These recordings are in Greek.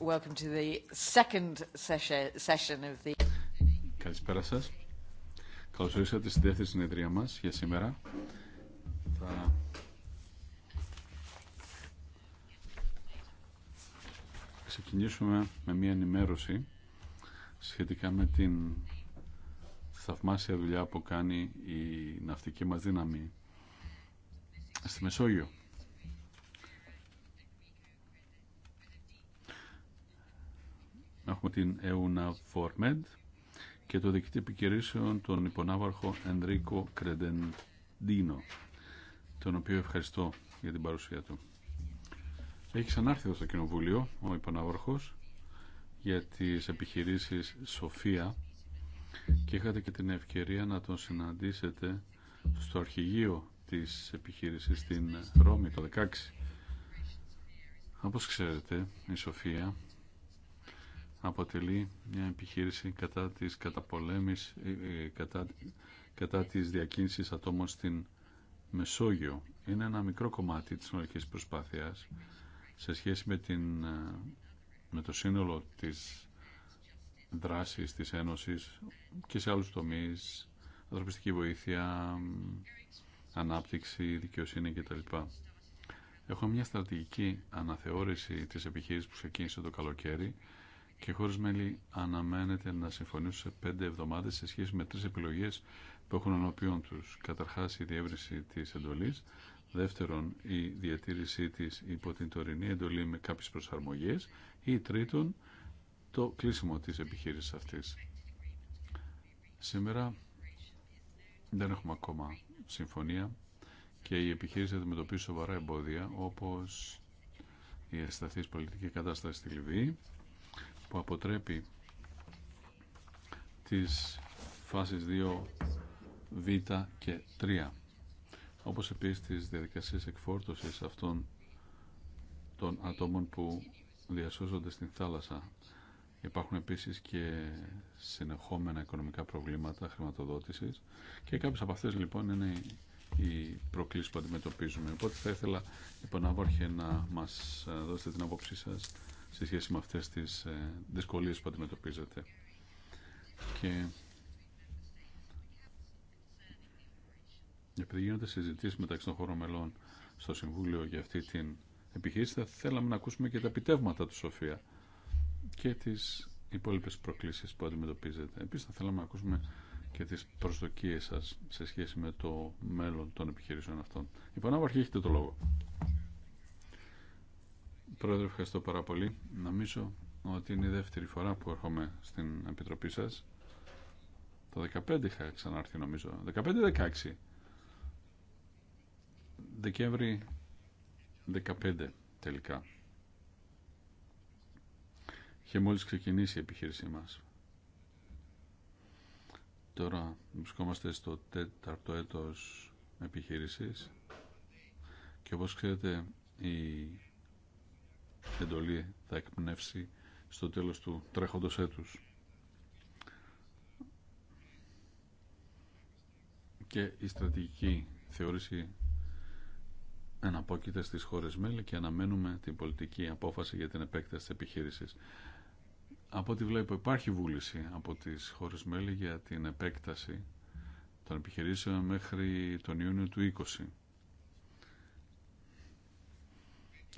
welcome to the second session of the... Καλησπέρα σας. Καλώς ήρθατε στη δεύτερη συνεδρία μας για σήμερα. Θα... Ξεκινήσουμε με μία ενημέρωση σχετικά με την θαυμάσια δουλειά που κάνει η ναυτική μας δύναμη στη Μεσόγειο. Έχουμε την Εούνα Φορμέντ και το διοικητή επικαιρήσεων τον υπονάβαρχο Ενρίκο Κρεντεντίνο, τον οποίο ευχαριστώ για την παρουσία του. Έχει ξανάρθει εδώ στο Κοινοβούλιο ο υπονάβαρχος για τις επιχειρήσει Σοφία και είχατε και την ευκαιρία να τον συναντήσετε στο αρχηγείο της επιχείρησης στην Ρώμη το 16. Όπως ξέρετε, η Σοφία αποτελεί μια επιχείρηση κατά της καταπολέμης, ε, ε, κατά, κατά της διακίνησης ατόμων στην Μεσόγειο. Είναι ένα μικρό κομμάτι της συνολικής προσπάθειας σε σχέση με, την, ε, με το σύνολο της δράσης της Ένωσης και σε άλλους τομείς, ανθρωπιστική βοήθεια, ανάπτυξη, δικαιοσύνη κτλ. Έχω μια στρατηγική αναθεώρηση της επιχείρησης που ξεκίνησε το καλοκαίρι και χωρί μέλη αναμένεται να συμφωνήσουν σε πέντε εβδομάδε σε σχέση με τρει επιλογέ που έχουν ενώπιον του. Καταρχά, η διεύρυνση τη εντολή. Δεύτερον, η διατήρησή τη υπό την τωρινή εντολή με κάποιε προσαρμογέ. Ή τρίτον, το κλείσιμο τη επιχείρηση αυτή. Σήμερα δεν έχουμε ακόμα συμφωνία και η επιχείρηση αντιμετωπίζει σοβαρά εμπόδια όπως η ασταθής πολιτική κατάσταση στη Λιβύη που αποτρέπει τις φάσεις 2, β και 3 όπως επίσης τις διαδικασίες εκφόρτωσης αυτών των ατόμων που διασώζονται στην θάλασσα. Υπάρχουν επίσης και συνεχόμενα οικονομικά προβλήματα χρηματοδότησης και κάποιες από αυτές λοιπόν είναι οι προκλήσεις που αντιμετωπίζουμε. Οπότε θα ήθελα, λοιπόν, να να μας ε, δώσετε την άποψή σας σε σχέση με αυτές τις ε, δυσκολίες που αντιμετωπίζετε. Και επειδή γίνονται συζητήσεις μεταξύ των χωρών μελών στο Συμβούλιο για αυτή την επιχείρηση, θα θέλαμε να ακούσουμε και τα επιτεύγματα του Σοφία και τις υπόλοιπες προκλήσεις που αντιμετωπίζετε. Επίσης θα θέλαμε να ακούσουμε και τις προσδοκίες σας σε σχέση με το μέλλον των επιχειρήσεων αυτών. Υπονάβαρχη, λοιπόν, έχετε το λόγο. Πρόεδρε, ευχαριστώ πάρα πολύ. Νομίζω ότι είναι η δεύτερη φορά που έρχομαι στην Επιτροπή σας. Το 15 είχα ξανάρθει νομίζω. 15-16. Δεκέμβρη 15 τελικά. Είχε μόλις ξεκινήσει η επιχείρησή μας. Τώρα βρισκόμαστε στο τέταρτο έτος επιχείρησης και όπως ξέρετε η εντολή θα εκπνεύσει στο τέλος του τρέχοντος έτους. Και η στρατηγική θεωρήση αναπόκειται στις χώρες μέλη και αναμένουμε την πολιτική απόφαση για την επέκταση της επιχείρησης. Από ό,τι βλέπω υπάρχει βούληση από τις χώρες μέλη για την επέκταση των επιχειρήσεων μέχρι τον Ιούνιο του 20.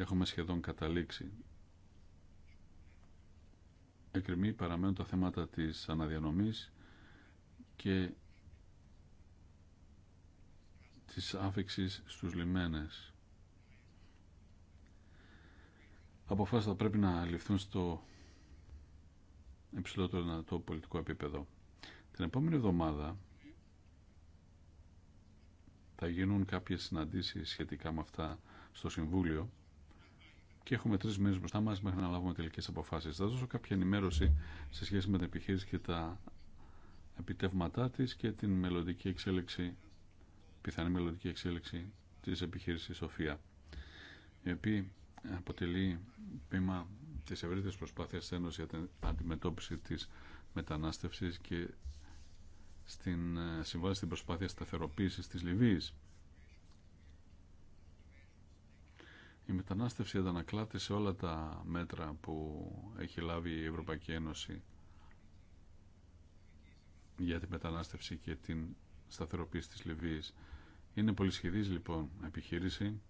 και έχουμε σχεδόν καταλήξει. Εκριμή παραμένουν τα θέματα της αναδιανομής και της άφηξης στους λιμένες. αποφάσισα πρέπει να ληφθούν στο υψηλότερο το πολιτικό επίπεδο. Την επόμενη εβδομάδα θα γίνουν κάποιες συναντήσεις σχετικά με αυτά στο Συμβούλιο και έχουμε τρει μήνε μπροστά μα μέχρι να λάβουμε τελικέ αποφάσει. Θα δώσω κάποια ενημέρωση σε σχέση με την επιχείρηση και τα επιτεύγματά τη και την μελλοντική εξέλιξη, πιθανή μελλοντική εξέλιξη τη επιχείρηση Σοφία, η οποία αποτελεί πήμα τη ευρύτερη προσπάθεια Ένωση για την αντιμετώπιση τη μετανάστευση και στην, ε, συμβάση στην προσπάθεια σταθεροποίηση τη Λιβύης. Η μετανάστευση αντανακλάται σε όλα τα μέτρα που έχει λάβει η Ευρωπαϊκή Ένωση για τη μετανάστευση και την σταθεροποίηση της Λιβύης. Είναι πολύ πολυσχεδής λοιπόν επιχείρηση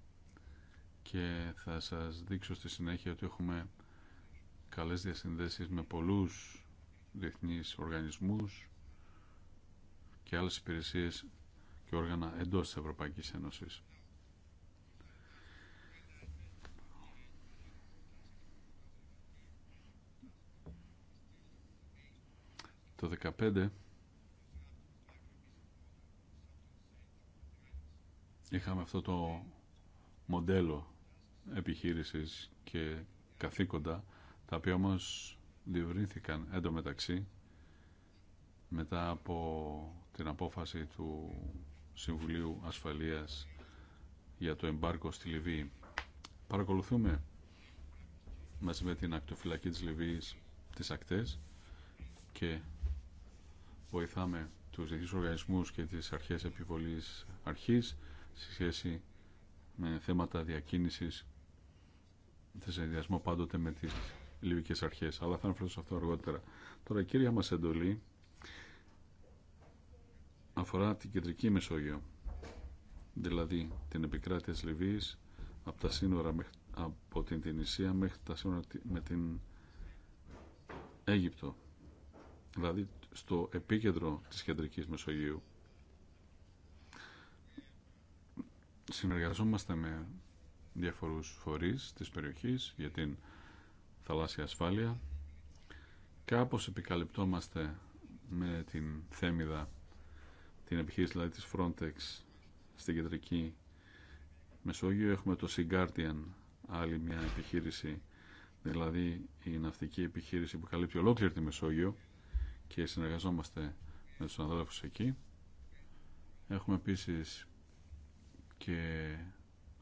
και θα σας δείξω στη συνέχεια ότι έχουμε καλές διασυνδέσεις με πολλούς διεθνείς οργανισμούς και άλλες υπηρεσίες και όργανα εντός της Ευρωπαϊκής Ένωσης. το 15 είχαμε αυτό το μοντέλο επιχείρησης και καθήκοντα τα οποία όμως διευρύνθηκαν εντωμεταξύ μετά από την απόφαση του Συμβουλίου Ασφαλείας για το εμπάρκο στη Λιβύη. Παρακολουθούμε μαζί με την ακτοφυλακή της Λιβύης τις ακτές και βοηθάμε τους διεθνείς οργανισμούς και τις αρχές επιβολής αρχής σε σχέση με θέματα διακίνησης σε συνδυασμό πάντοτε με τις λιβικές αρχές. Αλλά θα αναφερθώ σε αυτό αργότερα. Τώρα η κύρια μας εντολή αφορά την κεντρική Μεσόγειο. Δηλαδή την επικράτεια της Λιβύης από τα σύνορα από την Τινησία μέχρι τα σύνορα με την Αίγυπτο. Δηλαδή στο επίκεντρο της κεντρικής Μεσογείου. Συνεργαζόμαστε με διαφορούς φορείς της περιοχής για την θαλάσσια ασφάλεια. Κάπως επικαλυπτόμαστε με την θέμιδα την επιχείρηση δηλαδή της Frontex στην κεντρική Μεσόγειο. Έχουμε το Sea Guardian, άλλη μια επιχείρηση, δηλαδή η ναυτική επιχείρηση που καλύπτει ολόκληρη τη Μεσόγειο και συνεργαζόμαστε με τους ανθρώπου εκεί. Έχουμε επίσης και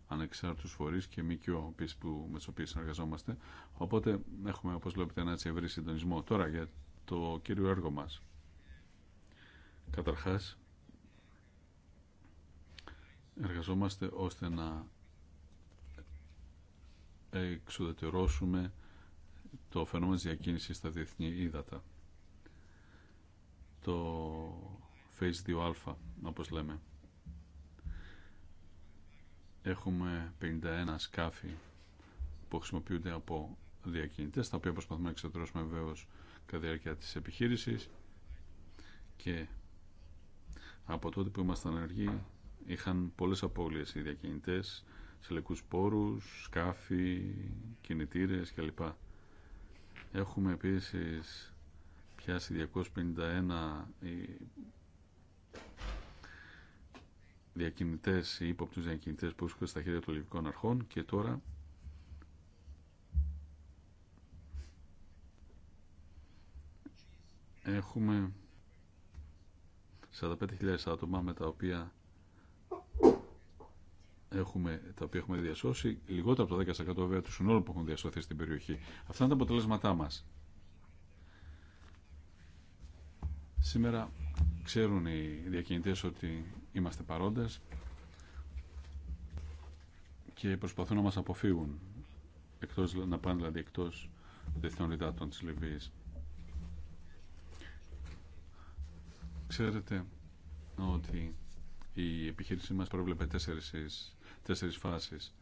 ανεξάρτητους φορείς και ΜΚΟ που, με τους οποίους συνεργαζόμαστε. Οπότε έχουμε, όπως βλέπετε, ένα έτσι ευρύ συντονισμό. Τώρα για το κύριο έργο μας. Καταρχάς, εργαζόμαστε ώστε να εξουδετερώσουμε το φαινόμενο της διακίνησης στα διεθνή ύδατα το Phase 2α, όπως λέμε. Έχουμε 51 σκάφη που χρησιμοποιούνται από διακινητές, τα οποία προσπαθούμε να εξετρώσουμε βεβαίω κατά τη διάρκεια της επιχείρησης και από τότε που ήμασταν ενεργοί είχαν πολλές απώλειες οι διακινητές, λεκούς πόρους, σκάφη, κινητήρες κλπ. Έχουμε επίσης 251 διακινητές ή ύποπτους διακινητές που βρίσκονται στα χέρια των λιβικών αρχών και τώρα έχουμε 45.000 άτομα με τα οποία έχουμε, τα οποία έχουμε διασώσει λιγότερο από το 10% βέβαια του συνόλου που έχουν διασωθεί στην περιοχή. Αυτά είναι τα αποτελέσματά μας. Σήμερα ξέρουν οι διακινητές ότι είμαστε παρόντες και προσπαθούν να μας αποφύγουν εκτός, να πάνε δηλαδή εκτός διεθνών υδάτων της Λιβύης. Ξέρετε ότι η επιχείρησή μας προβλέπε τέσσερις, τέσσερις φάσεις.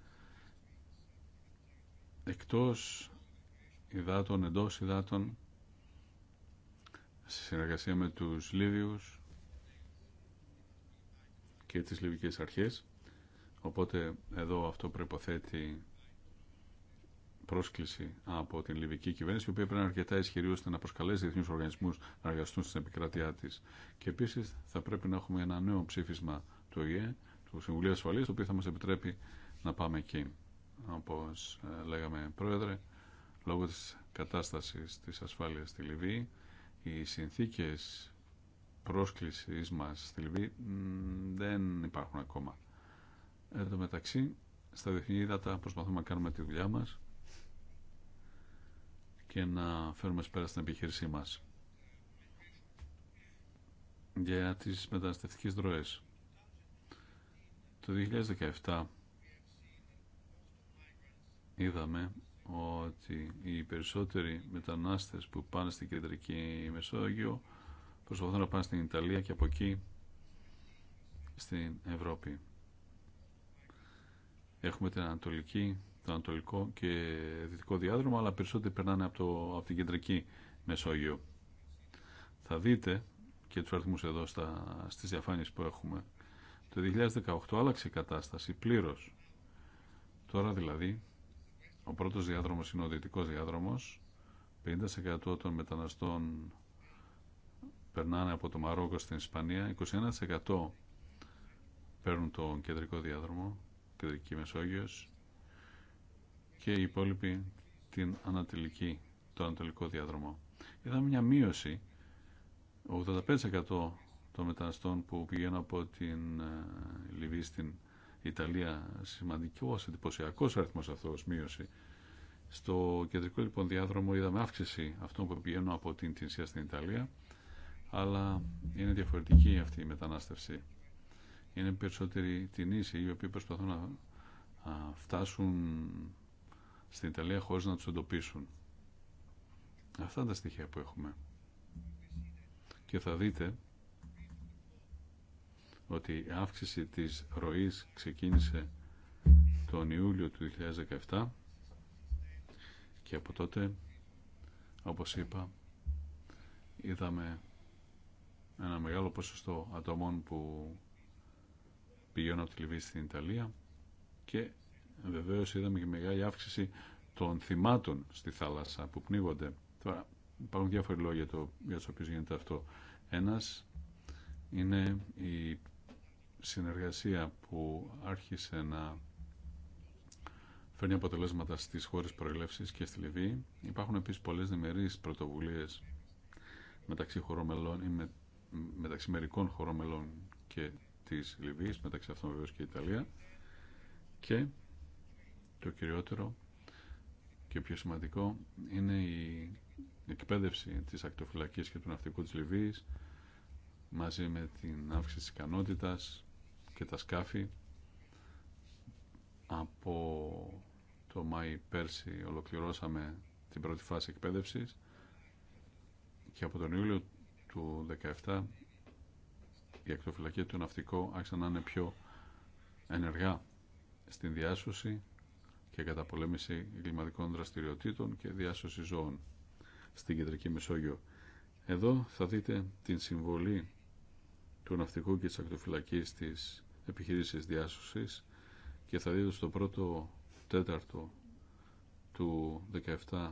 Εκτός υδάτων, εντός υδάτων συνεργασία με τους Λίβιους και τις Λιβικές Αρχές. Οπότε εδώ αυτό προϋποθέτει πρόσκληση από την Λιβική κυβέρνηση, η οποία πρέπει να είναι αρκετά ισχυρή ώστε να προσκαλέσει διεθνείς οργανισμού να εργαστούν στην επικρατεία της. Και επίσης θα πρέπει να έχουμε ένα νέο ψήφισμα του ΙΕ, του Συμβουλίου Ασφαλεία, το οποίο θα μα επιτρέπει να πάμε εκεί. Όπω ε, λέγαμε, Πρόεδρε, λόγω τη κατάσταση τη ασφάλεια στη Λιβύη, οι συνθήκες πρόσκλησης μας στη Λιβύη δεν υπάρχουν ακόμα. Εν μεταξύ, στα διεθνή ύδατα προσπαθούμε να κάνουμε τη δουλειά μας και να φέρουμε σπέρα στην επιχείρησή μας. Για τις μεταναστευτικές δροές. Το 2017 είδαμε ότι οι περισσότεροι μετανάστες που πάνε στην Κεντρική Μεσόγειο προσπαθούν να πάνε στην Ιταλία και από εκεί στην Ευρώπη. Έχουμε την Ανατολική, το Ανατολικό και Δυτικό διάδρομο, αλλά περισσότεροι περνάνε από, το, από την Κεντρική Μεσόγειο. Θα δείτε και του αριθμούς εδώ στα, στις διαφάνειες που έχουμε. Το 2018 άλλαξε η κατάσταση πλήρως. Τώρα δηλαδή ο πρώτος διάδρομος είναι ο δυτικός διάδρομος. 50% των μεταναστών περνάνε από το Μαρόκο στην Ισπανία. 21% παίρνουν τον κεντρικό διάδρομο, κεντρική Μεσόγειος και οι υπόλοιποι την ανατολική, το ανατολικό διάδρομο. Είδαμε μια μείωση 85% των μεταναστών που πηγαίνουν από την ε, Λιβύη στην η Ιταλία σημαντικό, εντυπωσιακό αριθμό αυτό μείωση. Στο κεντρικό λοιπόν διάδρομο είδαμε αύξηση αυτών που πηγαίνουν από την Τινσία στην Ιταλία, αλλά είναι διαφορετική αυτή η μετανάστευση. Είναι περισσότεροι την ίση, οι οποίοι προσπαθούν να φτάσουν στην Ιταλία χωρίς να τους εντοπίσουν. Αυτά είναι τα στοιχεία που έχουμε. Και θα δείτε ότι η αύξηση της ροής ξεκίνησε τον Ιούλιο του 2017 και από τότε, όπως είπα, είδαμε ένα μεγάλο ποσοστό ατόμων που πηγαίνουν από τη Λιβύη στην Ιταλία και βεβαίως είδαμε και μεγάλη αύξηση των θυμάτων στη θάλασσα που πνίγονται. Τώρα υπάρχουν διάφοροι λόγοι για, το, για τους οποίους γίνεται αυτό. Ένας είναι η συνεργασία που άρχισε να φέρνει αποτελέσματα στις χώρες προελεύσης και στη Λιβύη. Υπάρχουν επίσης πολλές δημερείς πρωτοβουλίες μεταξύ, χωρομελών ή με, μεταξύ μερικών χωρομελών και της Λιβύης, μεταξύ αυτών βεβαίως και η Ιταλία. Και το κυριότερο και πιο σημαντικό είναι η εκπαίδευση της ακτοφυλακής και του ναυτικού της Λιβύης μαζί με την αύξηση της ικανότητας και τα σκάφη από το Μάη πέρσι ολοκληρώσαμε την πρώτη φάση εκπαίδευσης και από τον Ιούλιο του 2017 η ακτοφυλακή του ναυτικού άρχισαν να είναι πιο ενεργά στην διάσωση και καταπολέμηση εγκληματικών δραστηριοτήτων και διάσωση ζώων στην Κεντρική Μεσόγειο. Εδώ θα δείτε την συμβολή του ναυτικού και της ακτοφυλακής της επιχειρήσεις διάσωσης και θα δείτε στο πρώτο τέταρτο του 17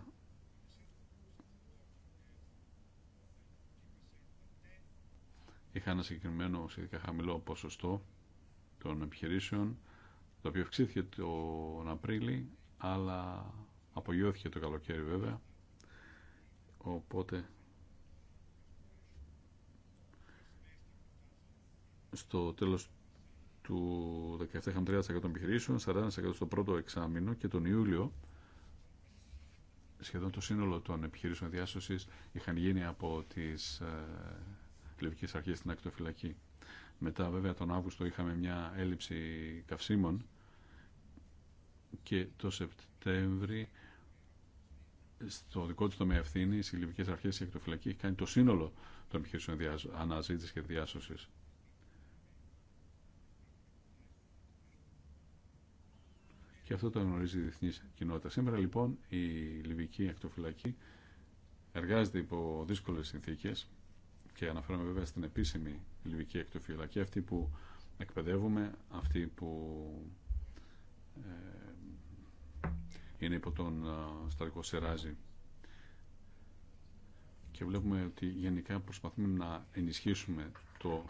είχα ένα συγκεκριμένο σχετικά χαμηλό ποσοστό των επιχειρήσεων το οποίο αυξήθηκε τον Απρίλη αλλά απογειώθηκε το καλοκαίρι βέβαια οπότε στο τέλος του 17 είχαμε 30% επιχειρήσεων, 40% στο πρώτο εξάμεινο και τον Ιούλιο σχεδόν το σύνολο των επιχειρήσεων διάσωσης είχαν γίνει από τις ε, λευκές αρχές στην ακτοφυλακή. Μετά βέβαια τον Αύγουστο είχαμε μια έλλειψη καυσίμων και το Σεπτέμβρη στο δικό του τομέα ευθύνη, οι λιβικέ αρχέ και η εκτοφυλακή κάνει το σύνολο των επιχειρήσεων αναζήτηση και διάσωση. Και αυτό το γνωρίζει η διεθνή κοινότητα. Σήμερα λοιπόν η Λιβική Ακτοφυλακή εργάζεται υπό δύσκολε συνθήκε και αναφέρομαι βέβαια στην επίσημη Λιβική Ακτοφυλακή, αυτή που εκπαιδεύουμε, αυτή που ε, είναι υπό τον στρατικό Σεράζη και βλέπουμε ότι γενικά προσπαθούμε να ενισχύσουμε το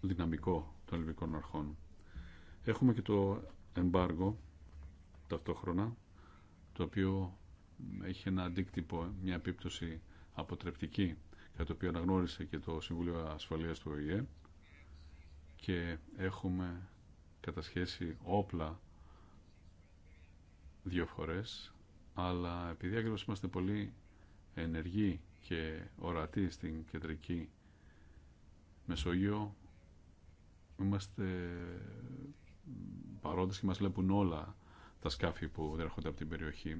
δυναμικό των λιβικών αρχών. Έχουμε και το εμπάργο ταυτόχρονα το οποίο έχει ένα αντίκτυπο, μια επίπτωση αποτρεπτική κατά το οποίο αναγνώρισε και το Συμβούλιο Ασφαλείας του ΟΗΕ και έχουμε κατασχέσει όπλα δύο φορές αλλά επειδή ακριβώς είμαστε πολύ ενεργοί και ορατοί στην κεντρική Μεσόγειο είμαστε παρόντες και μας βλέπουν όλα τα σκάφη που έρχονται από την περιοχή.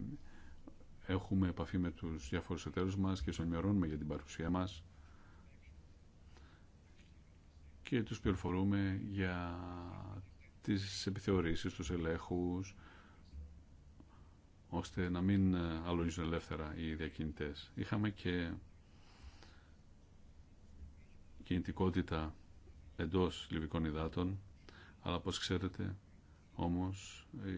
Έχουμε επαφή με τους διάφορους εταίρους μας και του για την παρουσία μας και τους πληροφορούμε για τις επιθεωρήσεις, τους ελέγχους, ώστε να μην ε, αλωνίζουν ελεύθερα οι διακινητές. Είχαμε και κινητικότητα εντός λιβικών υδάτων αλλά όπως ξέρετε όμως ε,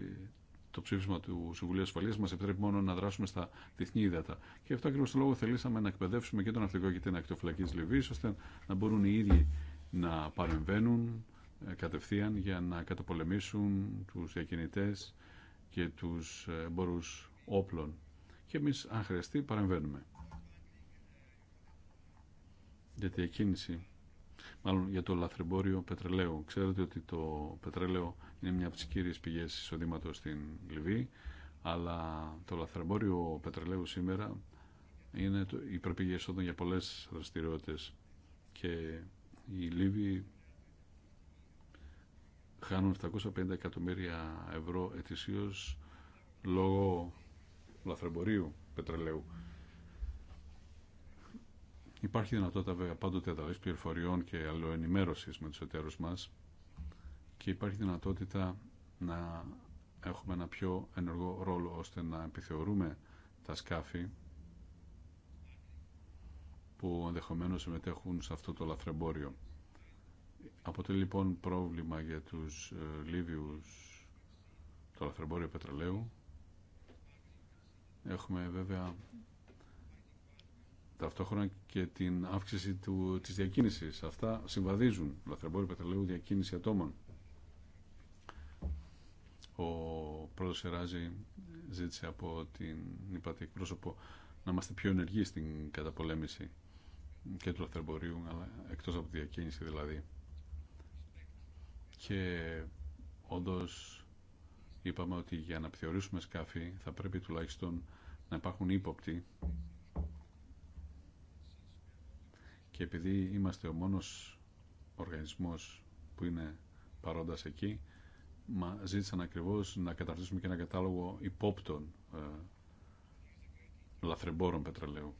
το ψήφισμα του Συμβουλίου Ασφαλείας μας επιτρέπει μόνο να δράσουμε στα διεθνή ύδατα. Και αυτό ακριβώς το λόγο θελήσαμε να εκπαιδεύσουμε και τον ναυτικό και την ακτιοφυλακή Λιβύης ώστε να μπορούν οι ίδιοι να παρεμβαίνουν ε, κατευθείαν για να καταπολεμήσουν τους διακινητές και τους ε, εμπορούς όπλων. Και εμείς αν χρειαστεί παρεμβαίνουμε. Γιατί η μάλλον για το λαθρεμπόριο πετρελαίου. Ξέρετε ότι το πετρέλαιο είναι μια από τι κύριε πηγέ εισόδηματο στην Λιβύη, αλλά το λαθρεμπόριο πετρελαίου σήμερα είναι η προπηγή εισόδων για πολλέ δραστηριότητε και οι Λίβοι χάνουν 750 εκατομμύρια ευρώ ετησίως λόγω λαθρεμπορίου πετρελαίου. Υπάρχει δυνατότητα βέβαια πάντοτε ανταλλαγή πληροφοριών και αλλοενημέρωση με του εταίρου μα και υπάρχει δυνατότητα να έχουμε ένα πιο ενεργό ρόλο ώστε να επιθεωρούμε τα σκάφη που ενδεχομένω συμμετέχουν σε αυτό το λαθρεμπόριο. Αποτελεί λοιπόν πρόβλημα για τους ε, Λίβιου το λαθρεμπόριο πετρελαίου. Έχουμε βέβαια ταυτόχρονα και την αύξηση του, της διακίνησης. Αυτά συμβαδίζουν, λαθρεμπόριο πετρελαίου, διακίνηση ατόμων. Ο πρόεδρος Σεράζη ζήτησε από την υπατή εκπρόσωπο να είμαστε πιο ενεργοί στην καταπολέμηση και του λαθρεμπορίου, αλλά εκτός από τη διακίνηση δηλαδή. Και όντως είπαμε ότι για να επιθεωρήσουμε σκάφη θα πρέπει τουλάχιστον να υπάρχουν ύποπτοι και επειδή είμαστε ο μόνος οργανισμός που είναι παρόντας εκεί μα ζήτησαν ακριβώς να καταρτήσουμε και ένα κατάλογο υπόπτων ε, λαθρεμπόρων πετρελαίου.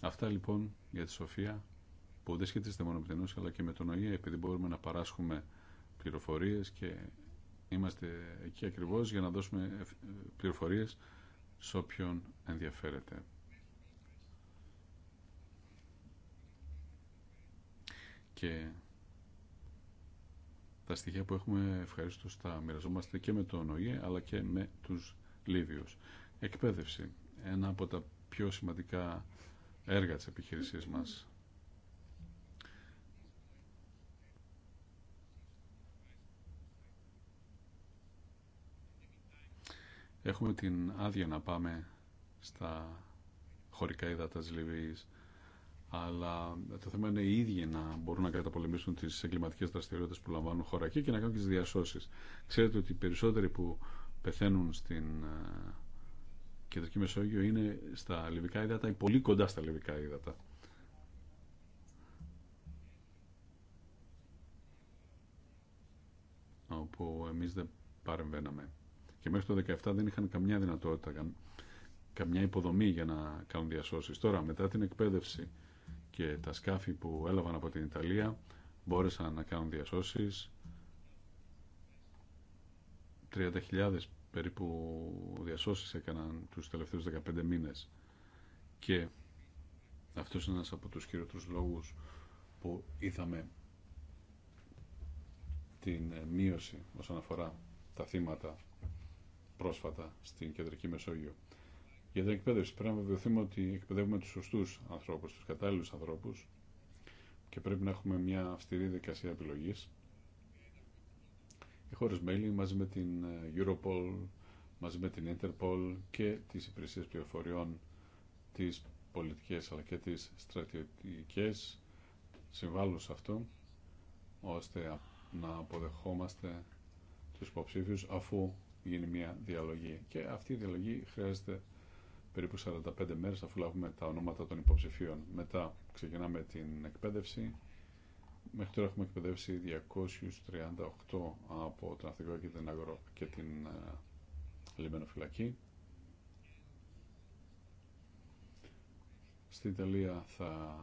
Αυτά λοιπόν για τη Σοφία που δεν σχετίζεται μόνο με την αλλά και με τον ΟΗΕ επειδή μπορούμε να παράσχουμε πληροφορίες και είμαστε εκεί ακριβώς για να δώσουμε ε, πληροφορίες σε όποιον ενδιαφέρεται. και τα στοιχεία που έχουμε ευχαρίστω τα μοιραζόμαστε και με τον ΟΗΕ αλλά και με τους Λίβιους. Εκπαίδευση. Ένα από τα πιο σημαντικά έργα της επιχείρησής μας. Έχουμε την άδεια να πάμε στα χωρικά υδάτα της Λιβύης αλλά το θέμα είναι οι ίδιοι να μπορούν να καταπολεμήσουν τι εγκληματικέ δραστηριότητε που λαμβάνουν χώρα εκεί και να κάνουν και τι διασώσει. Ξέρετε ότι οι περισσότεροι που πεθαίνουν στην ε, Κεντρική Μεσόγειο είναι στα λιβικά ύδατα ή πολύ κοντά στα λιβικά ύδατα. όπου εμείς δεν παρεμβαίναμε. Και μέχρι το 2017 δεν είχαν καμιά δυνατότητα, καμιά υποδομή για να κάνουν διασώσεις. Τώρα, μετά την εκπαίδευση, και τα σκάφη που έλαβαν από την Ιταλία μπόρεσαν να κάνουν διασώσεις 30.000 περίπου διασώσεις έκαναν τους τελευταίους 15 μήνες και αυτός είναι ένας από τους χειρότερους λόγους που είδαμε την ε, μείωση όσον αφορά τα θύματα πρόσφατα στην Κεντρική Μεσόγειο για την εκπαίδευση. Πρέπει να βεβαιωθούμε ότι εκπαιδεύουμε του σωστού ανθρώπου, του κατάλληλου ανθρώπου και πρέπει να έχουμε μια αυστηρή δικασία επιλογή. Οι χώρε μέλη μαζί με την ε, Europol, μαζί με την Interpol και τι υπηρεσίε πληροφοριών, τι πολιτικέ αλλά και τι στρατιωτικέ συμβάλλουν σε αυτό ώστε να αποδεχόμαστε τους υποψήφιους αφού γίνει μια διαλογή. Και αυτή η διαλογή χρειάζεται περίπου 45 μέρες αφού λάβουμε τα ονόματα των υποψηφίων. Μετά ξεκινάμε την εκπαίδευση. Μέχρι τώρα έχουμε εκπαιδεύσει 238 από τον Αθηγό και την, αγρο... και την ε, λιμενοφυλακή. Στην Ιταλία θα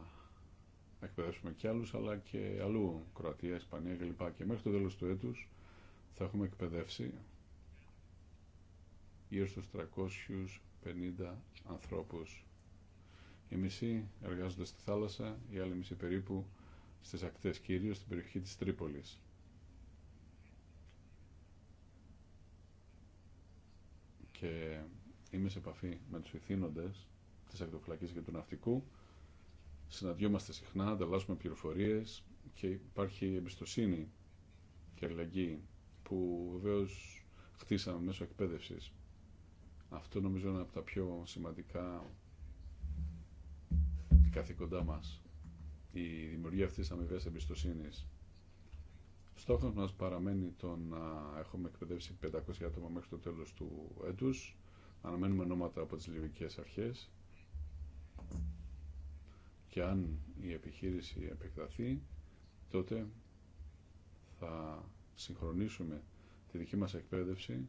εκπαιδεύσουμε και άλλους, αλλά και αλλού, Κροατία, Ισπανία κλπ. Και μέχρι το τέλος του έτους θα έχουμε εκπαιδεύσει γύρω στους 50 ανθρώπους. Οι μισοί εργάζονται στη θάλασσα, οι άλλοι μισοί περίπου στις ακτές, κυρίως στην περιοχή της Τρίπολης. Και είμαι σε επαφή με τους ηθήνοντες της ακτοφυλακής και του ναυτικού. Συναντιόμαστε συχνά, ανταλλάσσουμε πληροφορίες και υπάρχει εμπιστοσύνη και αλληλεγγύη που βεβαίω χτίσαμε μέσω εκπαίδευσης αυτό νομίζω είναι από τα πιο σημαντικά καθήκοντά μας. Η δημιουργία αυτής της αμοιβές εμπιστοσύνης. Στόχος μας παραμένει το να έχουμε εκπαιδεύσει 500 άτομα μέχρι το τέλος του έτους. Αναμένουμε ονόματα από τις λιβικές αρχές και αν η επιχείρηση επεκταθεί, τότε θα συγχρονίσουμε τη δική μας εκπαίδευση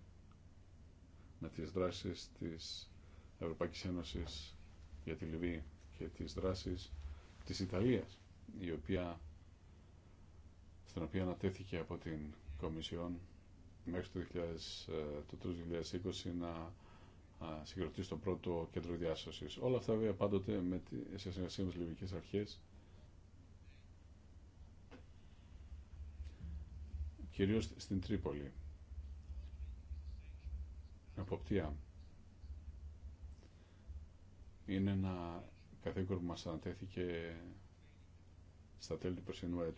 με τις δράσεις της Ευρωπαϊκής Ένωσης για τη Λιβύη και τις δράσεις της Ιταλίας, η οποία, στην οποία ανατέθηκε από την Κομισιόν μέχρι το, 2020 ε, να συγκροτήσει το πρώτο κέντρο διάσωσης. Όλα αυτά βέβαια πάντοτε με, σε συνεργασία με τις λιβικές αρχές κυρίως στην Τρίπολη εποπτεία. Είναι ένα καθήκον που μας ανατέθηκε στα τέλη του περσινού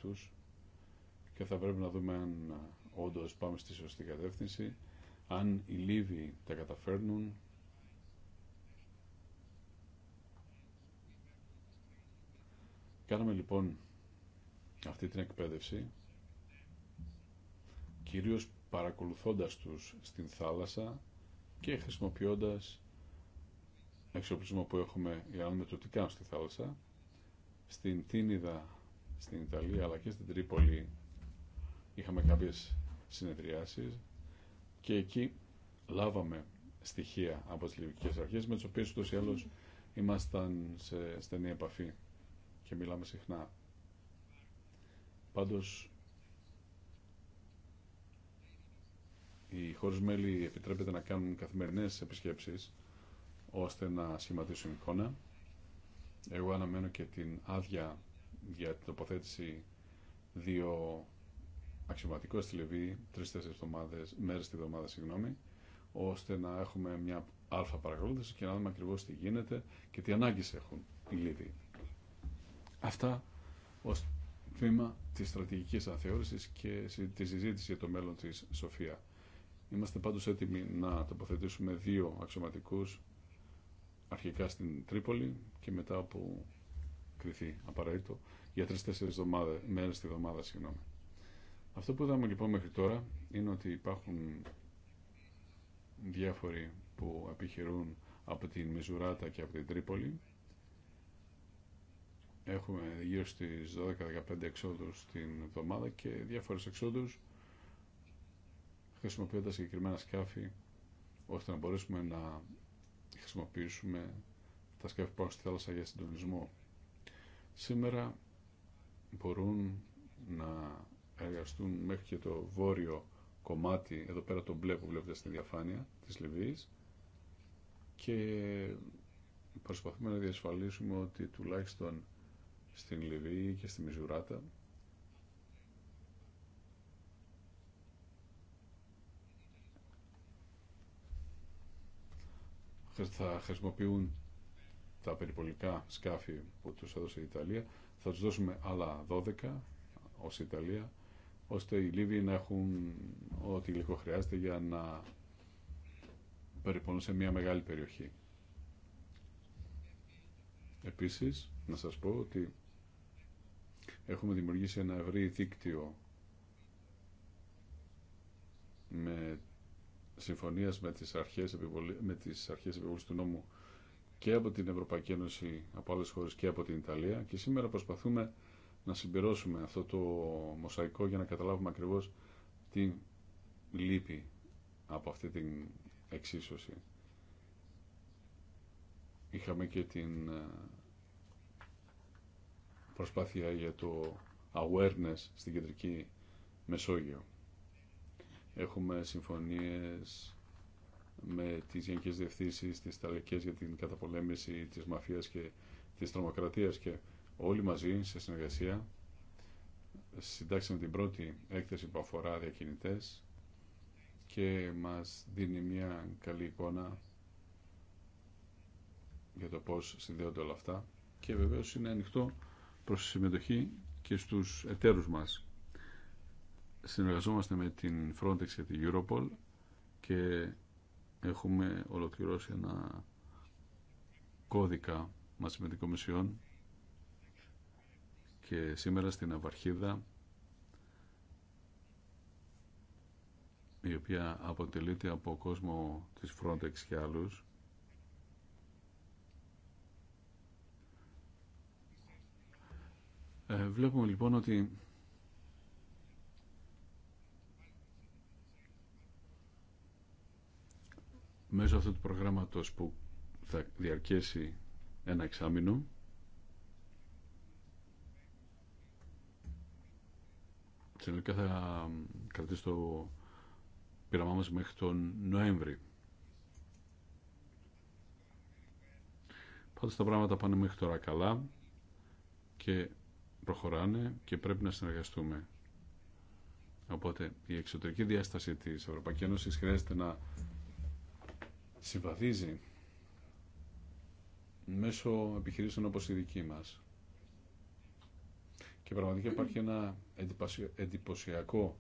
και θα πρέπει να δούμε αν όντως πάμε στη σωστή κατεύθυνση, αν οι Λίβοι τα καταφέρνουν, Κάναμε λοιπόν αυτή την εκπαίδευση κυρίως παρακολουθώντας τους στην θάλασσα και χρησιμοποιώντας εξοπλισμό που έχουμε για να κάνουν στη θάλασσα, στην Τίνιδα, στην Ιταλία αλλά και στην Τρίπολη είχαμε κάποιες συνεδριάσεις και εκεί λάβαμε στοιχεία από τις λιβικές αρχές με τις οποίες ούτως ή άλλως ήμασταν σε στενή επαφή και μιλάμε συχνά. Πάντως οι χώρε μέλη επιτρέπεται να κάνουν καθημερινές επισκέψεις ώστε να σχηματίσουν εικόνα. Εγώ αναμένω και την άδεια για την τοποθέτηση δύο αξιωματικών στη Λιβύη, τρει-τέσσερι μέρε τη εβδομάδα, συγγνώμη, ώστε να έχουμε μια αλφα παρακολούθηση και να δούμε ακριβώ τι γίνεται και τι ανάγκε έχουν οι Λίβοι. Αυτά ω τμήμα τη στρατηγική αναθεώρηση και τη συζήτηση για το μέλλον τη Σοφία. Είμαστε πάντως έτοιμοι να τοποθετήσουμε δύο αξιωματικούς αρχικά στην Τρίπολη και μετά που κριθεί απαραίτητο για τρεις-τέσσερις μέρες τη βδομάδα. Αυτό που είδαμε λοιπόν μέχρι τώρα είναι ότι υπάρχουν διάφοροι που επιχειρούν από την Μιζουράτα και από την Τρίπολη. Έχουμε γύρω στις 12-15 εξόδους την εβδομάδα και διάφορες εξόδους χρησιμοποιώντας συγκεκριμένα σκάφη ώστε να μπορέσουμε να χρησιμοποιήσουμε τα σκάφη πάνω στη θάλασσα για συντονισμό. Σήμερα μπορούν να εργαστούν μέχρι και το βόρειο κομμάτι, εδώ πέρα το μπλε που βλέπετε στην διαφάνεια της Λιβύης και προσπαθούμε να διασφαλίσουμε ότι τουλάχιστον στην Λιβύη και στη Μιζουράτα θα χρησιμοποιούν τα περιπολικά σκάφη που τους έδωσε η Ιταλία. Θα τους δώσουμε άλλα 12 ως Ιταλία, ώστε οι Λίβοι να έχουν ό,τι υλικό χρειάζεται για να περιπονούν σε μια μεγάλη περιοχή. Επίσης, να σας πω ότι έχουμε δημιουργήσει ένα ευρύ δίκτυο με συμφωνίας με τις αρχές, επιβολή, με του νόμου και από την Ευρωπαϊκή Ένωση, από άλλε χώρες και από την Ιταλία και σήμερα προσπαθούμε να συμπληρώσουμε αυτό το μοσαϊκό για να καταλάβουμε ακριβώς τι λείπει από αυτή την εξίσωση. Είχαμε και την ε, προσπάθεια για το awareness στην κεντρική Μεσόγειο. Έχουμε συμφωνίες με τις γενικές διευθύνσεις, τις ταλικές για την καταπολέμηση της μαφίας και της τρομοκρατίας και όλοι μαζί σε συνεργασία συντάξαμε την πρώτη έκθεση που αφορά διακινητές και μας δίνει μια καλή εικόνα για το πώς συνδέονται όλα αυτά και βεβαίως είναι ανοιχτό προς συμμετοχή και στους εταίρους μας συνεργαζόμαστε με την Frontex και την Europol και έχουμε ολοκληρώσει ένα κώδικα μαζί με την Κομισιόν και σήμερα στην Αυαρχίδα η οποία αποτελείται από κόσμο της Frontex και άλλους ε, βλέπουμε λοιπόν ότι μέσω αυτού του προγράμματος που θα διαρκέσει ένα εξάμεινο συνολικά θα κρατήσει το πείραμά μας μέχρι τον Νοέμβρη. Πάντως τα πράγματα πάνε μέχρι τώρα καλά και προχωράνε και πρέπει να συνεργαστούμε. Οπότε η εξωτερική διάσταση της Ευρωπαϊκής Ένωσης χρειάζεται να συμβαδίζει μέσω επιχειρήσεων όπως η δική μας. Και πραγματικά υπάρχει ένα εντυπωσιακό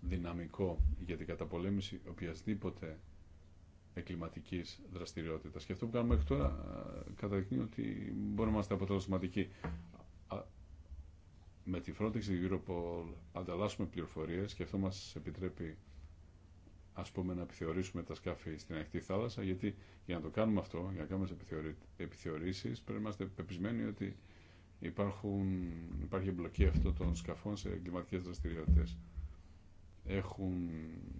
δυναμικό για την καταπολέμηση οποιασδήποτε εκκληματικής δραστηριότητας. Και αυτό που κάνουμε μέχρι τώρα καταδεικνύει ότι μπορούμε να είμαστε αποτελεσματικοί. Με τη Frontex, η Europol, ανταλλάσσουμε πληροφορίες και αυτό μας επιτρέπει ας πούμε να επιθεωρήσουμε τα σκάφη στην ανοιχτή θάλασσα γιατί για να το κάνουμε αυτό, για να κάνουμε τις επιθεωρήσεις, πρέπει να είμαστε πεπισμένοι ότι υπάρχουν, υπάρχει εμπλοκή αυτών των σκαφών σε εγκληματικέ δραστηριότητε. Έχουν,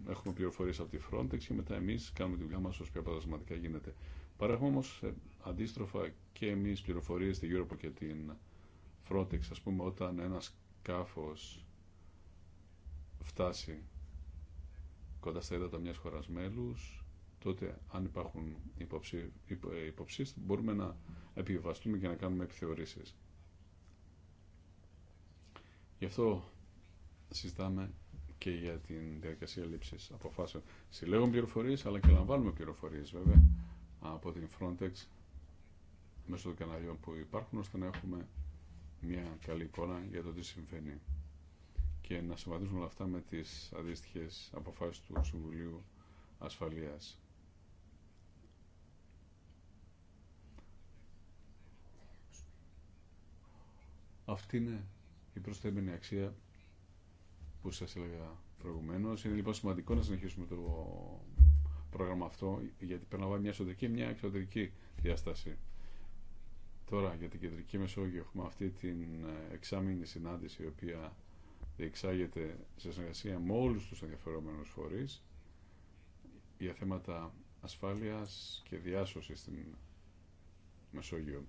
έχουμε πληροφορίες από τη Frontex και μετά εμείς κάνουμε τη δουλειά μας όσο πιο αποτελεσματικά γίνεται. Παρέχουμε όμως ε, αντίστροφα και εμείς πληροφορίες στη Europol και την Frontex, ας πούμε, όταν ένα σκάφος φτάσει κοντά στα ύδατα μιας χώρας μέλους, τότε αν υπάρχουν υποψί, ε, υποψίες μπορούμε να επιβαστούμε και να κάνουμε επιθεωρήσεις. Γι' αυτό συζητάμε και για την διαδικασία λήψης αποφάσεων. Συλλέγουμε πληροφορίε, αλλά και λαμβάνουμε πληροφορίε, βέβαια από την Frontex μέσω των καναλιών που υπάρχουν ώστε να έχουμε μια καλή εικόνα για το τι συμβαίνει και να συμβαδίζουν όλα αυτά με τις αντίστοιχες αποφάσεις του Συμβουλίου Ασφαλείας. Αυτή είναι η προσθέμενη αξία που σας έλεγα προηγουμένως. Είναι λοιπόν σημαντικό να συνεχίσουμε το πρόγραμμα αυτό γιατί περιλαμβάνει μια εσωτερική και μια εξωτερική διάσταση. Τώρα για την Κεντρική Μεσόγειο έχουμε αυτή την ε, εξάμεινη συνάντηση η οποία διεξάγεται σε συνεργασία με όλους τους ενδιαφερόμενους φορείς για θέματα ασφάλειας και διάσωσης στην Μεσόγειο.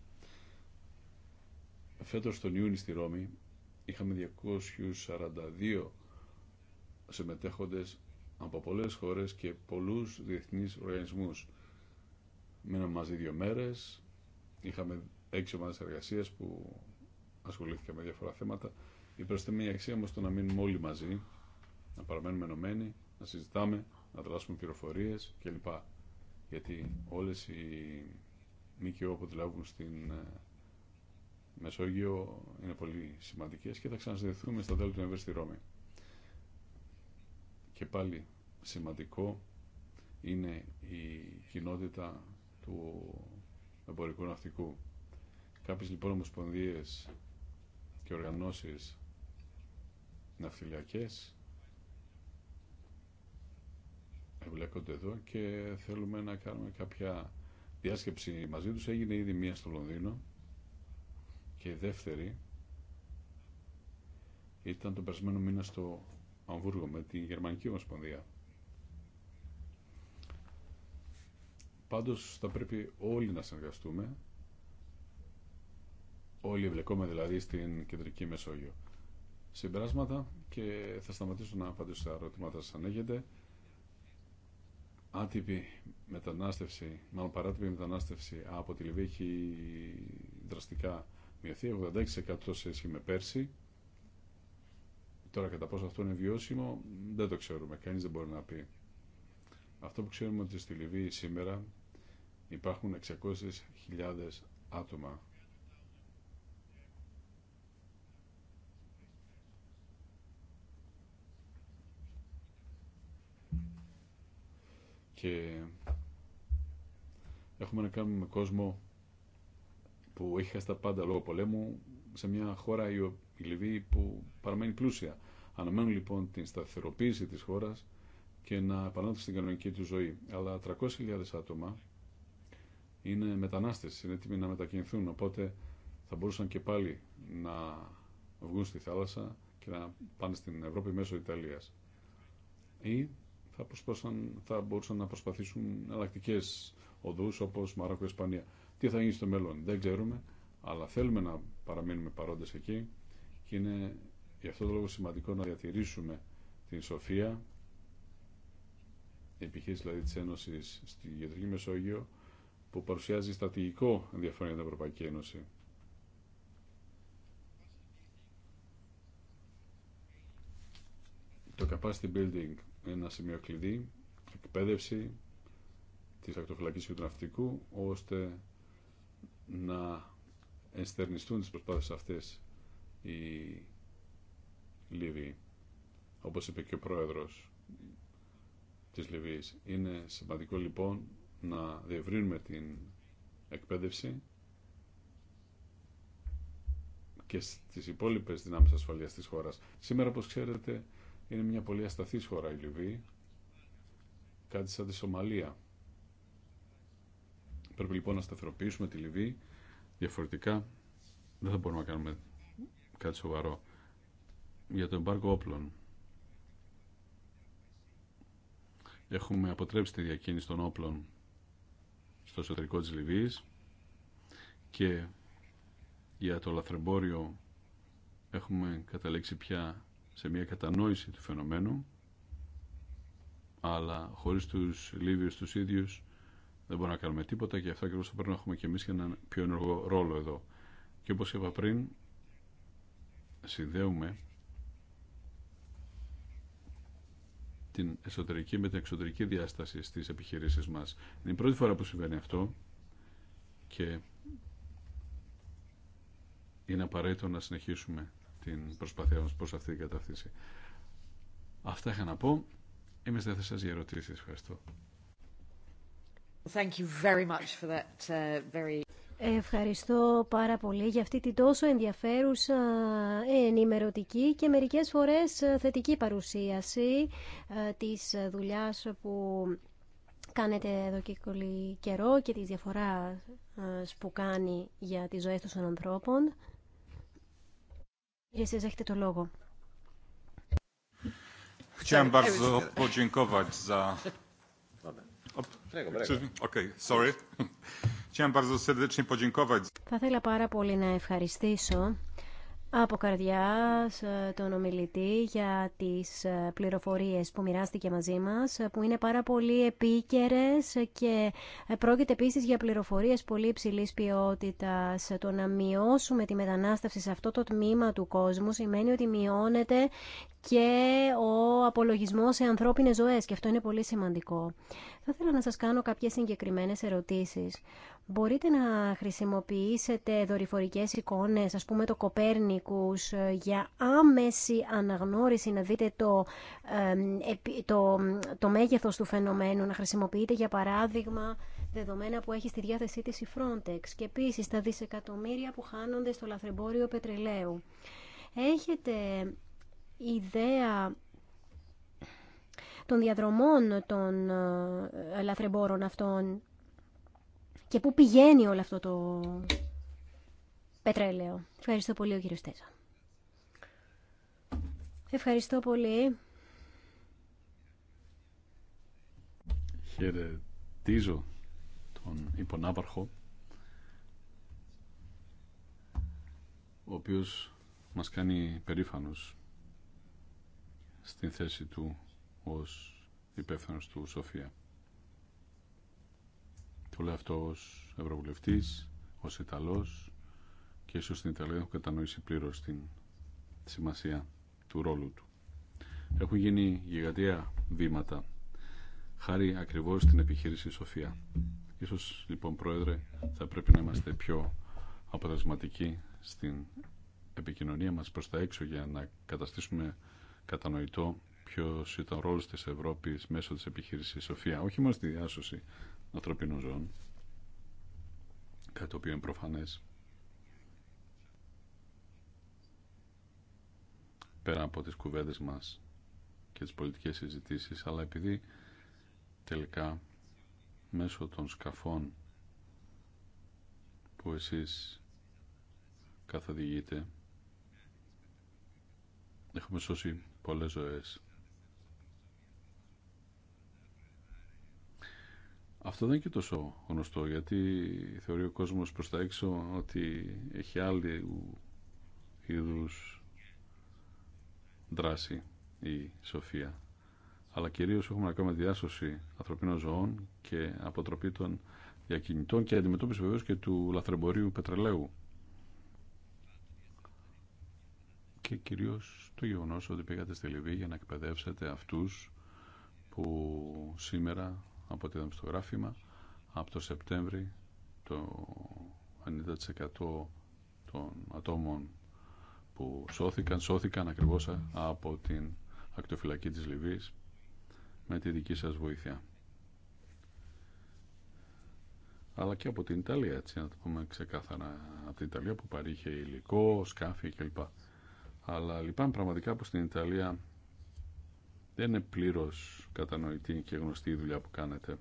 Φέτος τον Ιούνιο στη Ρώμη είχαμε 242 συμμετέχοντες από πολλές χώρες και πολλούς διεθνείς οργανισμούς. Μέναν μαζί δύο μέρες, είχαμε έξι ομάδες εργασίας που ασχολήθηκαν με διάφορα θέματα η μια αξία όμω το να μείνουμε όλοι μαζί, να παραμένουμε ενωμένοι, να συζητάμε, να δράσουμε πληροφορίε κλπ. Γιατί όλε οι ΜΚΟ που δουλεύουν στην ε, Μεσόγειο είναι πολύ σημαντικέ και θα ξανασυνδεθούμε στα τέλη του Νοεμβρίου Ρώμη. Και πάλι σημαντικό είναι η κοινότητα του εμπορικού ναυτικού. Κάποιες λοιπόν ομοσπονδίες και οργανώσεις ναυτιλιακές εμπλέκονται εδώ και θέλουμε να κάνουμε κάποια διάσκεψη μαζί τους. Έγινε ήδη μία στο Λονδίνο και η δεύτερη ήταν τον περασμένο μήνα στο Αμβούργο με τη Γερμανική Ομοσπονδία. Πάντως θα πρέπει όλοι να συνεργαστούμε, όλοι εμπλεκόμενοι δηλαδή στην Κεντρική Μεσόγειο. Συμπράσματα και θα σταματήσω να απαντήσω στα ερωτήματα σας αν έχετε. Άτυπη μετανάστευση, μάλλον παράτυπη μετανάστευση από τη Λιβύη έχει δραστικά μειωθεί 86% σε με πέρσι. Τώρα κατά πόσο αυτό είναι βιώσιμο δεν το ξέρουμε, κανείς δεν μπορεί να πει. Αυτό που ξέρουμε ότι στη Λιβύη σήμερα υπάρχουν 600.000 άτομα και έχουμε να κάνουμε με κόσμο που έχει χάσει τα πάντα λόγω πολέμου σε μια χώρα η Λιβύη που παραμένει πλούσια. Αναμένουν λοιπόν την σταθεροποίηση της χώρας και να επανέλθουν στην κανονική του ζωή. Αλλά 300.000 άτομα είναι μετανάστες, είναι έτοιμοι να μετακινηθούν, οπότε θα μπορούσαν και πάλι να βγουν στη θάλασσα και να πάνε στην Ευρώπη μέσω Ιταλίας. Ή θα, θα μπορούσαν να προσπαθήσουν εναλλακτικέ οδούς όπως Μαρόκο Ισπανία. Τι θα γίνει στο μέλλον δεν ξέρουμε, αλλά θέλουμε να παραμείνουμε παρόντες εκεί και είναι γι' αυτό το λόγο σημαντικό να διατηρήσουμε την σοφία, η επιχείρηση δηλαδή τη Ένωσης στη Κεντρική Μεσόγειο, που παρουσιάζει στρατηγικό ενδιαφέρον για την Ευρωπαϊκή Ένωση. Το capacity building ένα σημείο κλειδί, εκπαίδευση της ακτοφυλακής και του ναυτικού, ώστε να ενστερνιστούν τις προσπάθειες αυτές οι Λιβύοι. Όπως είπε και ο πρόεδρος της Λιβύης. Είναι σημαντικό λοιπόν να διευρύνουμε την εκπαίδευση και στις υπόλοιπες δυνάμεις ασφαλείας της χώρας. Σήμερα, όπως ξέρετε, είναι μια πολύ ασταθής χώρα η Λιβύη, κάτι σαν τη Σομαλία. Πρέπει λοιπόν να σταθεροποιήσουμε τη Λιβύη, διαφορετικά δεν θα μπορούμε να κάνουμε κάτι σοβαρό. Για το εμπάργκο όπλων. Έχουμε αποτρέψει τη διακίνηση των όπλων στο εσωτερικό της Λιβύης και για το λαθρεμπόριο έχουμε καταλήξει πια σε μια κατανόηση του φαινομένου αλλά χωρίς τους Λίβιους τους ίδιους δεν μπορούμε να κάνουμε τίποτα και αυτό ακριβώς θα πρέπει να έχουμε και εμείς και έναν πιο ενεργό ρόλο εδώ. Και όπως είπα πριν, συνδέουμε την εσωτερική με την εξωτερική διάσταση στις επιχειρήσεις μας. Είναι η πρώτη φορά που συμβαίνει αυτό και είναι απαραίτητο να συνεχίσουμε την προσπάθειά μας προς αυτή την κατεύθυνση. Αυτά είχα να πω. Είμαι στη θέση σας για ερωτήσεις. Ευχαριστώ. Uh, Ευχαριστώ πάρα πολύ για αυτή την τόσο ενδιαφέρουσα ε, ενημερωτική και μερικές φορές ε, θετική παρουσίαση ε, της δουλειάς που κάνετε εδώ και πολύ καιρό και τη διαφορά που κάνει για τις ζωές των ανθρώπων. Κύριε Σίζα, έχετε το λόγο. Chciałem bardzo podziękować za... Okay, sorry. Chciałem bardzo serdecznie podziękować. Θα ήθελα πάρα πολύ να ευχαριστήσω από καρδιάς ε, τον ομιλητή για τις ε, πληροφορίες που μοιράστηκε μαζί μας, ε, που είναι πάρα πολύ επίκαιρες και πρόκειται επίσης για πληροφορίες πολύ υψηλής ποιότητας. Το να μειώσουμε τη μετανάστευση σε αυτό το τμήμα του κόσμου σημαίνει ότι μειώνεται και ο απολογισμός σε ανθρώπινες ζωές και αυτό είναι πολύ σημαντικό. Θα ήθελα να σας κάνω κάποιες συγκεκριμένες ερωτήσεις. Μπορείτε να χρησιμοποιήσετε δορυφορικές εικόνες, ας πούμε το Κοπέρνικους, ε, για άμεση αναγνώριση, να δείτε το, το, το μέγεθος του φαινομένου, να χρησιμοποιείτε για παράδειγμα δεδομένα που έχει στη διάθεσή της η Frontex και επίσης τα δισεκατομμύρια που χάνονται στο λαθρεμπόριο πετρελαίου. Έχετε ιδέα των διαδρομών των ε, λαθρεμπόρων αυτών και πού πηγαίνει όλο αυτό το πετρέλαιο. Ευχαριστώ πολύ ο κύριος Τέζα. Ευχαριστώ πολύ. Χαιρετίζω τον υπονάβαρχο ο οποίος μας κάνει περήφανος στην θέση του ως υπεύθυνος του Σοφία. Το λέω αυτό ω Ευρωβουλευτής, ως Ιταλός και ίσω στην Ιταλία έχω κατανοήσει πλήρως την σημασία του ρόλου του. Έχουν γίνει γιγαντία βήματα χάρη ακριβώς στην επιχείρηση Σοφία. Ίσως λοιπόν Πρόεδρε θα πρέπει να είμαστε πιο αποτελεσματικοί στην επικοινωνία μας προς τα έξω για να καταστήσουμε κατανοητό ποιο ήταν ο ρόλο τη Ευρώπη μέσω τη επιχείρηση Σοφία. Όχι μόνο στη διάσωση ανθρωπίνων ζώων κάτι το οποίο είναι προφανές πέρα από τις κουβέντες μας και τις πολιτικές συζητήσεις αλλά επειδή τελικά μέσω των σκαφών που εσείς καθοδηγείτε έχουμε σώσει πολλές ζωές Αυτό δεν είναι και τόσο γνωστό γιατί θεωρεί ο κόσμος προς τα έξω ότι έχει άλλη είδους δράση η Σοφία. Αλλά κυρίως έχουμε να κάνουμε διάσωση ανθρωπίνων ζωών και αποτροπή των διακινητών και αντιμετώπιση βεβαίω και του λαθρεμπορίου πετρελαίου. Και κυρίως το γεγονός ότι πήγατε στη Λιβύη για να εκπαιδεύσετε αυτούς που σήμερα από ό,τι είδαμε στο γράφημα από το Σεπτέμβρη το 90% των ατόμων που σώθηκαν, σώθηκαν ακριβώς από την ακτοφυλακή της Λιβύης με τη δική σας βοήθεια. Αλλά και από την Ιταλία, έτσι να το πούμε ξεκάθαρα, από την Ιταλία που παρήχε υλικό, σκάφη κλπ. Αλλά λοιπόν πραγματικά που στην Ιταλία δεν είναι πλήρως κατανοητή και γνωστή η δουλειά που κάνετε.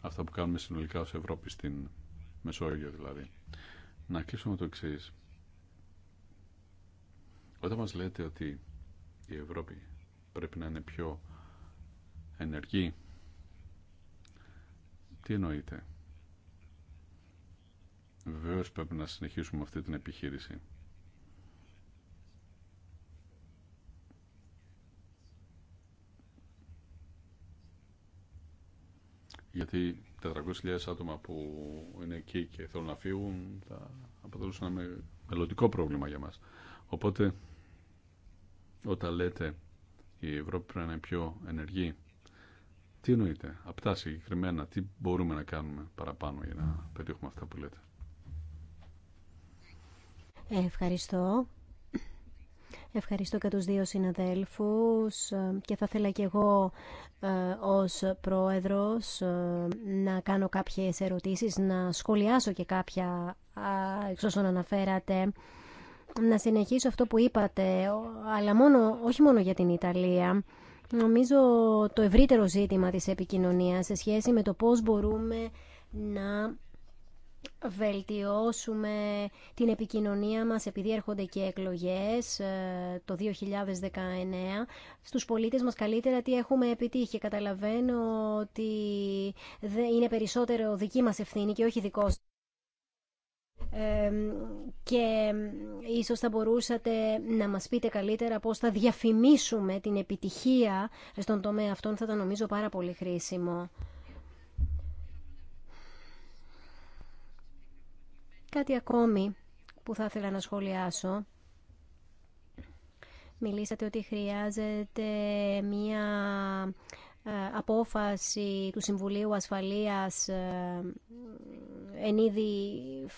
Αυτά που κάνουμε συνολικά ως Ευρώπη στην Μεσόγειο δηλαδή. Να κλείσω το εξή. Όταν μας λέτε ότι η Ευρώπη πρέπει να είναι πιο ενεργή, τι εννοείτε. Βεβαίως πρέπει να συνεχίσουμε αυτή την επιχείρηση. γιατί 400.000 άτομα που είναι εκεί και θέλουν να φύγουν θα αποτελούσαν ένα μελλοντικό πρόβλημα για μας. Οπότε όταν λέτε η Ευρώπη πρέπει να είναι πιο ενεργή τι εννοείτε, απτά συγκεκριμένα, τι μπορούμε να κάνουμε παραπάνω για να πετύχουμε αυτά που λέτε. Ευχαριστώ. Ευχαριστώ και τους δύο συναδέλφους ε, και θα ήθελα και εγώ ε, ως πρόεδρος ε, να κάνω κάποιες ερωτήσεις, να σχολιάσω και κάποια εξ όσων αναφέρατε. Να συνεχίσω αυτό που είπατε, αλλά μόνο, όχι μόνο για την Ιταλία. Νομίζω το ευρύτερο ζήτημα της επικοινωνίας σε σχέση με το πώς μπορούμε να βελτιώσουμε την επικοινωνία μας επειδή έρχονται και εκλογές ε, το 2019 στους πολίτες μας καλύτερα τι έχουμε επιτύχει. Καταλαβαίνω ότι είναι περισσότερο δική μας ευθύνη και όχι δικός και ίσως θα μπορούσατε να μας πείτε καλύτερα πώς θα διαφημίσουμε την επιτυχία στον τομέα αυτόν θα ήταν νομίζω πάρα πολύ χρήσιμο. Κάτι ακόμη που θα ήθελα να σχολιάσω. Μιλήσατε ότι χρειάζεται μία ε, απόφαση του Συμβουλίου Ασφαλείας ε, εν είδη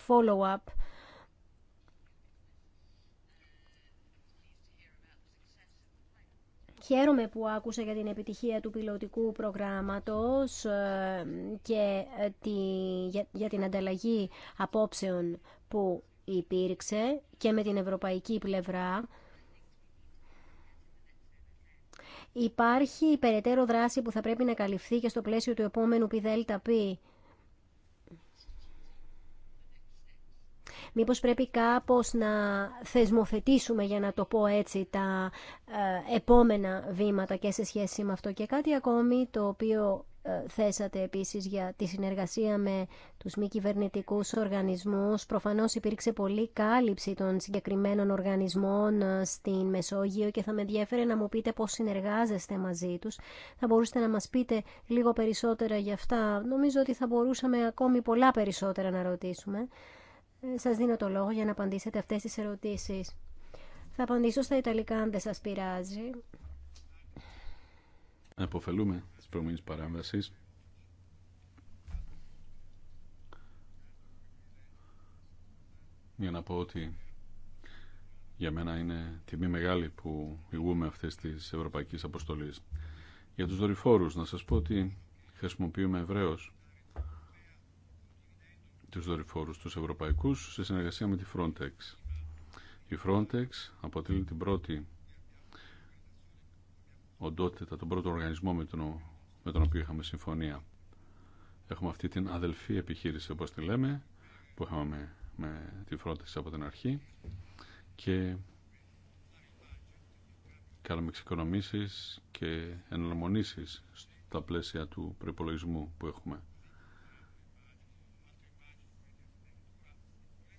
follow-up Χαίρομαι που άκουσα για την επιτυχία του πιλωτικού προγράμματος ε, και ε, για, την ανταλλαγή απόψεων που υπήρξε και με την ευρωπαϊκή πλευρά. Υπάρχει περαιτέρω δράση που θα πρέπει να καλυφθεί και στο πλαίσιο του επόμενου πι. Μήπως πρέπει κάπως να θεσμοθετήσουμε, για να το πω έτσι, τα ε, επόμενα βήματα και σε σχέση με αυτό. Και κάτι ακόμη το οποίο ε, θέσατε επίσης για τη συνεργασία με τους μη κυβερνητικού οργανισμούς. Προφανώς υπήρξε πολλή κάλυψη των συγκεκριμένων οργανισμών ε, στην Μεσόγειο και θα με ενδιαφέρε να μου πείτε πώς συνεργάζεστε μαζί τους. Θα μπορούσατε να μας πείτε λίγο περισσότερα για αυτά. Νομίζω ότι θα μπορούσαμε ακόμη πολλά περισσότερα να ρωτήσουμε σας δίνω το λόγο για να απαντήσετε αυτές τις ερωτήσεις. Θα απαντήσω στα Ιταλικά αν δεν σας πειράζει. Εποφελούμε της προηγούμενη παρέμβασης. Για να πω ότι για μένα είναι τιμή μεγάλη που ηγούμε αυτές τις ευρωπαϊκές αποστολές. Για τους δορυφόρους να σας πω ότι χρησιμοποιούμε ευρέως τους δορυφόρους, τους ευρωπαϊκούς, σε συνεργασία με τη Frontex. Η Frontex αποτελεί την πρώτη οντότητα, τον πρώτο οργανισμό με τον, οποίο είχαμε συμφωνία. Έχουμε αυτή την αδελφή επιχείρηση, όπως τη λέμε, που είχαμε με τη Frontex από την αρχή και κάναμε εξοικονομήσεις και εναλμονήσεις στα πλαίσια του προπολογισμού που έχουμε.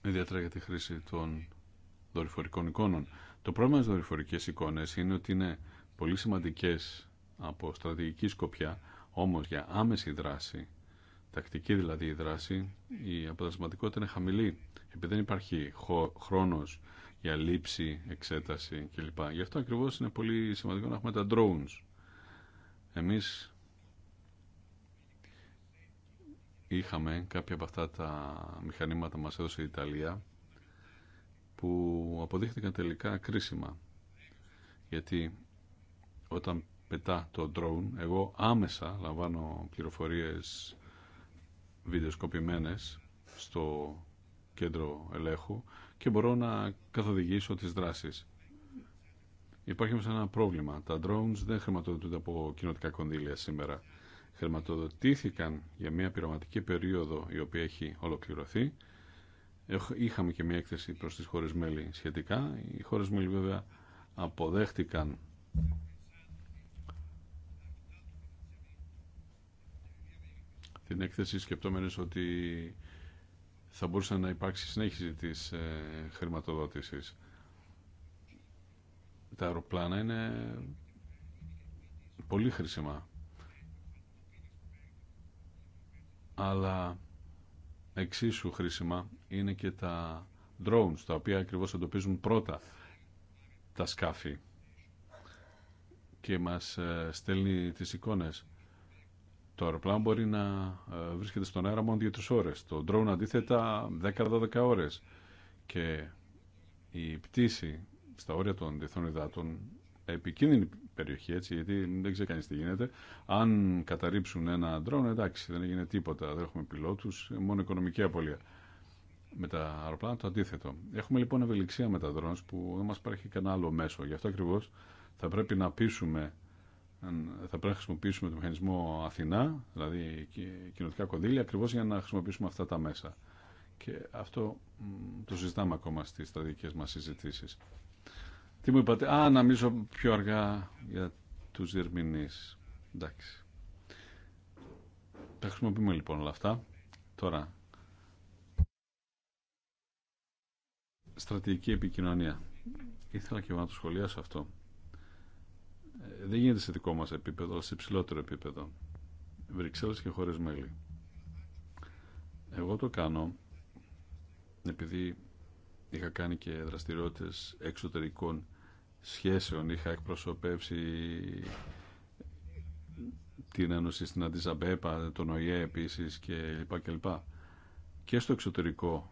ιδιαίτερα για τη χρήση των δορυφορικών εικόνων. Το πρόβλημα με τι δορυφορικέ εικόνε είναι ότι είναι πολύ σημαντικέ από στρατηγική σκοπιά, όμω για άμεση δράση, τακτική δηλαδή η δράση, η αποτελεσματικότητα είναι χαμηλή, επειδή δεν υπάρχει χρόνο για λήψη, εξέταση κλπ. Γι' αυτό ακριβώ είναι πολύ σημαντικό να έχουμε τα drones. Εμείς είχαμε κάποια από αυτά τα μηχανήματα μας έδωσε η Ιταλία που αποδείχθηκαν τελικά κρίσιμα. Γιατί όταν πετά το drone, εγώ άμεσα λαμβάνω πληροφορίες βιντεοσκοπημένες στο κέντρο ελέγχου και μπορώ να καθοδηγήσω τις δράσεις. Υπάρχει όμως ένα πρόβλημα. Τα drones δεν χρηματοδοτούνται από κοινωτικά κονδύλια σήμερα χρηματοδοτήθηκαν για μια πειραματική περίοδο η οποία έχει ολοκληρωθεί. Είχαμε και μια έκθεση προς τις χώρες μέλη σχετικά. Οι χώρες μέλη βέβαια αποδέχτηκαν την έκθεση σκεπτόμενες ότι θα μπορούσε να υπάρξει συνέχιση της ε, χρηματοδότησης. Τα αεροπλάνα είναι πολύ χρήσιμα αλλά εξίσου χρήσιμα είναι και τα drones, τα οποία ακριβώς εντοπίζουν πρώτα τα σκάφη και μας ε, στέλνει τις εικόνες. Το αεροπλάνο μπορεί να ε, βρίσκεται στον αέρα μόνο 2-3 ώρες. Το drone αντίθετα 10-12 ώρες. Και η πτήση στα όρια των διεθνών υδάτων επικίνδυνη περιοχή, έτσι, γιατί δεν ξέρει κανεί τι γίνεται. Αν καταρρύψουν ένα ντρόν, εντάξει, δεν έγινε τίποτα, δεν έχουμε πιλότου, μόνο οικονομική απώλεια. Με τα αεροπλάνα το αντίθετο. Έχουμε λοιπόν ευελιξία με τα ντρόν που δεν μα παρέχει κανένα άλλο μέσο. Γι' αυτό ακριβώ θα πρέπει να πείσουμε θα πρέπει να χρησιμοποιήσουμε το μηχανισμό Αθηνά, δηλαδή κοινωτικά κονδύλια, ακριβώ για να χρησιμοποιήσουμε αυτά τα μέσα. Και αυτό το συζητάμε ακόμα στι στρατηγικέ μα συζητήσει. Τι μου είπατε. Α, να μιλήσω πιο αργά για τους διερμηνείς. Εντάξει. Τα χρησιμοποιούμε λοιπόν όλα αυτά. Τώρα. Στρατηγική επικοινωνία. Ήθελα και εγώ να το σχολιάσω αυτό. Ε, δεν γίνεται σε δικό μας επίπεδο, αλλά σε υψηλότερο επίπεδο. Βρυξέλλες και χώρες μέλη. Εγώ το κάνω επειδή είχα κάνει και δραστηριότητες εξωτερικών σχέσεων είχα εκπροσωπεύσει την Ένωση στην Αντιζαμπέπα, τον ΟΗΕ επίσης και λοιπά και λοιπά. Και στο εξωτερικό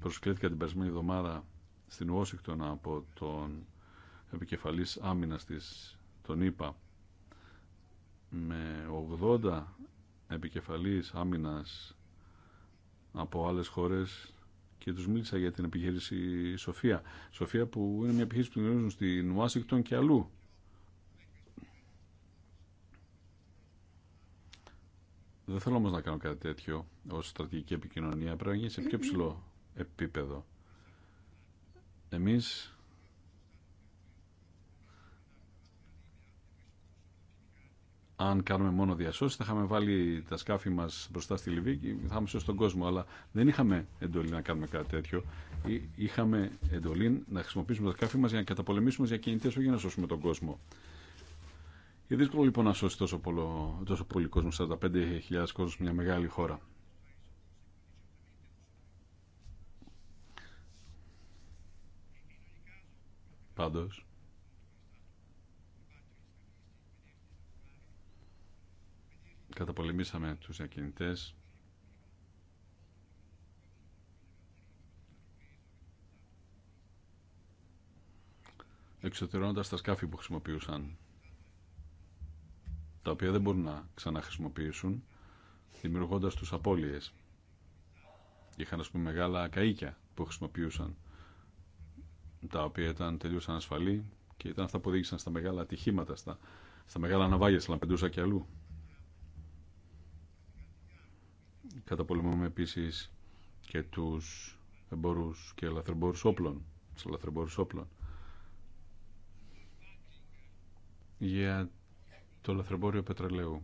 προσκλήθηκα την περσμένη εβδομάδα στην Ουόσιγκτον από τον επικεφαλής άμυνας της, τον ΙΠΑ, με 80 επικεφαλής άμυνας από άλλες χώρες και του μίλησα για την επιχείρηση Σοφία. Σοφία που είναι μια επιχείρηση που γνωρίζουν στην Ουάσιγκτον και αλλού. Δεν θέλω όμω να κάνω κάτι τέτοιο ως στρατηγική επικοινωνία. Πρέπει να γίνει σε πιο ψηλό επίπεδο. Εμείς αν κάνουμε μόνο διασώσει, θα είχαμε βάλει τα σκάφη μα μπροστά στη Λιβύη και θα είχαμε σώσει τον κόσμο. Αλλά δεν είχαμε εντολή να κάνουμε κάτι τέτοιο. Είχαμε εντολή να χρησιμοποιήσουμε τα σκάφη μα για να καταπολεμήσουμε για κινητέ, όχι για να σώσουμε τον κόσμο. Είναι δύσκολο λοιπόν να σώσει τόσο, πολλο, τόσο πολύ κόσμο, 45.000 κόσμο, μια μεγάλη χώρα. Πάντως, καταπολεμήσαμε τους διακινητές εξωτερώνοντας τα σκάφη που χρησιμοποιούσαν τα οποία δεν μπορούν να ξαναχρησιμοποιήσουν δημιουργώντας τους απώλειες είχαν ας πούμε μεγάλα καΐκια που χρησιμοποιούσαν τα οποία ήταν τελείως ανασφαλή και ήταν αυτά που οδήγησαν στα μεγάλα ατυχήματα στα, μεγάλα ναυάγια, Λαμπεντούσα και αλλού Καταπολεμούμε επίσης και τους εμπορούς και ελαθρεμπόρους όπλων. Τους ελαθρεμπόρους όπλων. Για το λαθρεμπόριο πετρελαίου.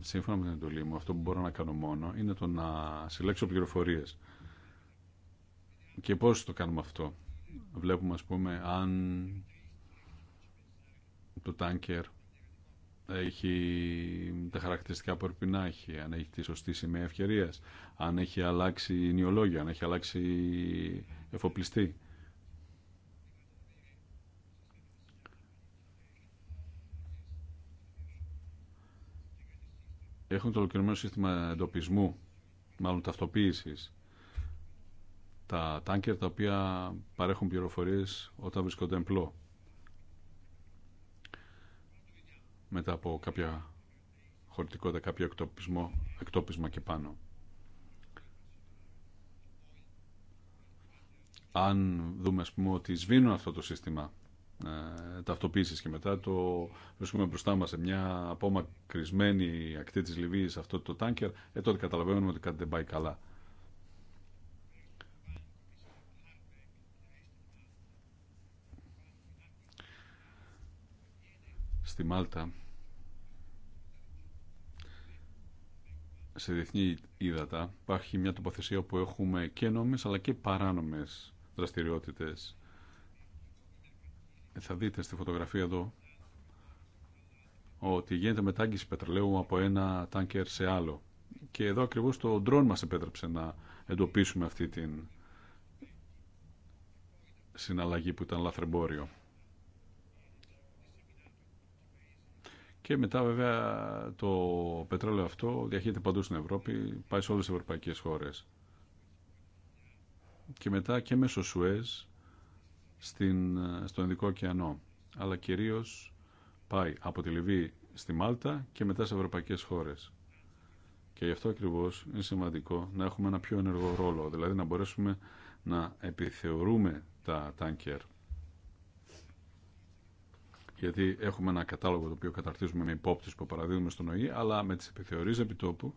Σύμφωνα με την εντολή μου, αυτό που μπορώ να κάνω μόνο είναι το να συλλέξω πληροφορίες. Και πώς το κάνουμε αυτό. Βλέπουμε, ας πούμε, αν το τάνκερ έχει τα χαρακτηριστικά που πρέπει να έχει, αν έχει τη σωστή σημαία ευκαιρία, αν έχει αλλάξει νεολόγια, αν έχει αλλάξει εφοπλιστή. Έχουν το ολοκληρωμένο σύστημα εντοπισμού, μάλλον ταυτοποίηση. τα τάνκερ τα οποία παρέχουν πληροφορίε όταν βρίσκονται εμπλό. μετά από κάποια χωρητικότητα, κάποιο εκτοπισμό, εκτόπισμα και πάνω. Αν δούμε, ας πούμε, ότι σβήνουν αυτό το σύστημα ε, ταυτοποίησης και μετά το βρίσκουμε μπροστά μας σε μια απομακρυσμένη ακτή της Λιβύης αυτό το τάνκερ, ε, τότε καταλαβαίνουμε ότι κάτι δεν πάει καλά. Στη Μάλτα σε διεθνή ύδατα υπάρχει μια τοποθεσία που έχουμε και νόμες αλλά και παράνομες δραστηριότητες. Θα δείτε στη φωτογραφία εδώ ότι γίνεται μετάγγιση πετρελαίου από ένα τάνκερ σε άλλο. Και εδώ ακριβώς το ντρόν μας επέτρεψε να εντοπίσουμε αυτή την συναλλαγή που ήταν λαθρεμπόριο. Και μετά βέβαια το πετρέλαιο αυτό διαχείριται παντού στην Ευρώπη, πάει σε όλες τις ευρωπαϊκές χώρες. Και μετά και μέσω Σουέζ στην, ενδικό Ινδικό ωκεανό. Αλλά κυρίως πάει από τη Λιβύη στη Μάλτα και μετά σε ευρωπαϊκές χώρες. Και γι' αυτό ακριβώς είναι σημαντικό να έχουμε ένα πιο ενεργό ρόλο, δηλαδή να μπορέσουμε να επιθεωρούμε τα τάνκερ γιατί έχουμε ένα κατάλογο το οποίο καταρτίζουμε με υπόπτη που παραδίδουμε στον ΟΗ, αλλά με τι επιθεωρίε επιτόπου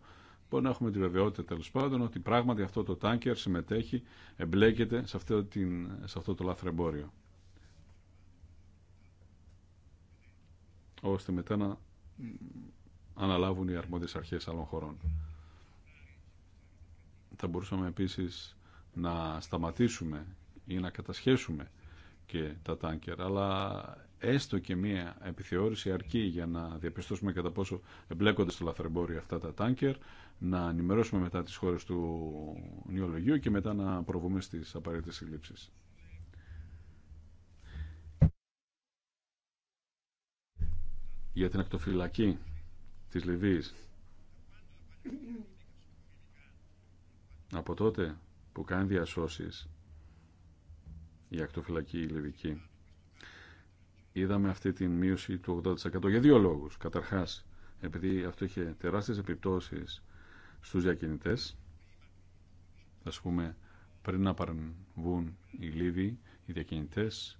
μπορεί να έχουμε τη βεβαιότητα τέλο πάντων ότι πράγματι αυτό το τάνκερ συμμετέχει, εμπλέκεται σε αυτό, την, σε αυτό το λαθρεμπόριο. ώστε μετά να αναλάβουν οι αρμόδιες αρχές άλλων χωρών. Θα μπορούσαμε επίσης να σταματήσουμε ή να κατασχέσουμε και τα τάνκερ, αλλά έστω και μία επιθεώρηση αρκεί για να διαπιστώσουμε κατά πόσο εμπλέκονται στο λαθρεμπόριο αυτά τα τάνκερ, να ενημερώσουμε μετά τις χώρες του νεολογίου και μετά να προβούμε στις απαραίτητες συλλήψεις. Για την ακτοφυλακή της Λιβύης από τότε που κάνει διασώσεις η ακτοφυλακή η Λιβική είδαμε αυτή τη μείωση του 80% για δύο λόγους. Καταρχάς, επειδή αυτό είχε τεράστιες επιπτώσεις στους διακινητές, ας πούμε, πριν να παρεμβούν οι Λίβοι, οι διακινητές,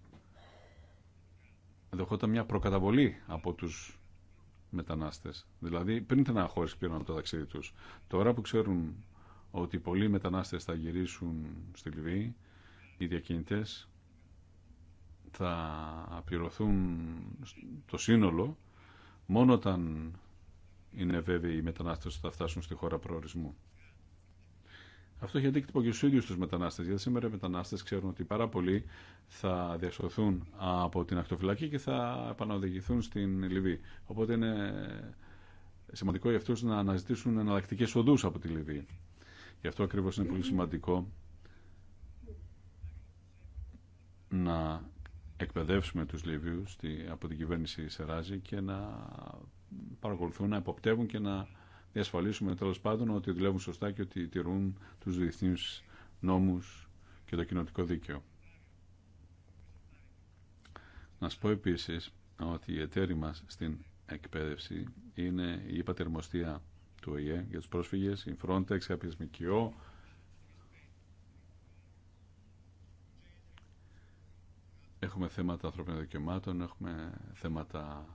δεχόταν μια προκαταβολή από τους μετανάστες. Δηλαδή, πριν την αχώρηση πήραν από το ταξίδι τους. Τώρα που ξέρουν ότι πολλοί μετανάστες θα γυρίσουν στη Λιβύη, οι διακινητές θα πληρωθούν το σύνολο μόνο όταν είναι βέβαιοι οι μετανάστες ότι θα φτάσουν στη χώρα προορισμού. Αυτό έχει αντίκτυπο και στους ίδιου του μετανάστες γιατί σήμερα οι μετανάστες ξέρουν ότι πάρα πολλοί θα διασωθούν από την ακτοφυλακή και θα επαναοδηγηθούν στην Λιβύη. Οπότε είναι σημαντικό για αυτούς να αναζητήσουν εναλλακτικέ οδούς από τη Λιβύη. Γι' αυτό ακριβώς είναι πολύ σημαντικό να εκπαιδεύσουμε τους Λίβιους από την κυβέρνηση Σεράζη και να παρακολουθούν, να υποπτεύουν και να διασφαλίσουμε τέλο πάντων ότι δουλεύουν σωστά και ότι τηρούν τους διεθνείς νόμους και το κοινοτικό δίκαιο. Να σου πω επίσης ότι η εταίρη μας στην εκπαίδευση είναι η υπατερμοστία του ΟΗΕ για τους πρόσφυγες, η Frontex, η Έχουμε θέματα ανθρώπινων δικαιωμάτων, έχουμε θέματα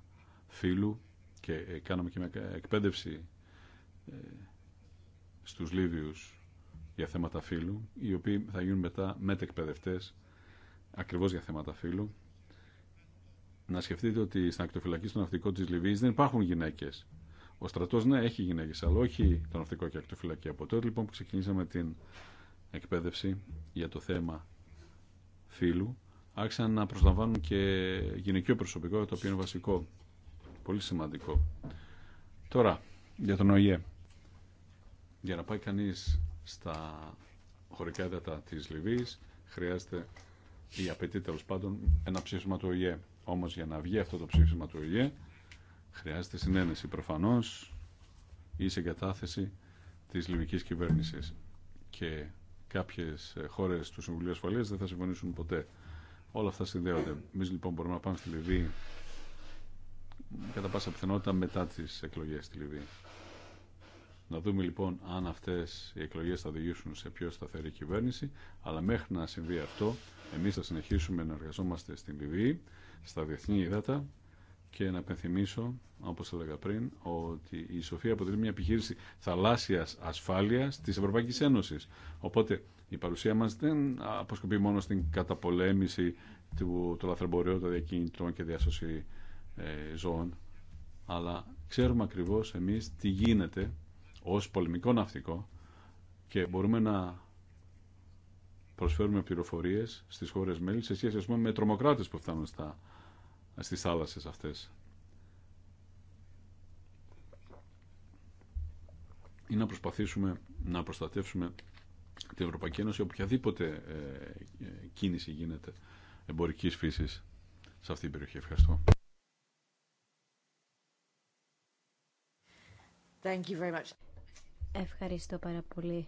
φύλου και ε, κάναμε και μια εκπαίδευση ε, στους Λίβιους για θέματα φύλου, οι οποίοι θα γίνουν μετά μετεκπαιδευτές ακριβώς για θέματα φύλου. Να σκεφτείτε ότι στην ακτοφυλακή στο ναυτικό της Λιβύης δεν υπάρχουν γυναίκες. Ο στρατός ναι έχει γυναίκες, αλλά όχι το ναυτικό και ακτοφυλακή. Από τότε λοιπόν που ξεκινήσαμε την εκπαίδευση για το θέμα φύλου, άρχισαν να προσλαμβάνουν και γυναικείο προσωπικό, το οποίο είναι βασικό. Πολύ σημαντικό. Τώρα, για τον ΟΗΕ. Για να πάει κανείς στα χωρικά έντατα της Λιβύης, χρειάζεται ή απαιτεί τέλο πάντων ένα ψήφισμα του ΟΗΕ. Όμως για να βγει αυτό το ψήφισμα του ΟΗΕ, χρειάζεται συνένεση προφανώς ή συγκατάθεση της λιβικής κυβέρνησης. Και κάποιες χώρες του Συμβουλίου Ασφαλείας δεν θα συμφωνήσουν ποτέ Όλα αυτά συνδέονται. Εμεί λοιπόν μπορούμε να πάμε στη Λιβύη κατά πάσα πιθανότητα μετά τις εκλογές στη Λιβύη. Να δούμε λοιπόν αν αυτές οι εκλογές θα οδηγήσουν σε πιο σταθερή κυβέρνηση, αλλά μέχρι να συμβεί αυτό, εμείς θα συνεχίσουμε να εργαζόμαστε στην Λιβύη, στα διεθνή ύδατα, και να πενθυμίσω, όπως έλεγα πριν, ότι η Σοφία αποτελεί μια επιχείρηση θαλάσσιας ασφάλειας της Ευρωπαϊκής Ένωσης. Οπότε η παρουσία μας δεν αποσκοπεί μόνο στην καταπολέμηση του, του λαθρεμπορίου των διακίνητρων και διάσωση ε, ζώων, αλλά ξέρουμε ακριβώς εμείς τι γίνεται ως πολεμικό ναυτικό και μπορούμε να προσφέρουμε πληροφορίες στις χώρες μέλη σε σχέση πούμε, με τρομοκράτες που φτάνουν στα στις θάλασσες αυτές. Ή να προσπαθήσουμε να προστατεύσουμε την Ευρωπαϊκή Ένωση οποιαδήποτε ε, ε, κίνηση γίνεται εμπορικής φύσης σε αυτή την περιοχή. Ευχαριστώ. Thank you very Ευχαριστώ πάρα πολύ.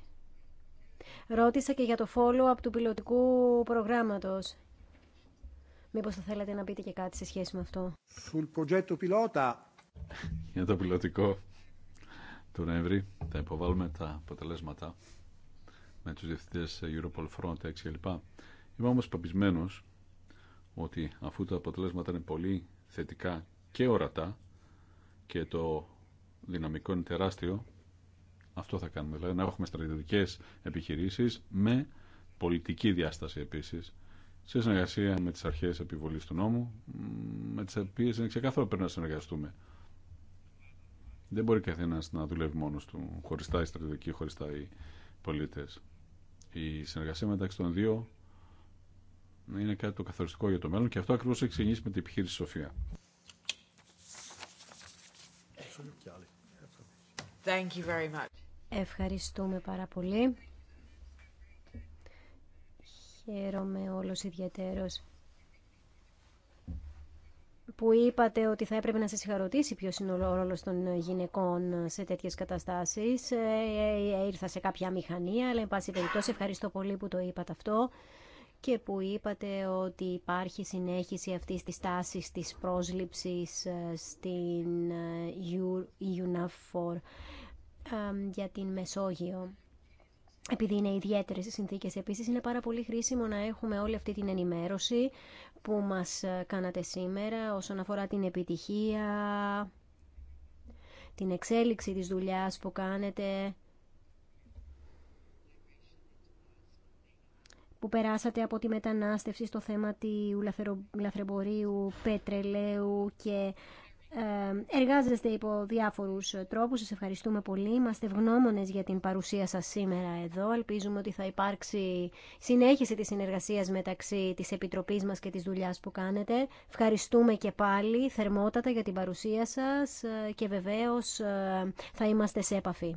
Ρώτησα και για το follow-up του πιλωτικού προγράμματος. Μήπως θα θέλατε να πείτε και κάτι σε σχέση με αυτό. Για το πιλωτικό του Νεύρη θα υποβάλουμε τα αποτελέσματα με τους διευθυντές Europol Front, Frontex κλπ. Είμαι όμως παπισμένος ότι αφού τα αποτελέσματα είναι πολύ θετικά και ορατά και το δυναμικό είναι τεράστιο, αυτό θα κάνουμε. Δηλαδή να έχουμε στρατιωτικές επιχειρήσεις με πολιτική διάσταση επίσης σε συνεργασία με τι αρχέ επιβολής του νόμου, με τι οποίε είναι ξεκάθαρο πρέπει να συνεργαστούμε. Δεν μπορεί καθένα να δουλεύει μόνο του, χωριστά οι στρατιωτικοί, χωριστά οι πολίτε. Η συνεργασία μεταξύ των δύο είναι κάτι το καθοριστικό για το μέλλον και αυτό ακριβώ έχει ξεκινήσει με την επιχείρηση Σοφία. Thank you very much. Ευχαριστούμε πάρα πολύ. Χαίρομαι όλος ιδιαίτερος που είπατε ότι θα έπρεπε να σας συγχαρωτήσει ποιος είναι ο ρόλος των γυναικών σε τέτοιες καταστάσεις. Ε, ε, ε, ήρθα σε κάποια μηχανία, αλλά εν πάση περιπτώσει ευχαριστώ πολύ που το είπατε αυτό και που είπατε ότι υπάρχει συνέχιση αυτής της τάσης της πρόσληψης στην UNAFOR για την Μεσόγειο επειδή είναι ιδιαίτερε οι συνθήκες. Επίσης είναι πάρα πολύ χρήσιμο να έχουμε όλη αυτή την ενημέρωση που μα ε, κάνατε σήμερα όσον αφορά την επιτυχία, την εξέλιξη της δουλειάς που κάνετε, που περάσατε από τη μετανάστευση στο θέμα του λαθρεμπορίου, πετρελαίου και ε, εργάζεστε υπό διάφορους ε, τρόπους. Σας ευχαριστούμε πολύ. Είμαστε ευγνώμονες για την παρουσία σας σήμερα εδώ. Ελπίζουμε ότι θα υπάρξει συνέχιση της συνεργασίας μεταξύ της Επιτροπής μας και της δουλειάς που κάνετε. Ευχαριστούμε και πάλι θερμότατα για την παρουσία σας ε, και βεβαίως θα είμαστε σε επαφή.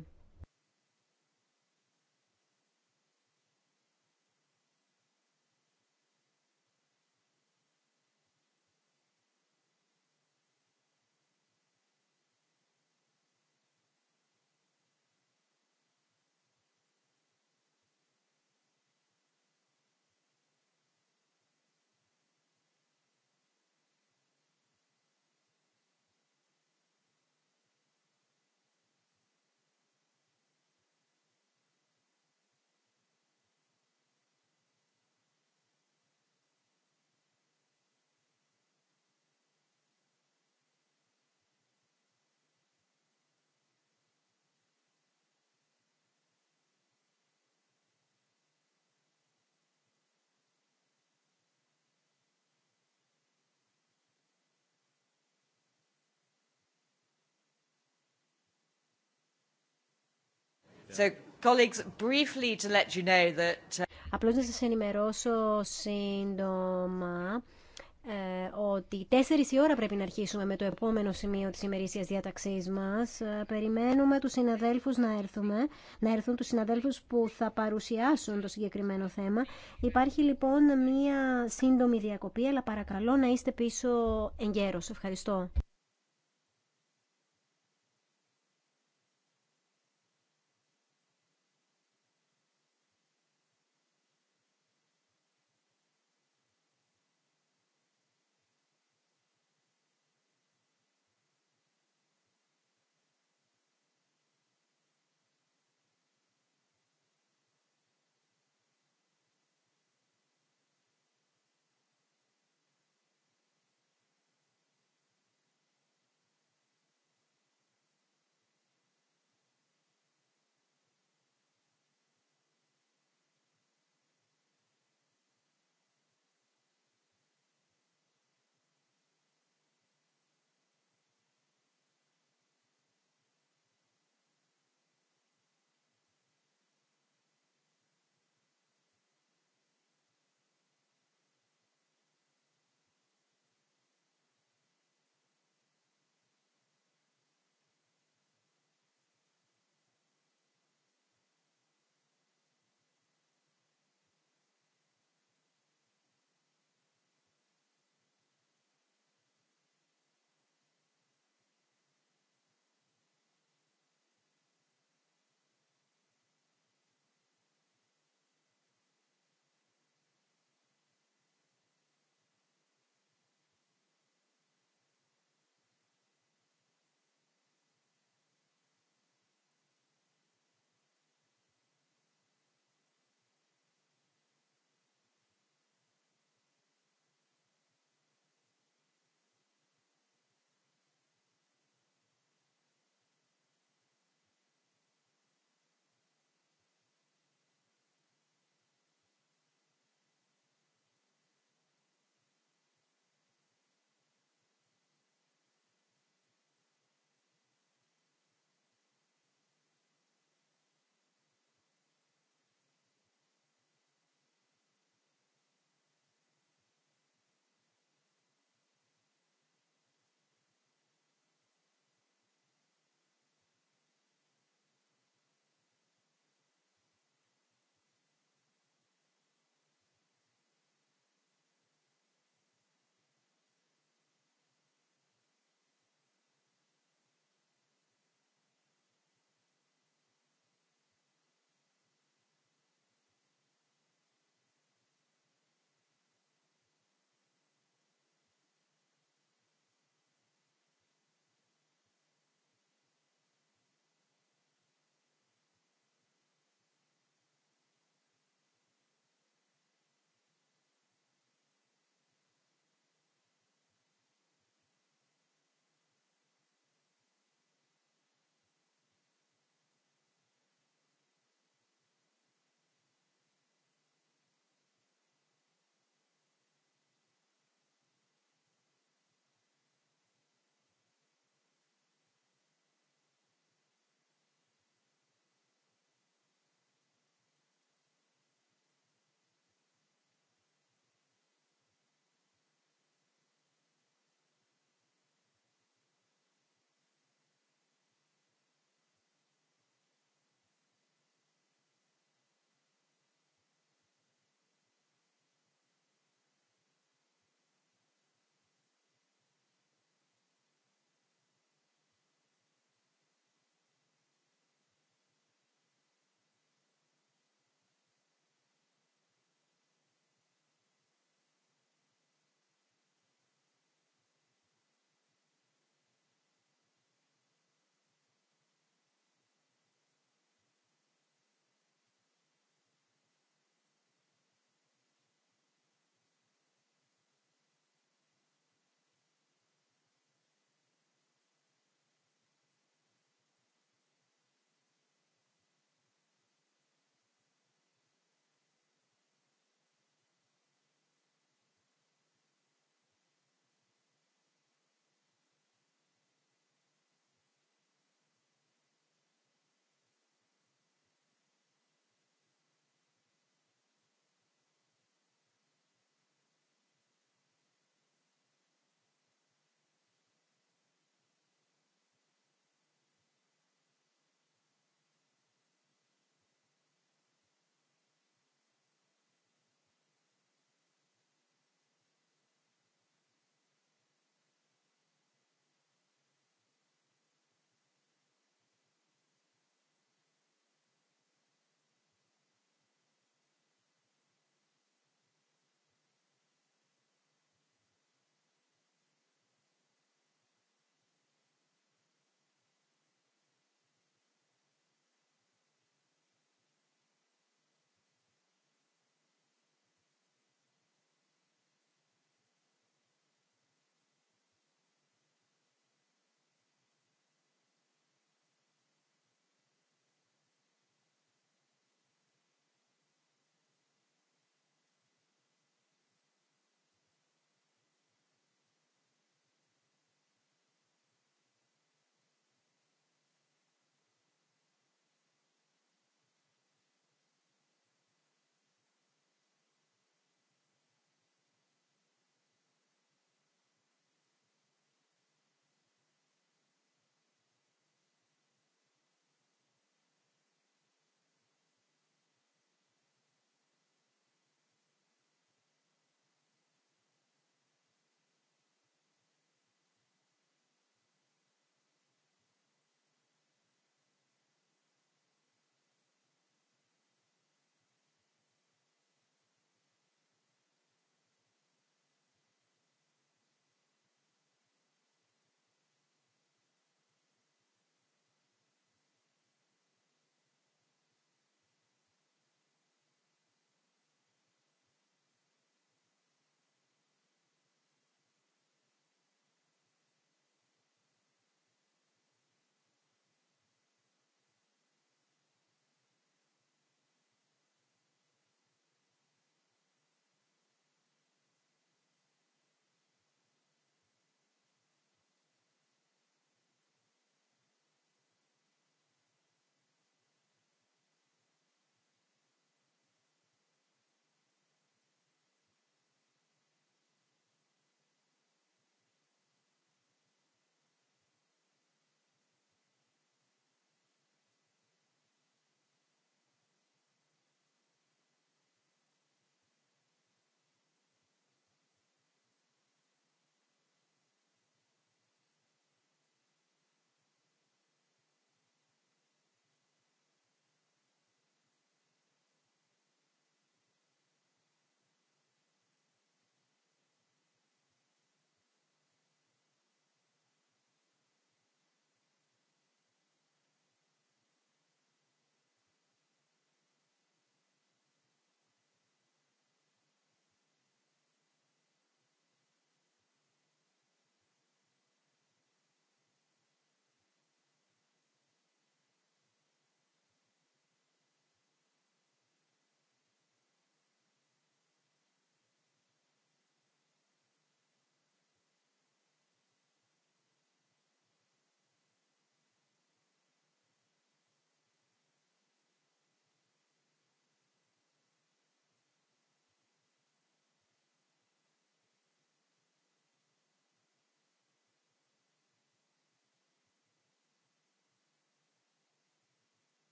So, colleagues, briefly uh, Απλώς να σας ενημερώσω σύντομα ε, ότι 4 η ώρα πρέπει να αρχίσουμε με το επόμενο σημείο της ημερήσιας διάταξής μας. Ε, περιμένουμε τους συναδέλφους να, έρθουμε, να έρθουν, τους συναδέλφους που θα παρουσιάσουν το συγκεκριμένο θέμα. Υπάρχει λοιπόν μία σύντομη διακοπή, αλλά παρακαλώ να είστε πίσω εγκαίρως. Ευχαριστώ.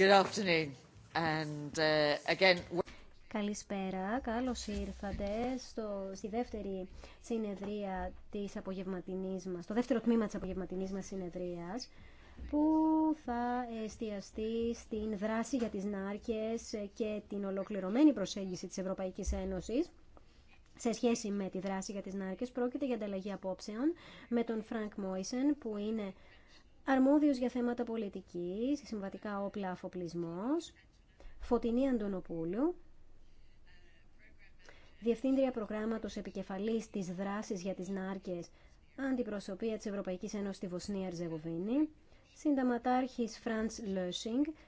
Good afternoon. And, uh, again... Καλησπέρα, καλώς ήρθατε στο, στη δεύτερη συνεδρία της απογευματινής μας, το δεύτερο τμήμα της απογευματινής μας συνεδρίας που θα εστιαστεί στην δράση για τις νάρκες και την ολοκληρωμένη προσέγγιση της Ευρωπαϊκής Ένωσης σε σχέση με τη δράση για τις νάρκες. Πρόκειται για ανταλλαγή απόψεων με τον Φρανκ Μόισεν που είναι αρμόδιος για θέματα πολιτικής, συμβατικά όπλα αφοπλισμός, Φωτεινή Αντωνοπούλου, Διευθύντρια Προγράμματος Επικεφαλής της Δράσης για τις Νάρκες, Αντιπροσωπεία της Ευρωπαϊκής Ένωσης στη Βοσνία Ερζεγοβίνη, Συνταματάρχης Φραντς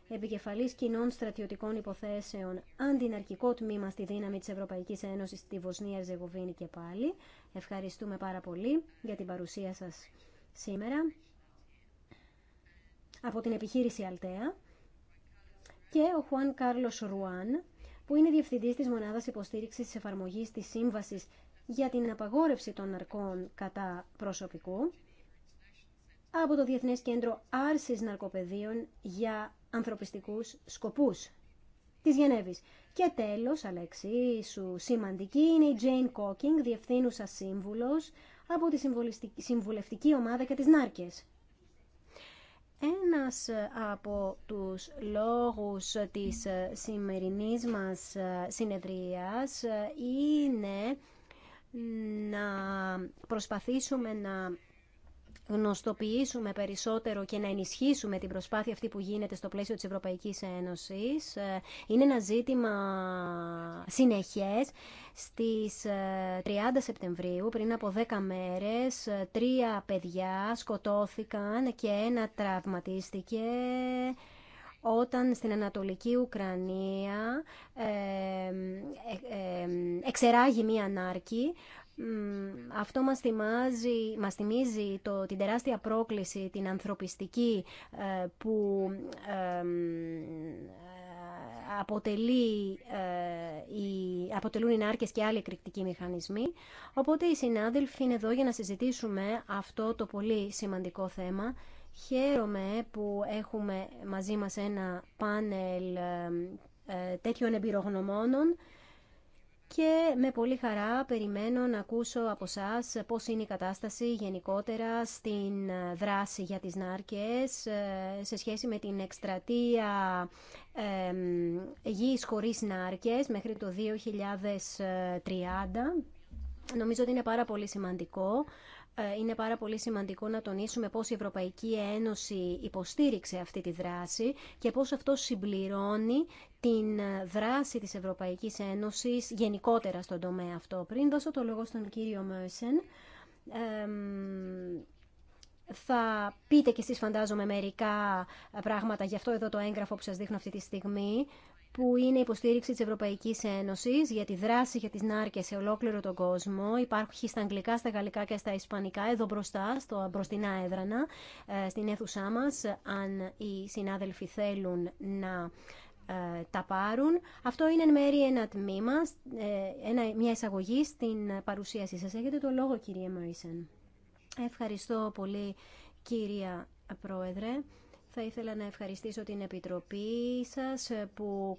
Επικεφαλής Κοινών Στρατιωτικών Υποθέσεων, Αντιναρκικό Τμήμα στη Δύναμη της Ευρωπαϊκής Ένωσης στη Βοσνία Ερζεγοβίνη και πάλι. Ευχαριστούμε πάρα πολύ για την παρουσία σας σήμερα από την επιχείρηση Αλτέα και ο Χουάν Κάρλο Ρουάν, που είναι διευθυντής της Μονάδας υποστήριξη τη εφαρμογή της Σύμβασης για την απαγόρευση των ναρκών κατά προσωπικού από το Διεθνές Κέντρο Άρσης Ναρκοπαιδείων για ανθρωπιστικούς σκοπούς της Γενέβης. Και τέλος, Αλέξη, σου σημαντική, είναι η Jane Κόκκινγκ, διευθύνουσα σύμβουλος από τη συμβουλευτική ομάδα και τις νάρκες. Ένας ε, από τους λόγους της ε, σημερινής μας ε, συνεδρίας είναι να προσπαθήσουμε να γνωστοποιήσουμε περισσότερο και να ενισχύσουμε την προσπάθεια αυτή που γίνεται στο πλαίσιο της Ευρωπαϊκής Ένωσης. Ε, είναι ένα ζήτημα συνεχές. Στις 30 ε, Σεπτεμβρίου, πριν από 10 μέρες, ε, τρία παιδιά σκοτώθηκαν και ένα τραυματίστηκε όταν στην Ανατολική Ουκρανία ε, εξεράγει μία ανάρκη αυτό μας, θυμάζει, μας θυμίζει το, την τεράστια πρόκληση, την ανθρωπιστική ε, που ε, αποτελεί, ε, οι, αποτελούν οι νάρκες και άλλοι εκρηκτικοί μηχανισμοί. Οπότε οι συνάδελφοι είναι εδώ για να συζητήσουμε αυτό το πολύ σημαντικό θέμα. Χαίρομαι που έχουμε μαζί μας ένα πάνελ ε, ε τέτοιων εμπειρογνωμόνων και με πολύ χαρά περιμένω να ακούσω από εσά πώς είναι η κατάσταση γενικότερα στην ε, δράση για τις νάρκες ε, σε σχέση με την εκστρατεία ε, γης χωρίς νάρκες μέχρι το 2030. Νομίζω ότι είναι πάρα πολύ σημαντικό. Ε, είναι πάρα πολύ σημαντικό να τονίσουμε πώς η Ευρωπαϊκή Ένωση υποστήριξε αυτή τη δράση και πώς αυτό συμπληρώνει την ε, δράση της Ευρωπαϊκής Ένωσης γενικότερα στον τομέα αυτό. Πριν δώσω το λόγο στον κύριο Μέρσεν, θα πείτε κι εσείς φαντάζομαι μερικά πράγματα γι' αυτό εδώ το έγγραφο που σας δείχνω αυτή τη στιγμή, που είναι υποστήριξη της Ευρωπαϊκής Ένωσης για τη δράση για τις νάρκες σε ολόκληρο τον κόσμο. Υπάρχει στα αγγλικά, στα γαλλικά και στα ισπανικά, εδώ μπροστά, στο μπροστινά έδρανα, ε, στην αίθουσά μας, αν οι συνάδελφοι θέλουν να ε, τα πάρουν. Αυτό είναι εν μέρει ένα τμήμα, ε, μια εισαγωγή στην παρουσίασή σας. Έχετε το λόγο κυρία Μαϊσέν; Ευχαριστώ πολύ κυρία Πρόεδρε. Θα ήθελα να ευχαριστήσω την Επιτροπή σας που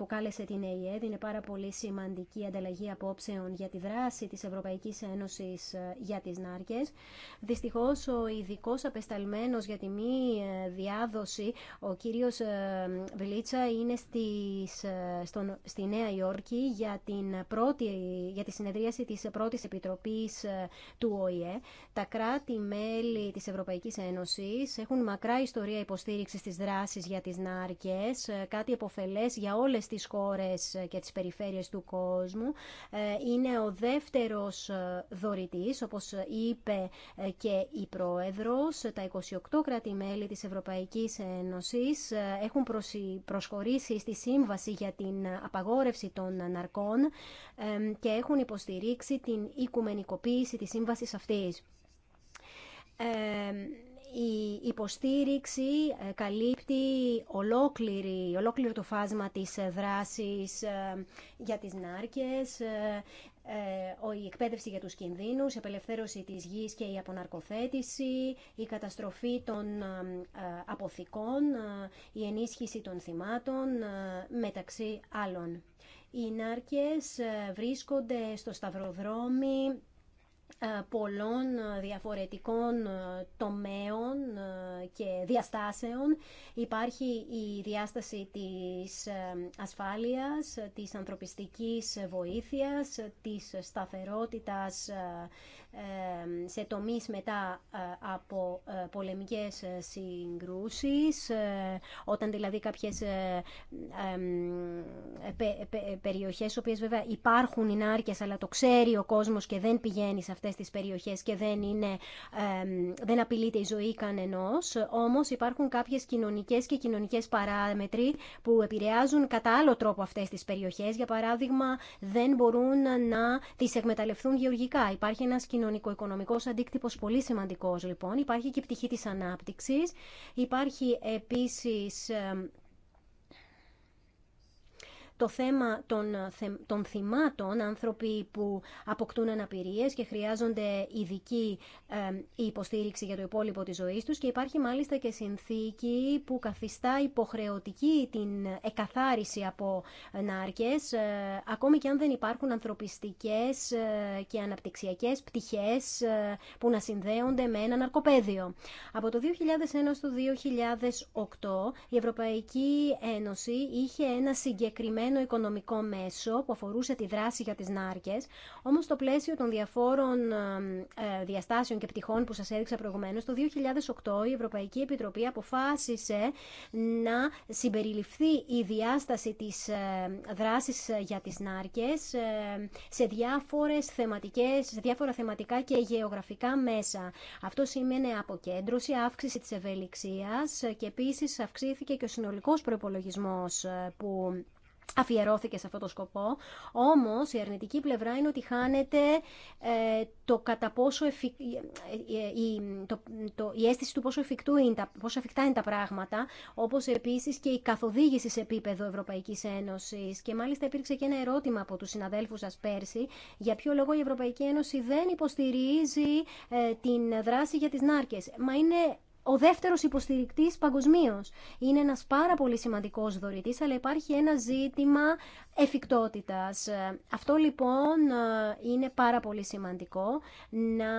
που κάλεσε την ΕΕ, Είναι πάρα πολύ σημαντική ανταλλαγή απόψεων για τη δράση της Ευρωπαϊκής Ένωσης ε, για τις νάρκες. Δυστυχώς ο ειδικό απεσταλμένος για τη μη ε, διάδοση, ο κύριος ε, Βιλίτσα, είναι στη Νέα Υόρκη για, την πρώτη, για τη συνεδρίαση της πρώτης επιτροπής του ΟΗΕ. Τα κράτη-μέλη της Ευρωπαϊκής Ένωσης έχουν μακρά ιστορία υποστήριξης της δράσης για τις νάρκες, κάτι εποφελές για όλες τις χώρες ε, και τις περιφέρειες του κόσμου. Ε, είναι ο δεύτερος ε, δωρητής, όπως είπε και η Πρόεδρος. Τα 28 κράτη-μέλη της Ευρωπαϊκής Ένωσης έχουν προσχωρήσει στη Σύμβαση για την απαγόρευση των ναρκών και έχουν υποστηρίξει την οικουμενικοποίηση της σύμβασης αυτής η υποστήριξη ε, καλύπτει ολόκληρη, ολόκληρο το φάσμα της ε, δράσης ε, για τις νάρκες, η εκπαίδευση για τους κινδύνους, η απελευθέρωση της γης και η αποναρκοθέτηση, η καταστροφή των αποθηκών, η ενίσχυση των θυμάτων, μεταξύ άλλων. Οι νάρκες βρίσκονται στο σταυροδρόμι ε, πολλών ε, διαφορετικών ε, τομέων και διαστάσεων. Υπάρχει η διάσταση της ασφάλειας, της ανθρωπιστικής βοήθειας, της σταθερότητας σε τομείς μετά ε, από ε, πολεμικές ε, συγκρούσεις, όταν δηλαδή κάποιες περιοχές, οποίες βέβαια υπάρχουν οι αλλά το ξέρει ο κόσμος και δεν πηγαίνει σε αυτές τις περιοχές και δεν, είναι, δεν απειλείται η ζωή κανενός, όμως υπάρχουν κάποιες κοινωνικές και κοινωνικές παράμετροι που επηρεάζουν κατά άλλο τρόπο αυτές τις περιοχές. Για παράδειγμα, δεν μπορούν να τις εκμεταλλευτούν γεωργικά. Υπάρχει ένας κοινωνικο οικονομικο αντίκτυπος πολύ σημαντικός λοιπόν. Υπάρχει και η πτυχή της ανάπτυξης. Υπάρχει επίσης ε, το θέμα των, ε, των θυμάτων, άνθρωποι που αποκτούν αναπηρίες και χρειάζονται ειδική ε, υποστήριξη για το υπόλοιπο της ζωής τους και υπάρχει μάλιστα και συνθήκη που καθιστά υποχρεωτική την εκαθάριση από νάρκες ε, ακόμη και αν δεν υπάρχουν ανθρωπιστικές και αναπτυξιακές πτυχές που να συνδέονται με ένα ναρκοπαίδιο. Από το 2001 στο 2008 η Ευρωπαϊκή Ένωση είχε ένα συγκεκριμένο συγκεκριμένο οικονομικό μέσο που αφορούσε τη δράση για τις νάρκες, όμως στο πλαίσιο των διαφόρων ε, ε, διαστάσεων και πτυχών που σας έδειξα προηγουμένως, το 2008 η Ευρωπαϊκή Επιτροπή αποφάσισε να συμπεριληφθεί η διάσταση της ε, δράσης για τις νάρκες σε, διάφορες θεματικές, σε διάφορα θεματικά και γεωγραφικά μέσα. Αυτό σημαίνει αποκέντρωση, αύξηση της ευελιξίας και επίσης αυξήθηκε και ο συνολικός προπολογισμό που αφιερώθηκε σε αυτό το σκοπό, όμως η αρνητική πλευρά είναι ότι χάνεται ε, το κατά ε, ε, η, το, το, η αίσθηση του πόσο, εφικτού είναι τα, πόσο εφικτά είναι τα πράγματα, όπως επίσης και η καθοδήγηση σε επίπεδο Ευρωπαϊκής Ένωσης. Και μάλιστα υπήρξε και ένα ερώτημα από τους συναδέλφους σας πέρσι, για ποιο λόγο η Ευρωπαϊκή Ένωση δεν υποστηρίζει την δράση για τις νάρκες. Μα είναι ο δεύτερος υποστηρικτής παγκοσμίω. Είναι ένας πάρα πολύ σημαντικό δωρητή, αλλά υπάρχει ένα ζήτημα εφικτότητας. Ε, αυτό λοιπόν ε, είναι πάρα πολύ σημαντικό να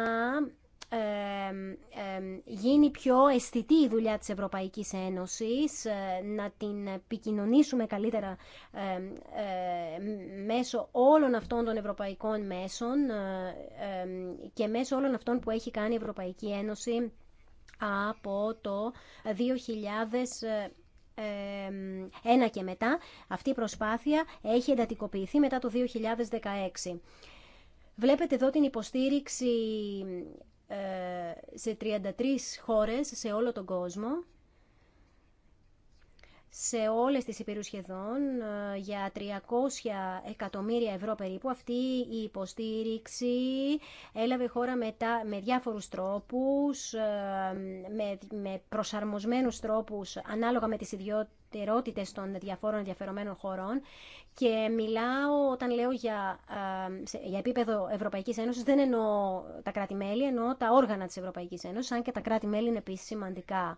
γίνει πιο αισθητή η δουλειά της Ευρωπαϊκής Ένωσης, ε, να την επικοινωνήσουμε καλύτερα μέσω όλων αυτών των ευρωπαϊκών μέσων και μέσω όλων αυτών που έχει κάνει η Ευρωπαϊκή Ένωση από το 2001 ε, ε, και μετά. Αυτή η προσπάθεια έχει εντατικοποιηθεί μετά το 2016. Βλέπετε εδώ την υποστήριξη ε, σε 33 χώρες σε όλο τον κόσμο σε όλες τις υπηρούς σχεδόν ε, για 300 εκατομμύρια ευρώ περίπου. Αυτή η υποστήριξη έλαβε χώρα μετά με διάφορους τρόπους, ε, με, με προσαρμοσμένους τρόπους ανάλογα με τις ιδιωτερότητες των διαφόρων ενδιαφερομένων χωρών και μιλάω όταν λέω για, ε, για επίπεδο Ευρωπαϊκής Ένωσης δεν εννοώ τα κράτη-μέλη, εννοώ τα όργανα της Ευρωπαϊκής Ένωσης, αν και τα κράτη-μέλη είναι επίσης σημαντικά.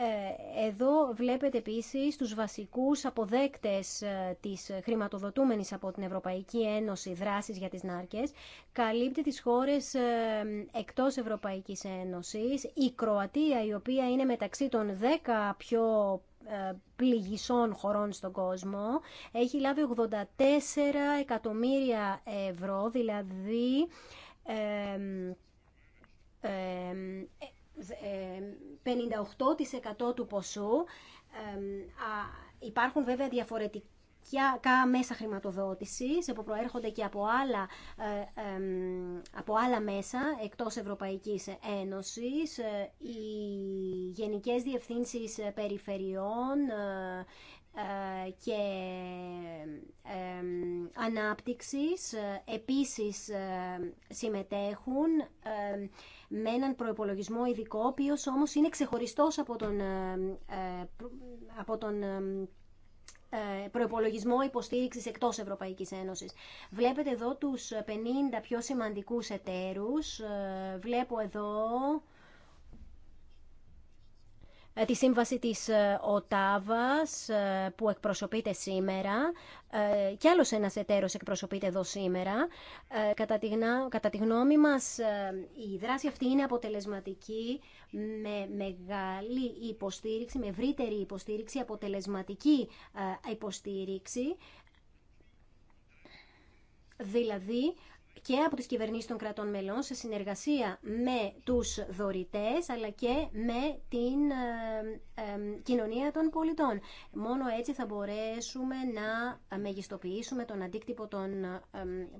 Ε, εδώ βλέπετε επίσης τους βασικούς αποδέκτες ε, της χρηματοδοτούμενης από την Ευρωπαϊκή Ένωση δράσης για τις νάρκες. Καλύπτει τις χώρες ε, εκτός Ευρωπαϊκής Ένωσης. Η Κροατία, η οποία είναι μεταξύ των 10 πιο πληγισών χωρών στον κόσμο, έχει λάβει 84 εκατομμύρια ευρώ, δηλαδή... 58% ε, του ποσού. Υπάρχουν βέβαια διαφορετικά μέσα χρηματοδότησης που προέρχονται και από άλλα, ε, από άλλα μέσα εκτός Ευρωπαϊκής Ένωσης, ε, οι Γενικές Διευθύνσεις Περιφερειών και Ανάπτυξης επίσης συμμετέχουν με έναν προπολογισμό ειδικό, ο οποίο όμω είναι ξεχωριστό από τον, ε, ε, από τον ε, προπολογισμό υποστήριξης εκτός Ευρωπαϊκής Ένωσης. Βλέπετε εδώ τους 50 πιο σημαντικού εταίρους. Βλέπω εδώ τη σύμβαση της ε, ΟΤΑΒΑΣ ε, που εκπροσωπείται σήμερα ε, και άλλος ένας εταίρος εκπροσωπείται εδώ σήμερα. Κατά τη γνώμη μας η δράση αυτή είναι αποτελεσματική με μεγάλη υποστήριξη, με ευρύτερη υποστήριξη, αποτελεσματική υποστήριξη. Δηλαδή και από τις κυβερνήσεις των κρατών μελών σε συνεργασία με τους δωρητές αλλά και με την ε, ε, κοινωνία των πολιτών. Μόνο έτσι θα μπορέσουμε να μεγιστοποιήσουμε τον αντίκτυπο των ε,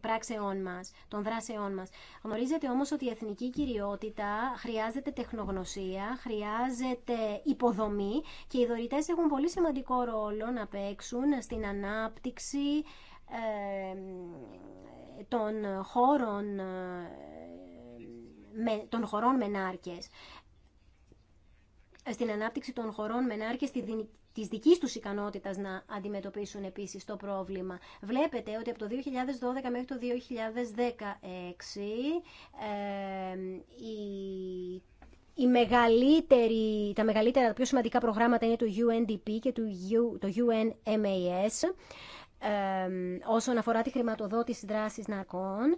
πράξεών μας, των δράσεών μας. Γνωρίζετε όμως ότι η εθνική κυριότητα χρειάζεται τεχνογνωσία, χρειάζεται υποδομή και οι δωρητές έχουν πολύ σημαντικό ρόλο να παίξουν στην ανάπτυξη των χώρων, ε, των χωρών μενάρκες στην ανάπτυξη των χωρών μενάρκες τη δική του ικανότητα να αντιμετωπίσουν επίση το πρόβλημα. Βλέπετε ότι από το 2012 μέχρι το 2016 ε, η η τα μεγαλύτερα, τα πιο σημαντικά προγράμματα είναι το UNDP και το UNMAS όσον αφορά τη χρηματοδότηση δράσης ναρκών.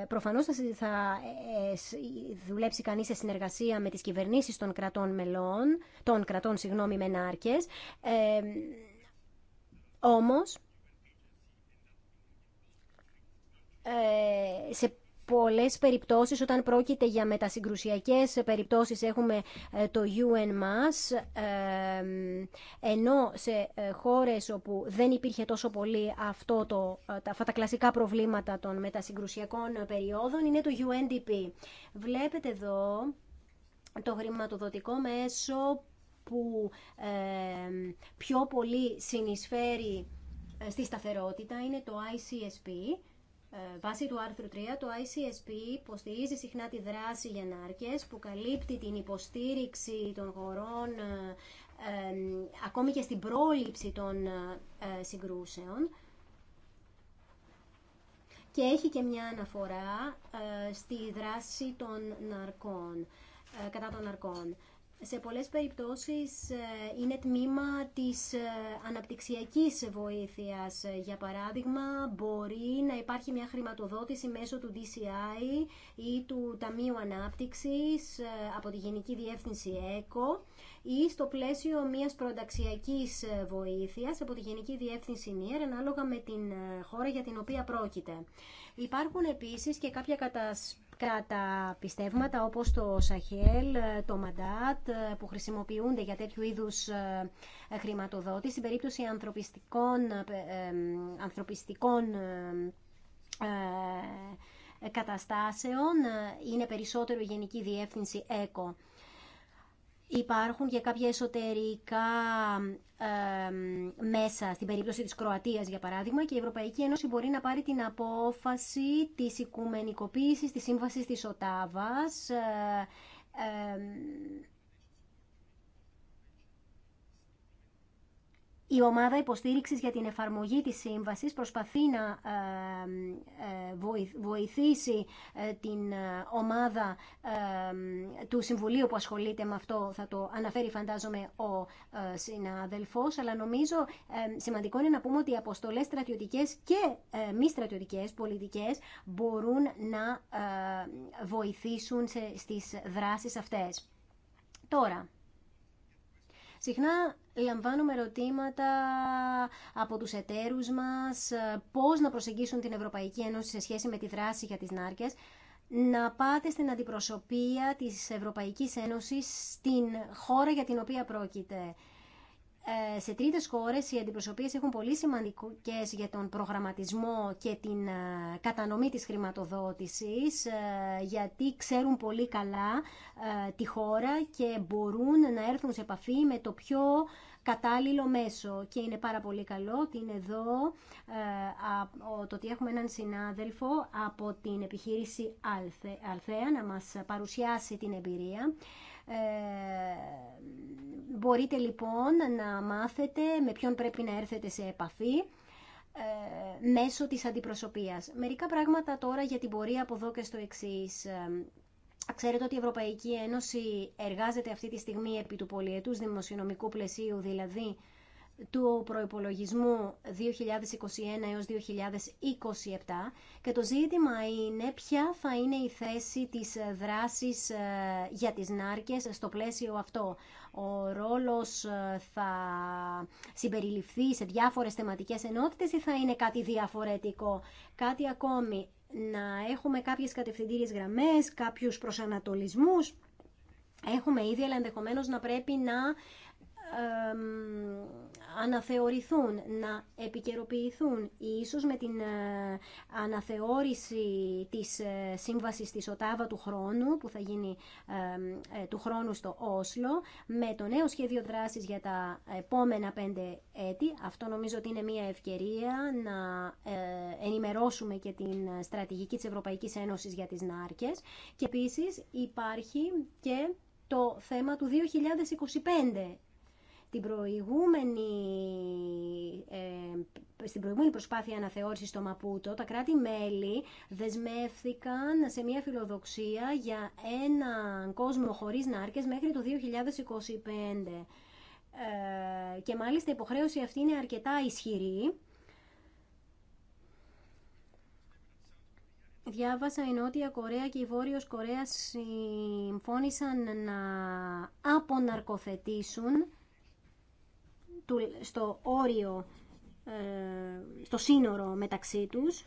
Ε, προφανώς θα, ε, ε, ε, δουλέψει κανείς σε συνεργασία με τις κυβερνήσεις των κρατών μελών, των κρατών, συγγνώμη, με Ε, όμως, σε Πολλέ περιπτώσεις όταν πρόκειται για μετασυγκρουσιακέ περιπτώσεις έχουμε ε, το UN ενώ σε ε, χώρες όπου δεν υπήρχε τόσο πολύ αυτό το, ε, αυτά τα κλασικά προβλήματα των μετασυγκρουσιακών περιόδων είναι το UNDP. Βλέπετε εδώ το χρηματοδοτικό μέσο που πιο πολύ συνεισφέρει στη σταθερότητα είναι το ICSP ε, βάσει του άρθρου 3, το ICSP υποστηρίζει συχνά τη δράση για που καλύπτει την υποστήριξη των χωρών ε, ακόμη και στην πρόληψη των ε, συγκρούσεων και έχει και μια αναφορά στη δράση των ναρκών, κατά των ναρκών σε πολλές περιπτώσεις ε, είναι τμήμα της ε, αναπτυξιακής βοήθειας. Ε, για παράδειγμα, μπορεί να υπάρχει μια χρηματοδότηση μέσω του DCI ή του Ταμείου Ανάπτυξης από τη Γενική Διεύθυνση ΕΚΟ ή στο πλαίσιο μιας προταξιακής βοήθειας από τη Γενική Διεύθυνση ΝΙΕΡ ανάλογα με την χώρα για την οποία πρόκειται. Υπάρχουν επίσης και κάποια κατασπέσεις κατά πιστεύματα όπως το Σαχέλ, το Μαντάτ που χρησιμοποιούνται για τέτοιου είδους ε, χρηματοδότηση στην περίπτωση ανθρωπιστικών, ε, ανθρωπιστικών ε, καταστάσεων είναι περισσότερο η Γενική Διεύθυνση ΕΚΟ. Υπάρχουν και κάποια εσωτερικά μέσα, στην περίπτωση της Κροατίας για παράδειγμα, και η Ευρωπαϊκή Ένωση μπορεί να πάρει την απόφαση της οικουμενικοποίησης της σύμβασης της Οτάβας, ε, Η ομάδα υποστήριξης για την εφαρμογή της σύμβασης προσπαθεί να ε, ε, βοηθήσει ε, την ομάδα του Συμβουλίου που ασχολείται με αυτό. Θα το αναφέρει φαντάζομαι ο συνάδελφος. Αλλά νομίζω σημαντικό είναι να πούμε ότι οι αποστολές στρατιωτικές και μη στρατιωτικές πολιτικές μπορούν να βοηθήσουν στις δράσεις αυτές. Τώρα, συχνά λαμβάνουμε ερωτήματα από τους εταίρους μας, ε, πώς να προσεγγίσουν την Ευρωπαϊκή Ένωση σε σχέση με τη δράση για τις νάρκες. Να πάτε στην αντιπροσωπεία της Ευρωπαϊκής Ένωσης στην χώρα για την οποία πρόκειται. Ε, σε τρίτες χώρες οι αντιπροσωπείες έχουν πολύ σημαντικές για τον προγραμματισμό και την ε, κατανομή της χρηματοδότησης ε, γιατί ξέρουν πολύ καλά τη χώρα και μπορούν να έρθουν σε επαφή με το πιο κατάλληλο μέσο και είναι πάρα πολύ καλό ότι είναι εδώ το ότι έχουμε έναν συνάδελφο από την επιχείρηση Αλθέα να μας παρουσιάσει την εμπειρία ε, μπορείτε λοιπόν να μάθετε με ποιον πρέπει να έρθετε σε επαφή ε, μέσω της αντιπροσωπείας. Μερικά πράγματα τώρα για την πορεία από εδώ και στο εξής. Ε, ξέρετε ότι η Ευρωπαϊκή Ένωση εργάζεται αυτή τη στιγμή επί του πολιετούς δημοσιονομικού πλαισίου, δηλαδή του προϋπολογισμού 2021 έως 2027 και το ζήτημα είναι ποια θα είναι η θέση της δράσης ε, για τις νάρκες στο πλαίσιο αυτό. Ο ρόλος ε, θα συμπεριληφθεί σε διάφορες θεματικές ενότητες ή θα είναι κάτι διαφορετικό. Κάτι ακόμη, να έχουμε κάποιες κατευθυντήριες γραμμές, κάποιους προσανατολισμούς. Έχουμε ήδη, αλλά να πρέπει να αναθεωρηθούν, να επικαιροποιηθούν. Ίσως με την ε, αναθεώρηση της ε, σύμβασης της ΟΤΑΒΑ του χρόνου, που θα γίνει ε, του χρόνου στο Όσλο, με το νέο σχέδιο δράσης για τα επόμενα πέντε έτη. Αυτό νομίζω ότι είναι μια ευκαιρία να ενημερώσουμε και την στρατηγική της Ευρωπαϊκής Ένωσης για τις ΝΑΡΚΕΣ. Και επίσης υπάρχει και το θέμα του 2025 την προηγούμενη, ε, στην προηγούμενη προσπάθεια αναθεώρησης στο Μαπούτο, τα κράτη-μέλη δεσμεύθηκαν σε μια φιλοδοξία για έναν κόσμο χωρίς νάρκες μέχρι το 2025. Ε, και μάλιστα η υποχρέωση αυτή είναι αρκετά ισχυρή. Διάβασα η Νότια Κορέα και η Βόρειος Κορέα συμφώνησαν να αποναρκοθετήσουν στο όριο, ε, στο σύνορο μεταξύ τους.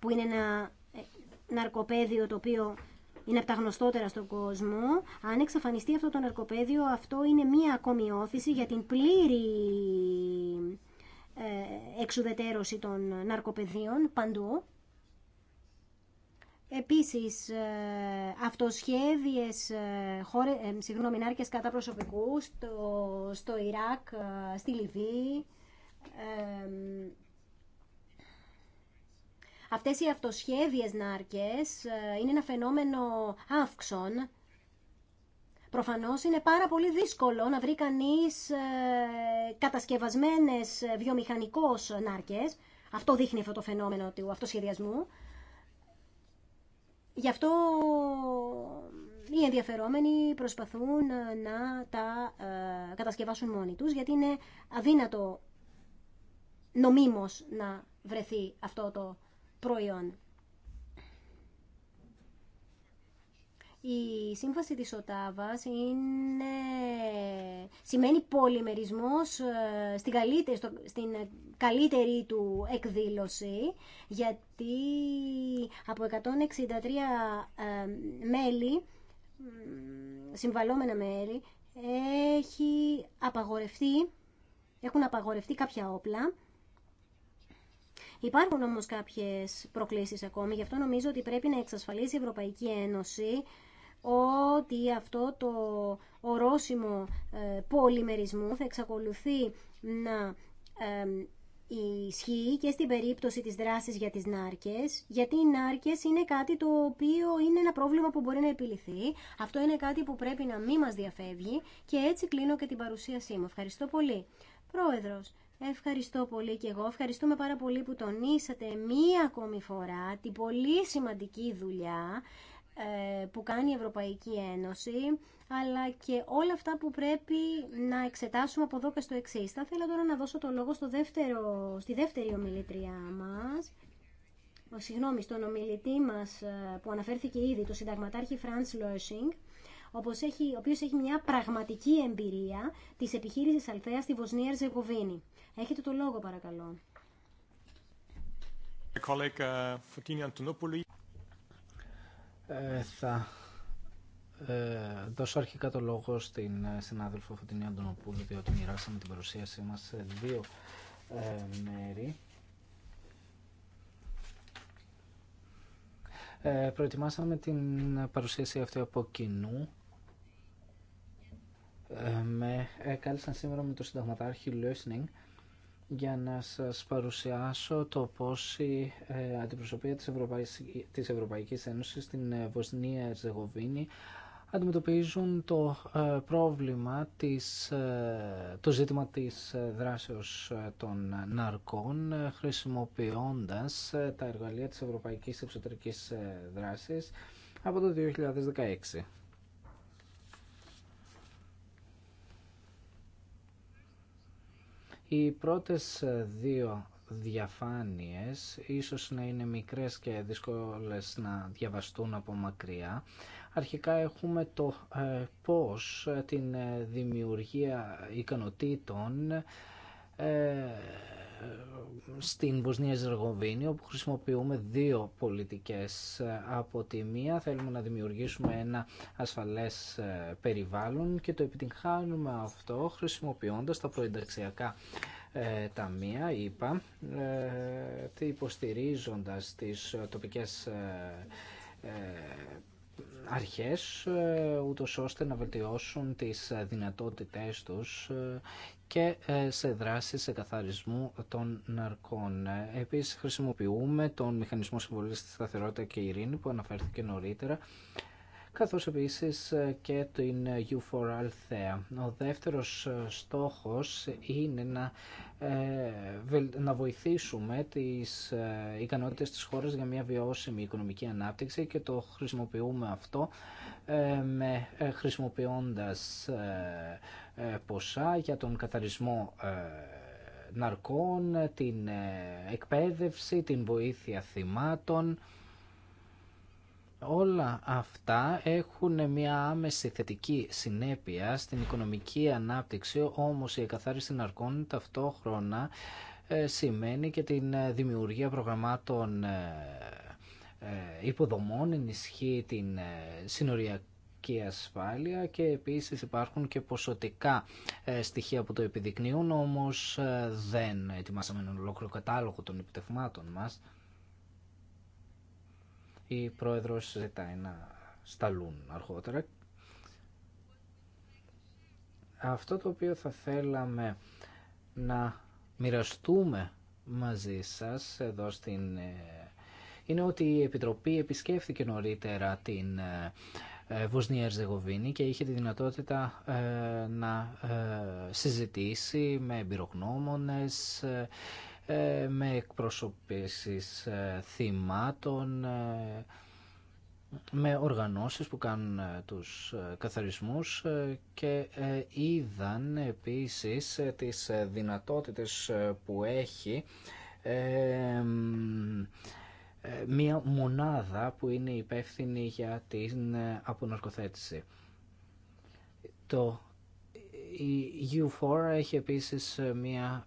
Που είναι ένα ε, ναρκοπαίδιο το οποίο είναι από τα γνωστότερα στον κόσμο. Αν εξαφανιστεί αυτό το ναρκοπέδιο, αυτό είναι μία ακόμη όθηση για την πλήρη ε, εξουδετερώση των ναρκοπαιδίων παντού. Επίσης, ε, αυτοσχέδιες ε, χώρε, ε, συγγνώμη, νάρκες κατά προσωπικού στο, στο Ιράκ, στη Λιβύη. Ε, αυτές οι αυτοσχέδιες νάρκες είναι ένα φαινόμενο αύξων. Προφανώς είναι πάρα πολύ δύσκολο να βρει κανείς κατασκευασμένες βιομηχανικώς νάρκες. Αυτό δείχνει αυτό το φαινόμενο του αυτοσχεδιασμού. Γι' αυτό οι ενδιαφερόμενοι προσπαθούν ε, να τα ε, κατασκευάσουν μόνοι τους, γιατί είναι αδύνατο νομίμως να βρεθεί αυτό το προϊόν. Η σύμφαση της Οτάβας σημαίνει πολυμερισμός ε, στην καλύτερη, στην του εκδήλωση, γιατί από 163 ε, μέλη, συμβαλόμενα μέλη, έχει απαγορευτεί, έχουν απαγορευτεί κάποια όπλα, Υπάρχουν όμως κάποιες προκλήσεις ακόμη, γι' αυτό νομίζω ότι πρέπει να εξασφαλίσει η Ευρωπαϊκή Ένωση ότι αυτό το ορόσημο ε, πολυμερισμού θα εξακολουθεί να ε, ισχύει και στην περίπτωση της δράσης για τις νάρκες, γιατί οι νάρκες είναι κάτι το οποίο είναι ένα πρόβλημα που μπορεί να επιληθεί. Αυτό είναι κάτι που πρέπει να μην μας διαφεύγει και έτσι κλείνω και την παρουσίασή μου. Ευχαριστώ πολύ. Πρόεδρος, ευχαριστώ πολύ και εγώ. Ευχαριστούμε πάρα πολύ που τονίσατε μία ακόμη φορά την πολύ σημαντική δουλειά ε, που κάνει η Ευρωπαϊκή Ένωση, αλλά και όλα αυτά που πρέπει να εξετάσουμε από εδώ και στο εξή. Θα ήθελα τώρα να δώσω το λόγο στο δεύτερο, στη δεύτερη ομιλήτριά μας, συγγνώμη, στον ομιλητή μας ε, που αναφέρθηκε ήδη, το συνταγματάρχη Φραντ Λόρσινγκ, ο οποίος έχει μια πραγματική εμπειρία της επιχείρησης Αλθέα στη Βοσνία Ζεγοβίνη. Έχετε το λόγο παρακαλώ. Ε, θα ε, δώσω αρχικά το λόγο στην ε, συνάδελφο Φωτεινή Αντωνοπούλου διότι μοιράσαμε την παρουσίασή μας σε δύο μέρη. προετοιμάσαμε την παρουσίαση αυτή από κοινού με κάλεσαν σήμερα με τον συνταγματάρχη Λέσνινγκ για να σας παρουσιάσω το πώς η ε, αντιπροσωπεία της, Ευρωπαϊκής, της Ευρωπαϊκής Ένωσης στην ε, Βοσνία Ερζεγοβίνη αντιμετωπίζουν το ε, πρόβλημα, της, το ζήτημα της δράσεως των ναρκών χρησιμοποιώντας τα εργαλεία της Ευρωπαϊκής Εξωτερικής Δράσης από το 2016. Οι πρώτες δύο διαφάνειες ίσως να είναι μικρές και δύσκολες να διαβαστούν από μακριά. Αρχικά έχουμε το ε, πώς την δημιουργία ικανοτήτων ε, στην Βοσνία Ζεργοβίνη όπου χρησιμοποιούμε δύο πολιτικές από τη μία θέλουμε να δημιουργήσουμε ένα ασφαλές ε, περιβάλλον και το επιτυγχάνουμε αυτό χρησιμοποιώντας τα προενταξιακά ε, ταμεία, είπα, ε, υποστηρίζοντας τις τοπικές αρχές ούτως ώστε να βελτιώσουν τις δυνατότητές τους και ε, σε δράσεις σε καθαρισμού των ναρκών. Ε, επίσης χρησιμοποιούμε τον μηχανισμό συμβολής στη σταθερότητα και ειρήνη που αναφέρθηκε νωρίτερα καθώς επίσης ε, και την U4 Althea. Ο δεύτερος στόχος είναι να, να βοηθήσουμε τις ικανότητες της χώρας για μια βιώσιμη οικονομική ανάπτυξη και το χρησιμοποιούμε αυτό ε, με, ε, χρησιμοποιώντας ε, ποσά για τον καθαρισμό ναρκών, την εκπαίδευση, την βοήθεια θυμάτων. Όλα αυτά έχουν μια άμεση θετική συνέπεια στην οικονομική ανάπτυξη, όμως η εκαθάριση ναρκών ταυτόχρονα σημαίνει και την δημιουργία προγραμμάτων ε, υποδομών, ενισχύει την ε, συνοριακή ασφάλεια και επίσης υπάρχουν και ποσοτικά ε, στοιχεία που το επιδεικνύουν, όμως δεν ετοιμάσαμε έναν ολόκληρο κατάλογο των επιτευμάτων μας. Η πρόεδρος ζητάει να σταλούν αργότερα. Αυτό το οποίο θα θέλαμε να μοιραστούμε μαζί σας εδώ στην είναι ότι η Επιτροπή επισκέφθηκε νωρίτερα την ε, ε, Βοσνία Ερζεγοβίνη και είχε τη δυνατότητα ε, να συζητήσει με εμπειρογνώμονες, με εκπροσωπήσεις θυμάτων, με οργανώσεις που κάνουν τους καθαρισμούς και είδαν επίσης τις δυνατότητες που έχει ε, μία μονάδα που είναι υπεύθυνη για την ε, αποναρκωθέτηση. Το η U4 έχει επίσης ε, μία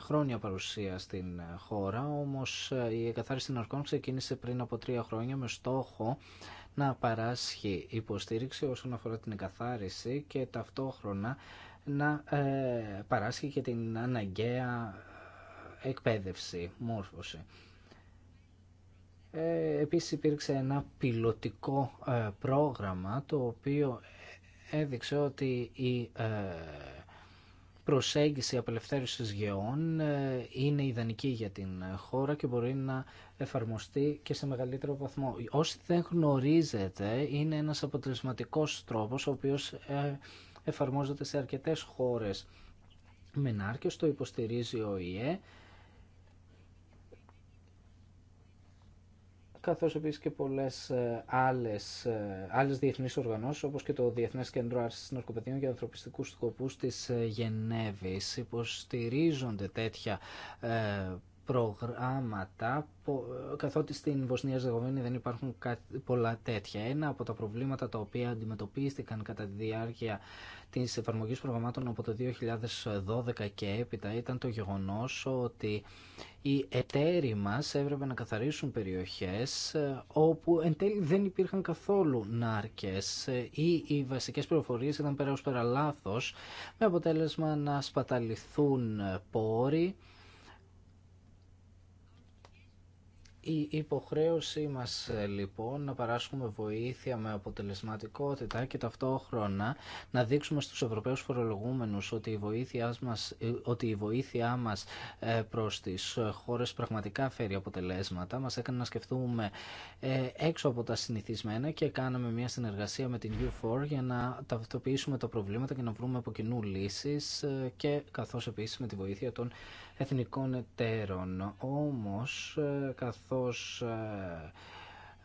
χρόνια παρουσία στην χώρα, όμως η εκαθάριση αρκών ξεκίνησε πριν από τρία χρόνια με στόχο να παράσχει υποστήριξη όσον αφορά την εκαθάριση και ταυτόχρονα να ε, παράσχει και την αναγκαία εκπαίδευση, μόρφωση. Ε, επίσης υπήρξε ένα πιλωτικό ε, πρόγραμμα το οποίο έδειξε ότι η ε, προσέγγιση απελευθέρωσης γεών είναι ιδανική για την χώρα και μπορεί να εφαρμοστεί και σε μεγαλύτερο βαθμό. Όσοι δεν γνωρίζετε είναι ένας αποτελεσματικός τρόπος ο οποίος εφαρμόζεται σε αρκετές χώρες. Μενάρκες το υποστηρίζει ο ΙΕ καθώς επίσης και πολλές ε, άλλες, ε, άλλες διεθνείς οργανώσεις, όπως και το Διεθνές Κέντρο Άρσης Ναρκοπαιδίων για Ανθρωπιστικούς Σκοπούς της ε, Γενέβης. Υποστηρίζονται τέτοια προγράμματα, καθότι στην Βοσνία Ζεγοβίνη δεν υπάρχουν πολλά τέτοια. Ένα από τα προβλήματα τα οποία αντιμετωπίστηκαν κατά τη διάρκεια της εφαρμογής προγραμμάτων από το 2012 και έπειτα ήταν το γεγονός ότι οι εταίροι μας έπρεπε να καθαρίσουν περιοχές ε, όπου εν τέλει δεν υπήρχαν καθόλου νάρκες ε, ή οι βασικές πληροφορίες ήταν πέρα ως πέρα λάθος, με αποτέλεσμα να σπαταληθούν ε, πόροι Η υποχρέωσή μας ε, λοιπόν να παράσχουμε βοήθεια με αποτελεσματικότητα και ταυτόχρονα να δείξουμε στους Ευρωπαίους φορολογούμενους ότι η βοήθειά μας, ε, ότι η βοήθειά μας ε, προς τις χώρες πραγματικά φέρει αποτελέσματα. Μας έκανε να σκεφτούμε έξω από τα συνηθισμένα και κάναμε μια συνεργασία με την U4 για να ταυτοποιήσουμε τα προβλήματα και να βρούμε από κοινού λύσεις και καθώς επίσης με τη βοήθεια των εθνικών εταίρων. Όμως, ε, καθώς ε,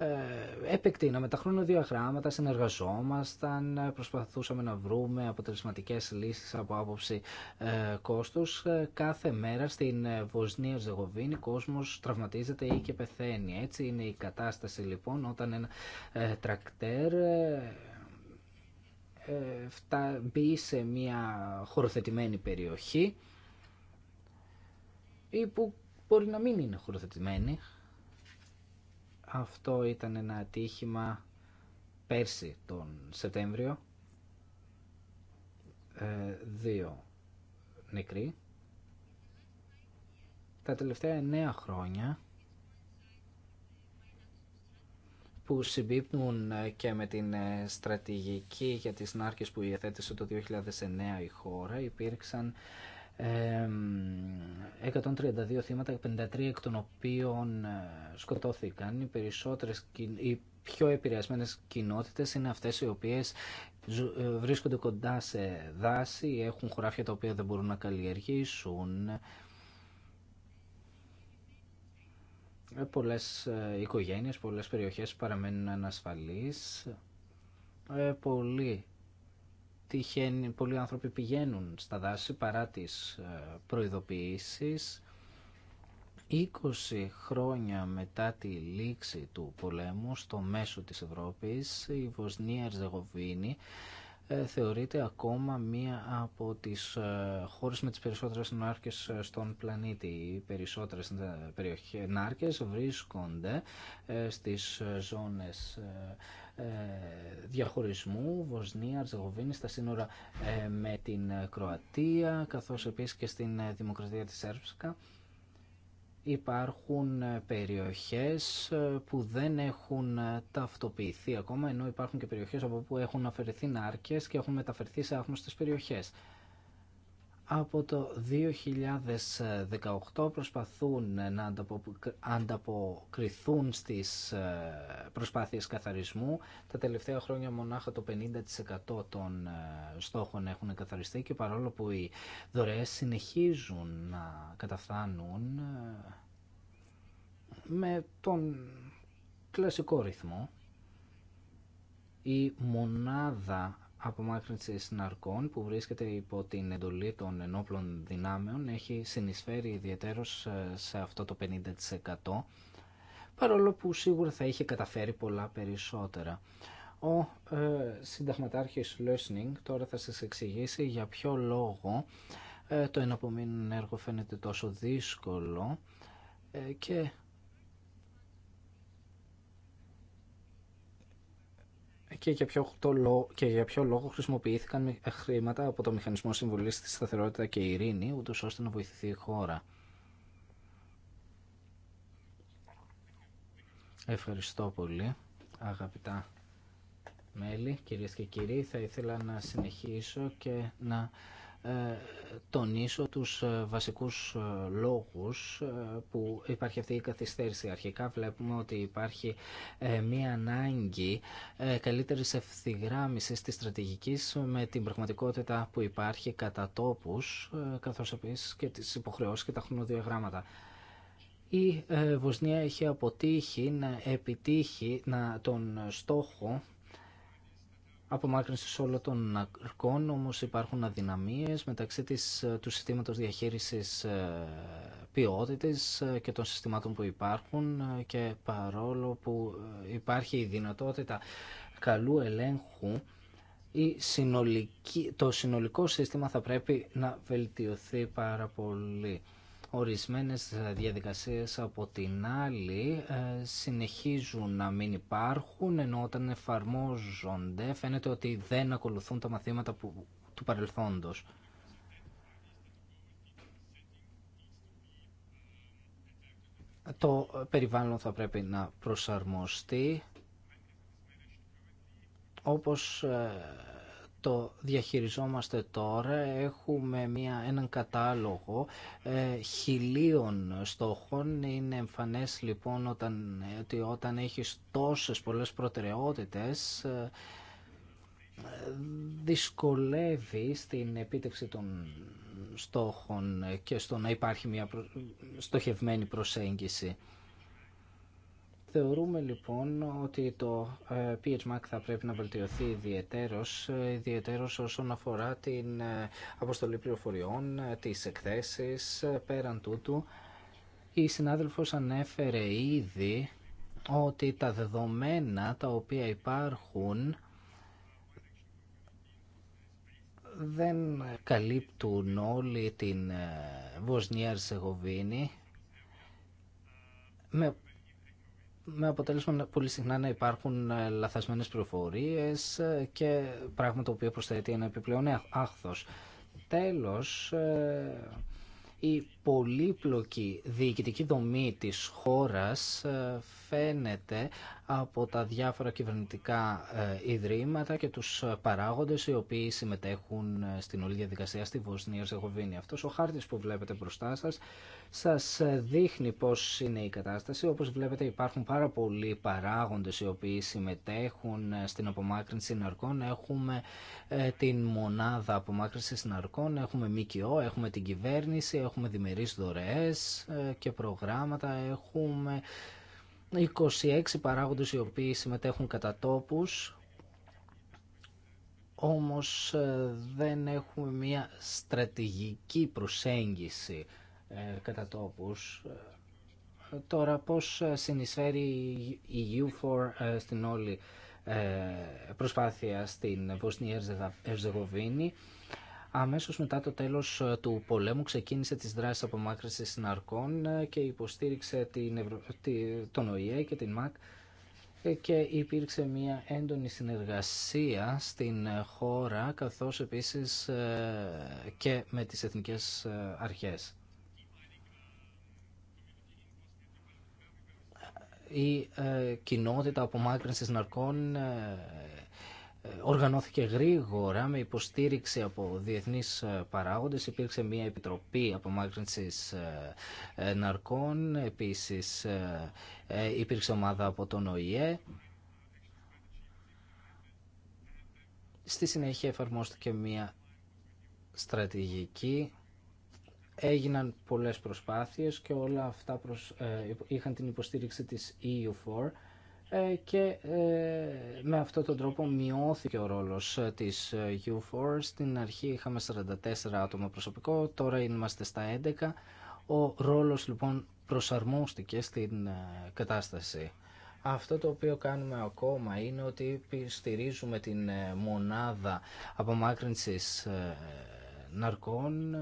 ε, επεκτείναμε τα χρονοδιαγράμματα, συνεργαζόμασταν, προσπαθούσαμε να βρούμε αποτελεσματικές λύσεις από άποψη ε, κόστους. Κάθε μέρα στην Βοσνία Ζεγοβίνη κόσμος τραυματίζεται ή και πεθαίνει. Έτσι είναι η κατάσταση λοιπόν όταν ένα τρακτέρ ε, μπει σε μια χωροθετημένη περιοχή ή που μπορεί να μην είναι χωροθετημένη. Αυτό ήταν ένα ατύχημα πέρσι τον Σεπτέμβριο. Ε, δύο νεκροί. Τα τελευταία εννέα χρόνια που συμπίπτουν ε, και με την ε, στρατηγική για τις νάρκες που υιοθέτησε το 2009 η χώρα υπήρξαν 132 θύματα, 53 εκ των οποίων ε, σκοτώθηκαν. Οι περισσότερες, οι πιο επηρεασμένες κοινότητες είναι αυτές οι οποίες ε, βρίσκονται κοντά σε δάση, έχουν χωράφια τα οποία δεν μπορούν να καλλιεργήσουν. Ε, πολλές οικογένειες, πολλές περιοχές παραμένουν ανασφαλείς. Πολλοί τυχαίνει, πολλοί άνθρωποι πηγαίνουν στα δάση παρά τις ε, προειδοποιήσεις. 20 χρόνια μετά τη λήξη του πολέμου στο μέσο της Ευρώπης η Βοσνία Ερζεγοβίνη ε, θεωρείται ακόμα μία από τις ε, χώρες με τις περισσότερες νάρκες στον πλανήτη. Οι περισσότερες περιοχές, νάρκες βρίσκονται στις ζώνες ε, διαχωρισμού Βοσνία, Αρζεγοβίνη στα σύνορα ε, με την Κροατία καθώς επίσης και στην ε, Δημοκρατία της Σέρβσκα υπάρχουν περιοχές που δεν έχουν ταυτοποιηθεί ακόμα ενώ υπάρχουν και περιοχές από που έχουν αφαιρεθεί νάρκες και έχουν μεταφερθεί σε αγνωστές περιοχές από το 2018 προσπαθούν να ανταποκριθούν στις ε, προσπάθειες καθαρισμού. Τα τελευταία χρόνια μονάχα το 50% των ε, στόχων έχουν καθαριστεί και παρόλο που οι δωρεές συνεχίζουν να καταφθάνουν ε, με τον κλασικό ρυθμό, η μονάδα απομάκρυνση ναρκών που βρίσκεται υπό την εντολή των ενόπλων δυνάμεων έχει συνεισφέρει ιδιαίτερος ε, σε αυτό το 50% παρόλο που σίγουρα θα είχε καταφέρει πολλά περισσότερα. Ο ε, συνταγματάρχης Λέσνινγκ τώρα θα σας εξηγήσει για ποιο λόγο ε, το εναπομείνον έργο φαίνεται τόσο δύσκολο ε, και και για, ποιο για λόγο χρησιμοποιήθηκαν ε, χρήματα από το Μηχανισμό Συμβουλής στη Σταθερότητα και Ειρήνη, ούτω ώστε να βοηθηθεί η χώρα. Ευχαριστώ πολύ, αγαπητά μέλη, κυρίες και κύριοι. Θα ήθελα να συνεχίσω και να ε, τονίσω τους ε, βασικούς ε, λόγους που υπάρχει αυτή η καθυστέρηση. Αρχικά βλέπουμε ότι υπάρχει μία ανάγκη καλύτερης ευθυγράμμισης της στρατηγικής με την πραγματικότητα που υπάρχει κατά τόπους, καθώς επίσης και τις υποχρεώσεις και τα χρονοδιαγράμματα. Η Βοσνία έχει αποτύχει να επιτύχει να τον στόχο απομάκρυνση όλων των αρκών, όμως υπάρχουν αδυναμίες μεταξύ της, ε, του συστήματος διαχείρισης ε, ποιότητες ε, και των συστημάτων που υπάρχουν και παρόλο που υπάρχει η δυνατότητα καλού ελέγχου, η συνολική, το συνολικό σύστημα θα πρέπει να βελτιωθεί πάρα πολύ. Ορισμένες διαδικασίες από την άλλη ε, συνεχίζουν να μην υπάρχουν ενώ όταν εφαρμόζονται φαίνεται ότι δεν ακολουθούν τα μαθήματα που, του παρελθόντος. Το περιβάλλον θα πρέπει να προσαρμοστεί όπως ε, το διαχειριζόμαστε τώρα. Έχουμε μια, έναν κατάλογο ε, χιλίων στόχων. Είναι εμφανές λοιπόν όταν, ότι όταν έχεις τόσες πολλές προτεραιότητες ε, δυσκολεύει στην επίτευξη των στόχων και στο να υπάρχει μια στοχευμένη προσέγγιση. Θεωρούμε λοιπόν ότι το ε, PHMAC θα πρέπει να βελτιωθεί ιδιαιτέρως, ε, ιδιαιτέρως όσον αφορά την ε, αποστολή πληροφοριών, τις εκθέσεις, πέραν τούτου. Η συνάδελφος ανέφερε ήδη ότι τα δεδομένα τα οποία υπάρχουν δεν καλύπτουν όλη την Βοσνία με με αποτέλεσμα πολύ συχνά να υπάρχουν ε, λαθασμένες πληροφορίες ε, και πράγμα το οποίο προσθέτει ένα επιπλέον άχθος. Τέλος, ε, η πολύπλοκη διοικητική δομή της χώρας φαίνεται από τα διάφορα κυβερνητικά ε, ιδρύματα και τους παράγοντες οι οποίοι συμμετέχουν ε, στην όλη διαδικασία στη Βοσνία Ζεγοβίνη. Αυτός ο χάρτης που βλέπετε μπροστά σας σας ε, δείχνει πώς είναι η κατάσταση. Όπως βλέπετε υπάρχουν πάρα πολλοί παράγοντες οι οποίοι συμμετέχουν στην απομάκρυνση ναρκών. Έχουμε την μονάδα απομάκρυνσης ναρκών, έχουμε ΜΚΟ, έχουμε την κυβέρνηση, έχουμε διμερείς δωρεές και προγράμματα, έχουμε 26 παράγοντες οι οποίοι συμμετέχουν κατά τόπους, όμως ε, δεν έχουμε μια στρατηγική προσέγγιση ε, κατά τόπους. Ε, τώρα πώς συνεισφέρει η EU4 στην όλη προσπάθεια στην Βοσνία Ερζεγοβίνη. Αμέσως μετά το τέλος ε, του πολέμου ξεκίνησε τις δράσεις απομάκρυσης ναρκών ε, και υποστήριξε την Ευρω... τον ΟΗΕ και την ΜΑΚ ε, και υπήρξε μια έντονη συνεργασία στην χώρα καθώς επίσης και με τις εθνικές αρχές. Η κοινότητα απομάκρυνσης ναρκών οργανώθηκε γρήγορα με υποστήριξη από διεθνείς ε, παράγοντες. Υπήρξε μια επιτροπή απομάκρυνσης ε, ε, ναρκών, επίσης υπήρξε ομάδα από τον ΟΗΕ. Στη συνέχεια εφαρμόστηκε μια στρατηγική έγιναν πολλές προσπάθειες και όλα αυτά είχαν την υποστήριξη της EU4 ε, και ε, με αυτόν τον τρόπο μειώθηκε ο ρόλος ε, της U4. Στην αρχή είχαμε 44 άτομα προσωπικό, τώρα είμαστε στα 11. Ο ρόλος λοιπόν προσαρμόστηκε στην κατάσταση. Αυτό το οποίο κάνουμε ακόμα είναι ότι στηρίζουμε την μονάδα απομάκρυνσης ναρκών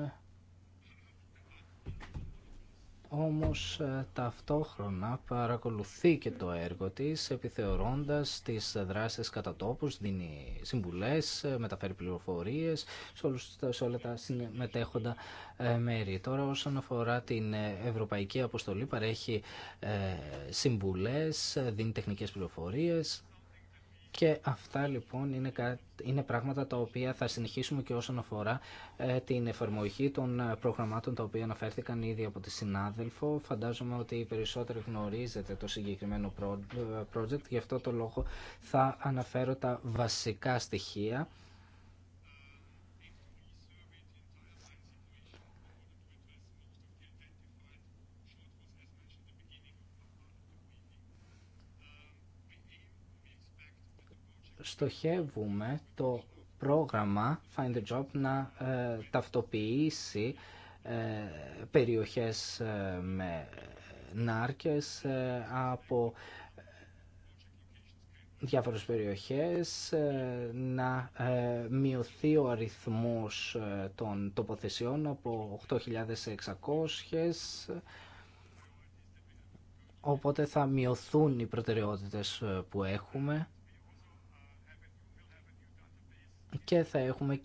όμως ε, ταυτόχρονα παρακολουθεί και το έργο της επιθεωρώντας τις δράσεις κατά τόπους, δίνει συμβουλές, ε, μεταφέρει πληροφορίες σε, όλους, σε όλα τα συμμετέχοντα ε, μέρη. Τώρα όσον αφορά την Ευρωπαϊκή Αποστολή παρέχει συμβουλές, δίνει τεχνικές πληροφορίες και αυτά λοιπόν είναι, είναι πράγματα τα οποία θα συνεχίσουμε και όσον αφορά ε, την εφαρμογή των ε, προγραμμάτων τα οποία αναφέρθηκαν ήδη από τη συνάδελφο. Φαντάζομαι ότι οι περισσότεροι γνωρίζετε το συγκεκριμένο ε, project, γι' αυτό το λόγο θα αναφέρω τα βασικά στοιχεία στοχεύουμε το πρόγραμμα Find a Job να ε, ταυτοποιήσει ε, περιοχές ε, με νάρκες από διάφορες περιοχές, να μειωθεί ο αριθμός των τοποθεσιών από 8.600, οπότε θα μειωθούν οι προτεραιότητες που έχουμε και θα έχουμε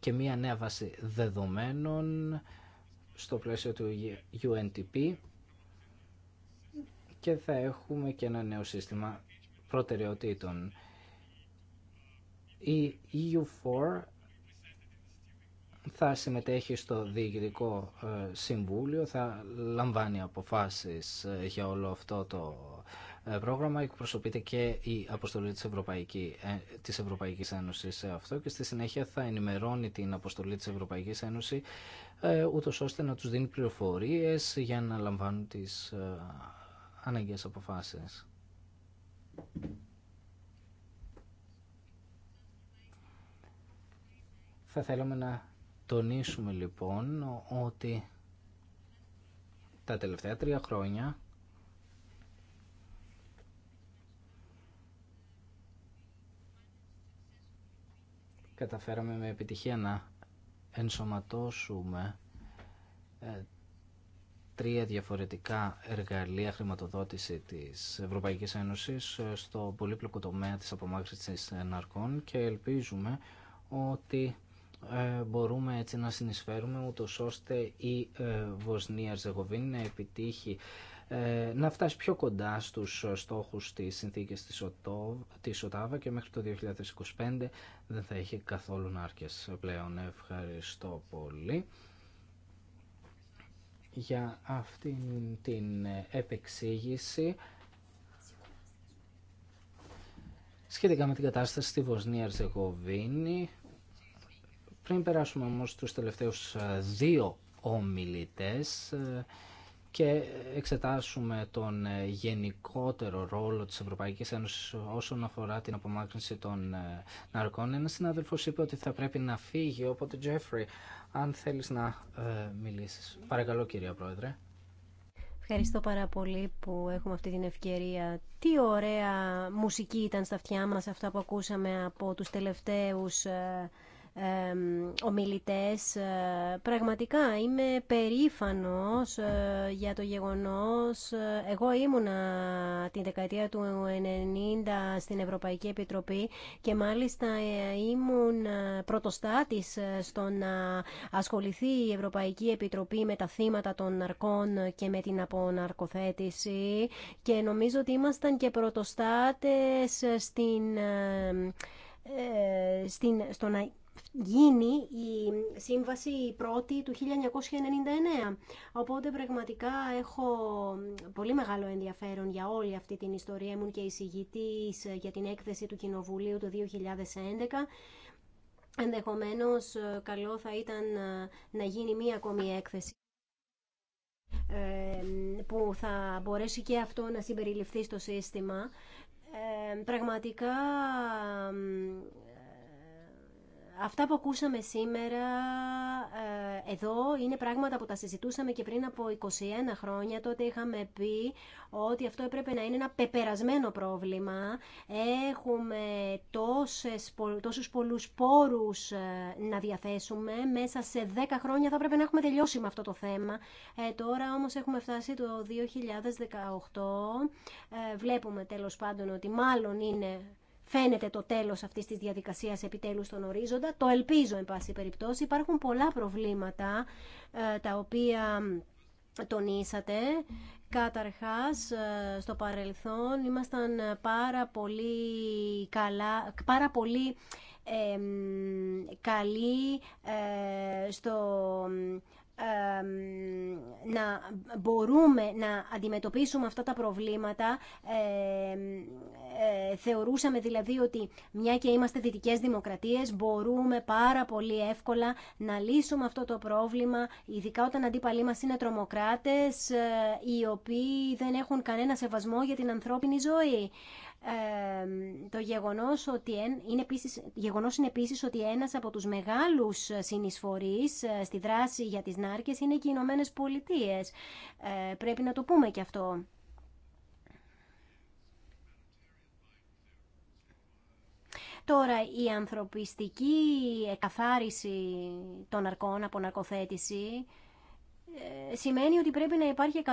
και μία νέα βάση δεδομένων στο πλαίσιο του UNTP και θα έχουμε και ένα νέο σύστημα προτεραιοτήτων. Η EU4 θα συμμετέχει στο Διοικητικό ε, Συμβούλιο, θα λαμβάνει αποφάσεις ε, για όλο αυτό το ε, πρόγραμμα εκπροσωπείται και η αποστολή της, Ευρωπαϊκή, ε, της Ευρωπαϊκής Ένωσης σε αυτό και στη συνέχεια θα ενημερώνει την αποστολή της Ευρωπαϊκής Ένωσης ε, ούτω ώστε να τους δίνει πληροφορίες για να λαμβάνουν τις αναγκαίες αποφάσεις. Θα θέλαμε να τονίσουμε λοιπόν ότι τα τελευταία τρία χρόνια καταφέραμε με επιτυχία να ενσωματώσουμε ε, τρία διαφορετικά εργαλεία χρηματοδότηση της Ευρωπαϊκής Ένωσης ε, στο πολύπλοκο τομέα της απομάκρυνσης της ναρκών και ελπίζουμε ότι ε, μπορούμε έτσι να συνεισφέρουμε ούτως ώστε η Βοσνία Ζεγοβίνη να επιτύχει ε, να φτάσει πιο κοντά στους στόχους της συνθήκης της, ΟΤΟ, της ΟΤΑΒΑ και μέχρι το 2025 δεν θα έχει καθόλου νάρκες πλέον. Ευχαριστώ πολύ για αυτή την επεξήγηση σχετικά με την κατάσταση στη βοσνια Πριν περάσουμε όμως τους τελευταίους ε, δύο ομιλητές, ε, και εξετάσουμε τον ε, γενικότερο ρόλο της Ευρωπαϊκής Ένωσης όσον αφορά την απομάκρυνση των ε, ναρκών. Ένας συνάδελφος είπε ότι θα πρέπει να φύγει, οπότε Τζέφρι, αν θέλεις να ε, μιλήσεις. Παρακαλώ κυρία Πρόεδρε. Ευχαριστώ πάρα πολύ που έχουμε αυτή την ευκαιρία. Τι ωραία μουσική ήταν στα αυτιά μας αυτά που ακούσαμε από τους τελευταίους ομιλητές. Ε, πραγματικά είμαι περήφανος ε, για το γεγονός. Ε, εγώ ήμουνα την δεκαετία του 90 στην Ευρωπαϊκή Επιτροπή και μάλιστα ήμουν πρωτοστάτης στο να ασχοληθεί η Ευρωπαϊκή Επιτροπή με τα θύματα των ναρκών και με την αποναρκοθέτηση και νομίζω ότι ήμασταν και πρωτοστάτες στην, στην, στο να γίνει η σύμβαση η πρώτη του 1999. Οπότε πραγματικά έχω πολύ μεγάλο ενδιαφέρον για όλη αυτή την ιστορία. μου και εισηγητής ε, για την έκθεση του Κοινοβουλίου το 2011. Ενδεχομένως ε, καλό θα ήταν ε, να γίνει μία ακόμη έκθεση που θα μπορέσει και αυτό να συμπεριληφθεί στο σύστημα. πραγματικά Αυτά που ακούσαμε σήμερα ε, εδώ είναι πράγματα που τα συζητούσαμε και πριν από 21 χρόνια. Τότε είχαμε πει ότι αυτό έπρεπε να είναι ένα πεπερασμένο πρόβλημα. Έχουμε τόσες, τόσους πολλούς πόρους ε, να διαθέσουμε. Μέσα σε 10 χρόνια θα έπρεπε να έχουμε τελειώσει με αυτό το θέμα. Ε, τώρα όμως έχουμε φτάσει το 2018. βλέπουμε τέλος πάντων ότι μάλλον είναι φαίνεται το τέλος αυτής της διαδικασίας επιτέλους στον ορίζοντα. Το ελπίζω, εν πάση περιπτώσει. Υπάρχουν πολλά προβλήματα ε, τα οποία τονίσατε. Καταρχάς, ε, στο παρελθόν ήμασταν πάρα πολύ καλά, πάρα πολύ ε, καλοί ε, στο να μπορούμε να αντιμετωπίσουμε αυτά τα προβλήματα ε, θεωρούσαμε δηλαδή ότι μια και είμαστε δυτικές δημοκρατίες μπορούμε πάρα πολύ εύκολα να λύσουμε αυτό το πρόβλημα ειδικά όταν αντίπαλοι μας είναι τρομοκράτες ε, οι οποίοι δεν έχουν κανένα σεβασμό για την ανθρώπινη ζωή το γεγονός ότι είναι επίσης, γεγονός είναι επίσης ότι ένας από τους μεγάλους συνεισφορείς ε, στη δράση για τις νάρκες είναι και οι Ηνωμένε Πολιτείε. Ε, πρέπει να το πούμε και αυτό. Τώρα, η ανθρωπιστική εκαθάριση των αρκών από ναρκοθέτηση ε, σημαίνει ότι πρέπει να υπάρχει 100%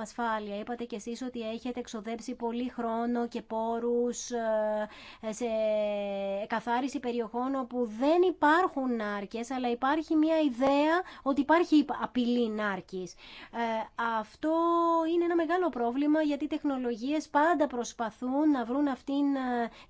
ασφάλεια. Είπατε κι εσείς ότι έχετε εξοδέψει πολύ χρόνο και πόρους ε, σε καθάριση περιοχών όπου δεν υπάρχουν νάρκες, αλλά υπάρχει μια ιδέα ότι υπάρχει απειλή νάρκης. Ε, αυτό είναι ένα μεγάλο πρόβλημα γιατί οι τεχνολογίες πάντα προσπαθούν να βρουν αυτήν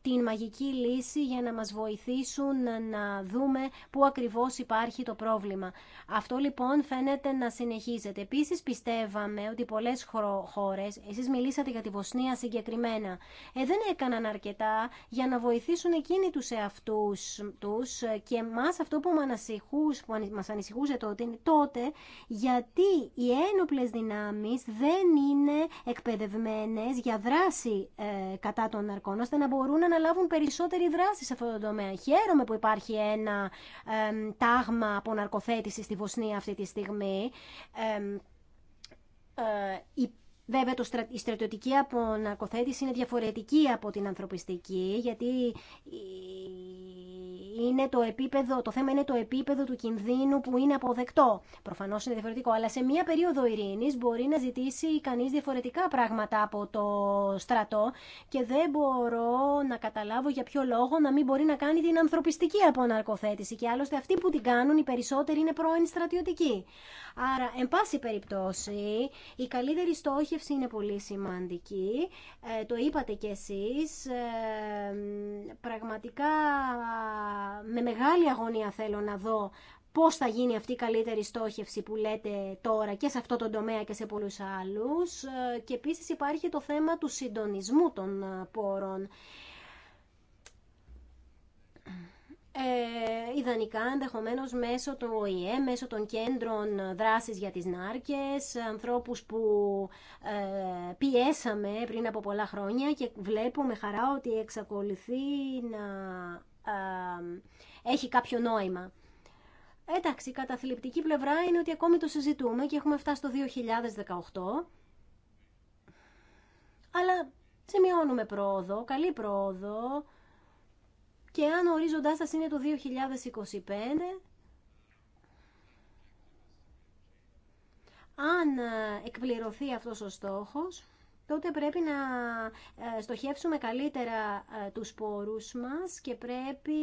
την μαγική λύση για να μας βοηθήσουν να δούμε πού ακριβώς υπάρχει το πρόβλημα. Αυτό λοιπόν λοιπόν φαίνεται να συνεχίζεται. Επίσης πιστεύαμε ότι πολλές χώρες, εσείς μιλήσατε για τη Βοσνία συγκεκριμένα, ε, δεν έκαναν αρκετά για να βοηθήσουν εκείνοι τους εαυτούς τους και μας αυτό που μας ανησυχούσε τότε είναι τότε γιατί οι ένοπλες δυνάμεις δεν είναι εκπαιδευμένες για δράση ε, κατά των ναρκών ώστε να μπορούν να λάβουν περισσότερη δράση σε αυτό το τομέα. Χαίρομαι που υπάρχει ένα τάγμα από ναρκοθέτηση στη Βοσνία αυτή τη στιγμή Ε, ε, Βέβαια, το στρα... η στρατιωτική αποναρκοθέτηση είναι διαφορετική από την ανθρωπιστική, γιατί είναι το, επίπεδο, το θέμα είναι το επίπεδο του κινδύνου που είναι αποδεκτό. Προφανώ είναι διαφορετικό, αλλά σε μία περίοδο ειρήνη μπορεί να ζητήσει κανεί διαφορετικά πράγματα από το στρατό και δεν μπορώ να καταλάβω για ποιο λόγο να μην μπορεί να κάνει την ανθρωπιστική αποναρκοθέτηση και άλλωστε αυτοί που την κάνουν οι περισσότεροι είναι πρώην στρατιωτικοί. Άρα, εν πάση περιπτώσει, η καλύτερη στόχη εξειδίκευση είναι πολύ σημαντική. Ε, το είπατε κι εσείς. Ε, πραγματικά με μεγάλη αγωνία θέλω να δω πώς θα γίνει αυτή η καλύτερη στόχευση που λέτε τώρα και σε αυτό το τομέα και σε πολλούς άλλους. Ε, και επίσης υπάρχει το θέμα του συντονισμού των πόρων ε, ιδανικά ενδεχομένω μέσω του ΟΗΕ, μέσω των κέντρων δράσης για τις νάρκες, ανθρώπους που ε, πιέσαμε πριν από πολλά χρόνια και βλέπω με χαρά ότι εξακολουθεί να ε, έχει κάποιο νόημα. Εντάξει, η καταθλιπτική πλευρά είναι ότι ακόμη το συζητούμε και έχουμε φτάσει το 2018, αλλά σημειώνουμε πρόοδο, καλή πρόοδο, και αν ο ορίζοντάς σας είναι το 2025, αν ε, εκπληρωθεί αυτός ο στόχος, τότε πρέπει να ε, στοχεύσουμε καλύτερα ε, τους πόρους μας και πρέπει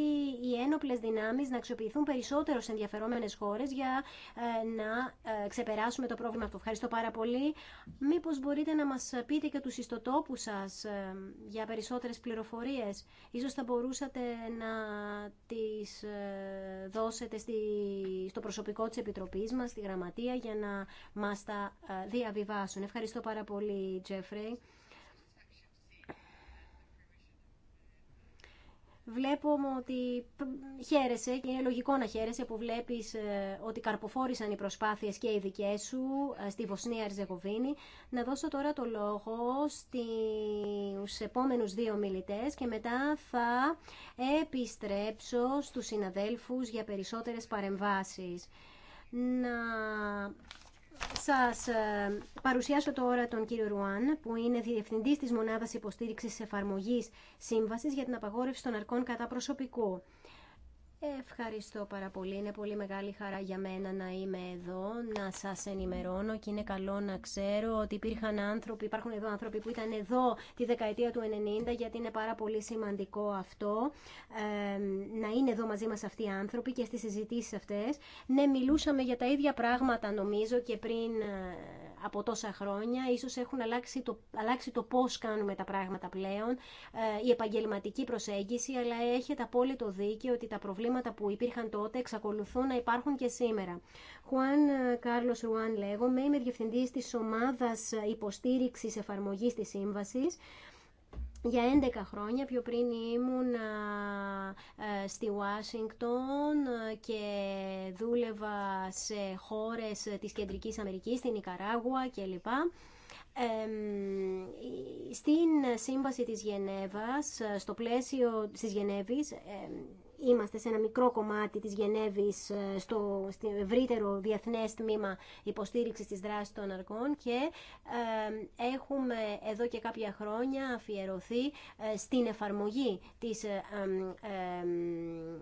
οι ένοπλες δυνάμεις να αξιοποιηθούν περισσότερο σε ενδιαφερόμενες χώρες για ε, να ξεπεράσουμε το πρόβλημα αυτό. Ευχαριστώ πάρα πολύ. Μήπως μπορείτε να μας πείτε και τους ιστοτόπους σας για περισσότερες πληροφορίες. Ίσως θα μπορούσατε να τις δώσετε στο προσωπικό της Επιτροπής μας, στη Γραμματεία, για να μας τα διαβιβάσουν. Ευχαριστώ πάρα πολύ, Τζέφρι. Βλέπουμε Βλέπω ότι χαίρεσαι και είναι λογικό να χαίρεσαι που βλέπεις ε, ότι καρποφόρησαν οι προσπάθειες και οι δικές σου ε, στη Βοσνία Ριζεγοβίνη. Να δώσω τώρα το λόγο στους επόμενους δύο μιλητές και μετά θα επιστρέψω στους συναδέλφους για περισσότερες παρεμβάσεις. Να σας ε, παρουσιάσω τώρα τον κύριο Ρουάν, που είναι διευθυντή της Μονάδας Υποστήριξης εφαρμογή σύμβαση για την Απαγόρευση των Αρκών κατά προσωπικού. Ευχαριστώ πάρα πολύ. Είναι πολύ μεγάλη χαρά για μένα να είμαι εδώ, να σας ενημερώνω και είναι καλό να ξέρω ότι υπήρχαν άνθρωποι, υπάρχουν εδώ άνθρωποι που ήταν εδώ τη δεκαετία του 90 γιατί είναι πάρα πολύ σημαντικό αυτό ε, να είναι εδώ μαζί μας αυτοί οι άνθρωποι και στις συζητήσεις αυτές. Ναι, μιλούσαμε για τα ίδια πράγματα νομίζω και πριν ε, από τόσα χρόνια. Ίσως έχουν αλλάξει το, αλλάξει το πώς κάνουμε τα πράγματα πλέον, ε, η επαγγελματική προσέγγιση, αλλά έχετε απόλυτο δίκαιο ότι τα προβλήματα προβλήματα που υπήρχαν τότε εξακολουθούν να υπάρχουν και σήμερα. Χουάν ε, Κάρλο Ρουάν λέγομαι, είμαι διευθυντή τη ομάδα υποστήριξη εφαρμογή τη σύμβαση. Για 11 χρόνια πιο πριν ήμουν ε, ε, στη Ουάσιγκτον και δούλευα σε χώρες της Κεντρικής Αμερικής, στην Ικαράγουα κλπ. Ε, στην σύμβαση της Γενέβας, στο πλαίσιο της Γενέβης, είμαστε σε ένα μικρό κομμάτι της Γενέβης ε, στο, στο ευρύτερο διεθνές τμήμα υποστήριξης της δράσης των αρκών και ε, έχουμε εδώ και κάποια χρόνια αφιερωθεί ε, στην εφαρμογή της,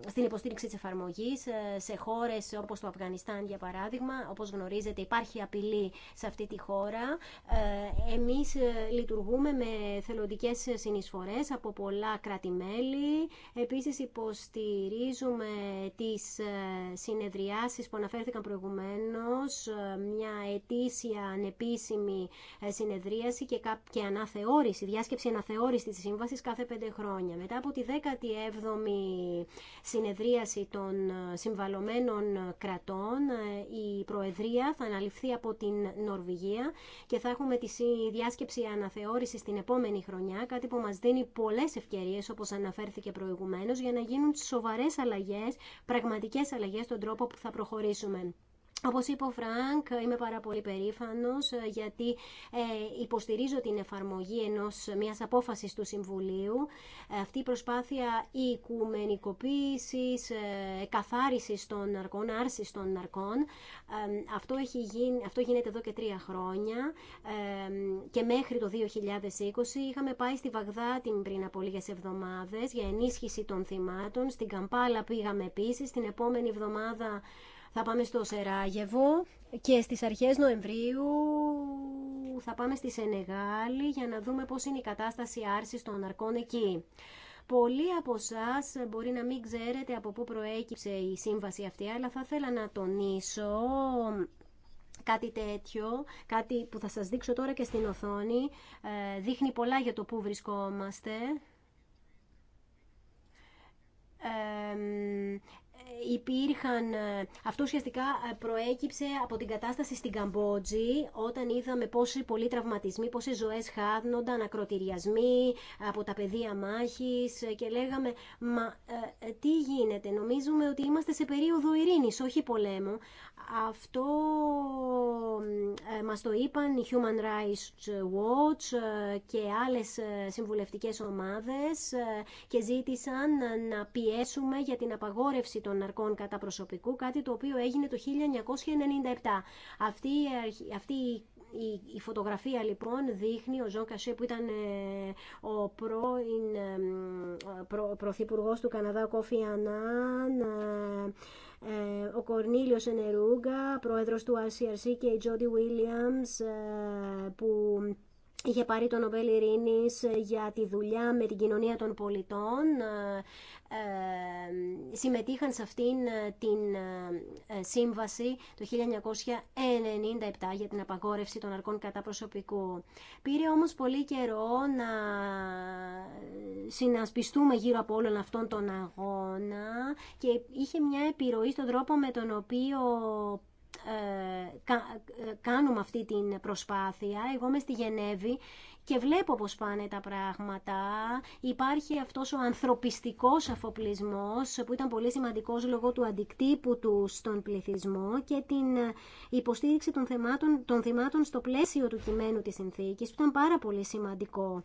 στην υποστήριξη της εφαρμογής σε χώρες όπως το Αφγανιστάν για παράδειγμα όπως γνωρίζετε υπάρχει απειλή σε αυτή τη χώρα εμείς λειτουργούμε με θελοντικές συνεισφορές από πολλά κράτη-μέλη επίσης στηρίζουμε τις ε, συνεδριάσεις που αναφέρθηκαν προηγουμένως, ε, μια ετήσια ανεπίσημη ε, συνεδρίαση και, και αναθεώρηση, διάσκεψη αναθεώρηση της σύμβασης κάθε πέντε χρόνια. Μετά από τη 17η συνεδρίαση των συμβαλωμένων κρατών, η Προεδρία θα αναλυφθεί από την Νορβηγία και θα έχουμε τη διάσκεψη αναθεώρηση την επόμενη χρονιά, κάτι που μας δίνει πολλές ευκαιρίες, όπως αναφέρθηκε προηγουμένως, για να γίνουν σοβαρές αλλαγές, πραγματικές αλλαγές στον τρόπο που θα προχωρήσουμε. Όπως είπε ο Φρανκ, είμαι πάρα πολύ περήφανος ε, γιατί ε, υποστηρίζω την εφαρμογή ενός μιας απόφασης του Συμβουλίου. Ε, αυτή η προσπάθεια οικουμενικοποίησης, ε, καθάρισης των ναρκών, άρσης των ναρκών, αυτό, έχει γίνεται εδώ και τρία χρόνια και μέχρι το 2020 είχαμε πάει στη Βαγδάτη πριν από λίγες εβδομάδες για ενίσχυση των θυμάτων. Στην Καμπάλα πήγαμε επίσης, την επόμενη εβδομάδα θα πάμε στο Σεράγεβο και στις αρχές Νοεμβρίου θα πάμε στη Σενεγάλη για να δούμε πώς είναι η κατάσταση άρσης των αρκών εκεί. Πολλοί από εσά μπορεί να μην ξέρετε από πού προέκυψε η σύμβαση αυτή, αλλά θα ήθελα να τονίσω κάτι τέτοιο, κάτι που θα σας δείξω τώρα και στην οθόνη, ε, δείχνει πολλά για το πού βρισκόμαστε υπήρχαν, ε, αυτό ουσιαστικά ε, προέκυψε από την κατάσταση στην Καμπότζη όταν είδαμε πόσοι πολλοί τραυματισμοί, πόσε ζωές χάνονταν, ακροτηριασμοί από τα πεδία μάχης ε, και λέγαμε μα τι γίνεται, νομίζουμε ότι είμαστε σε περίοδο ειρήνης, όχι πολέμου. Αυτό μας το είπαν οι Human Rights Watch και άλλες συμβουλευτικές ομάδες και ζήτησαν να πιέσουμε για την απαγόρευση των κατά προσωπικού, κάτι το οποίο έγινε το 1997. Αυτή, αυτή η, φωτογραφία λοιπόν δείχνει ο Ζων Κασέ που ήταν ε, ο πρώην ε, προ, πρωθυπουργός του Καναδά Κόφι Ανάν ε, ο Κορνίλιος Ενερούγκα, πρόεδρος του RCRC και η Τζόντι Βίλιαμς που Είχε πάρει τον Νομπέλ Ειρήνης ε, για τη δουλειά με την κοινωνία των πολιτών. Ε, ε, συμμετείχαν σε αυτήν την σύμβαση το 1997 για την απαγόρευση των αρκών κατά προσωπικού. Πήρε όμως πολύ καιρό να συνασπιστούμε γύρω από όλον αυτόν τον αγώνα και είχε μια επιρροή στον τρόπο με τον οποίο κάνουμε αυτή την προσπάθεια. Εγώ είμαι στη Γενέβη και βλέπω πώς πάνε τα πράγματα. Υπάρχει αυτός ο ανθρωπιστικός αφοπλισμός που ήταν πολύ σημαντικός λόγω του αντικτύπου του στον πληθυσμό και την υποστήριξη των, θεμάτων, θυμάτων στο πλαίσιο του κειμένου της συνθήκης που ήταν πάρα πολύ σημαντικό.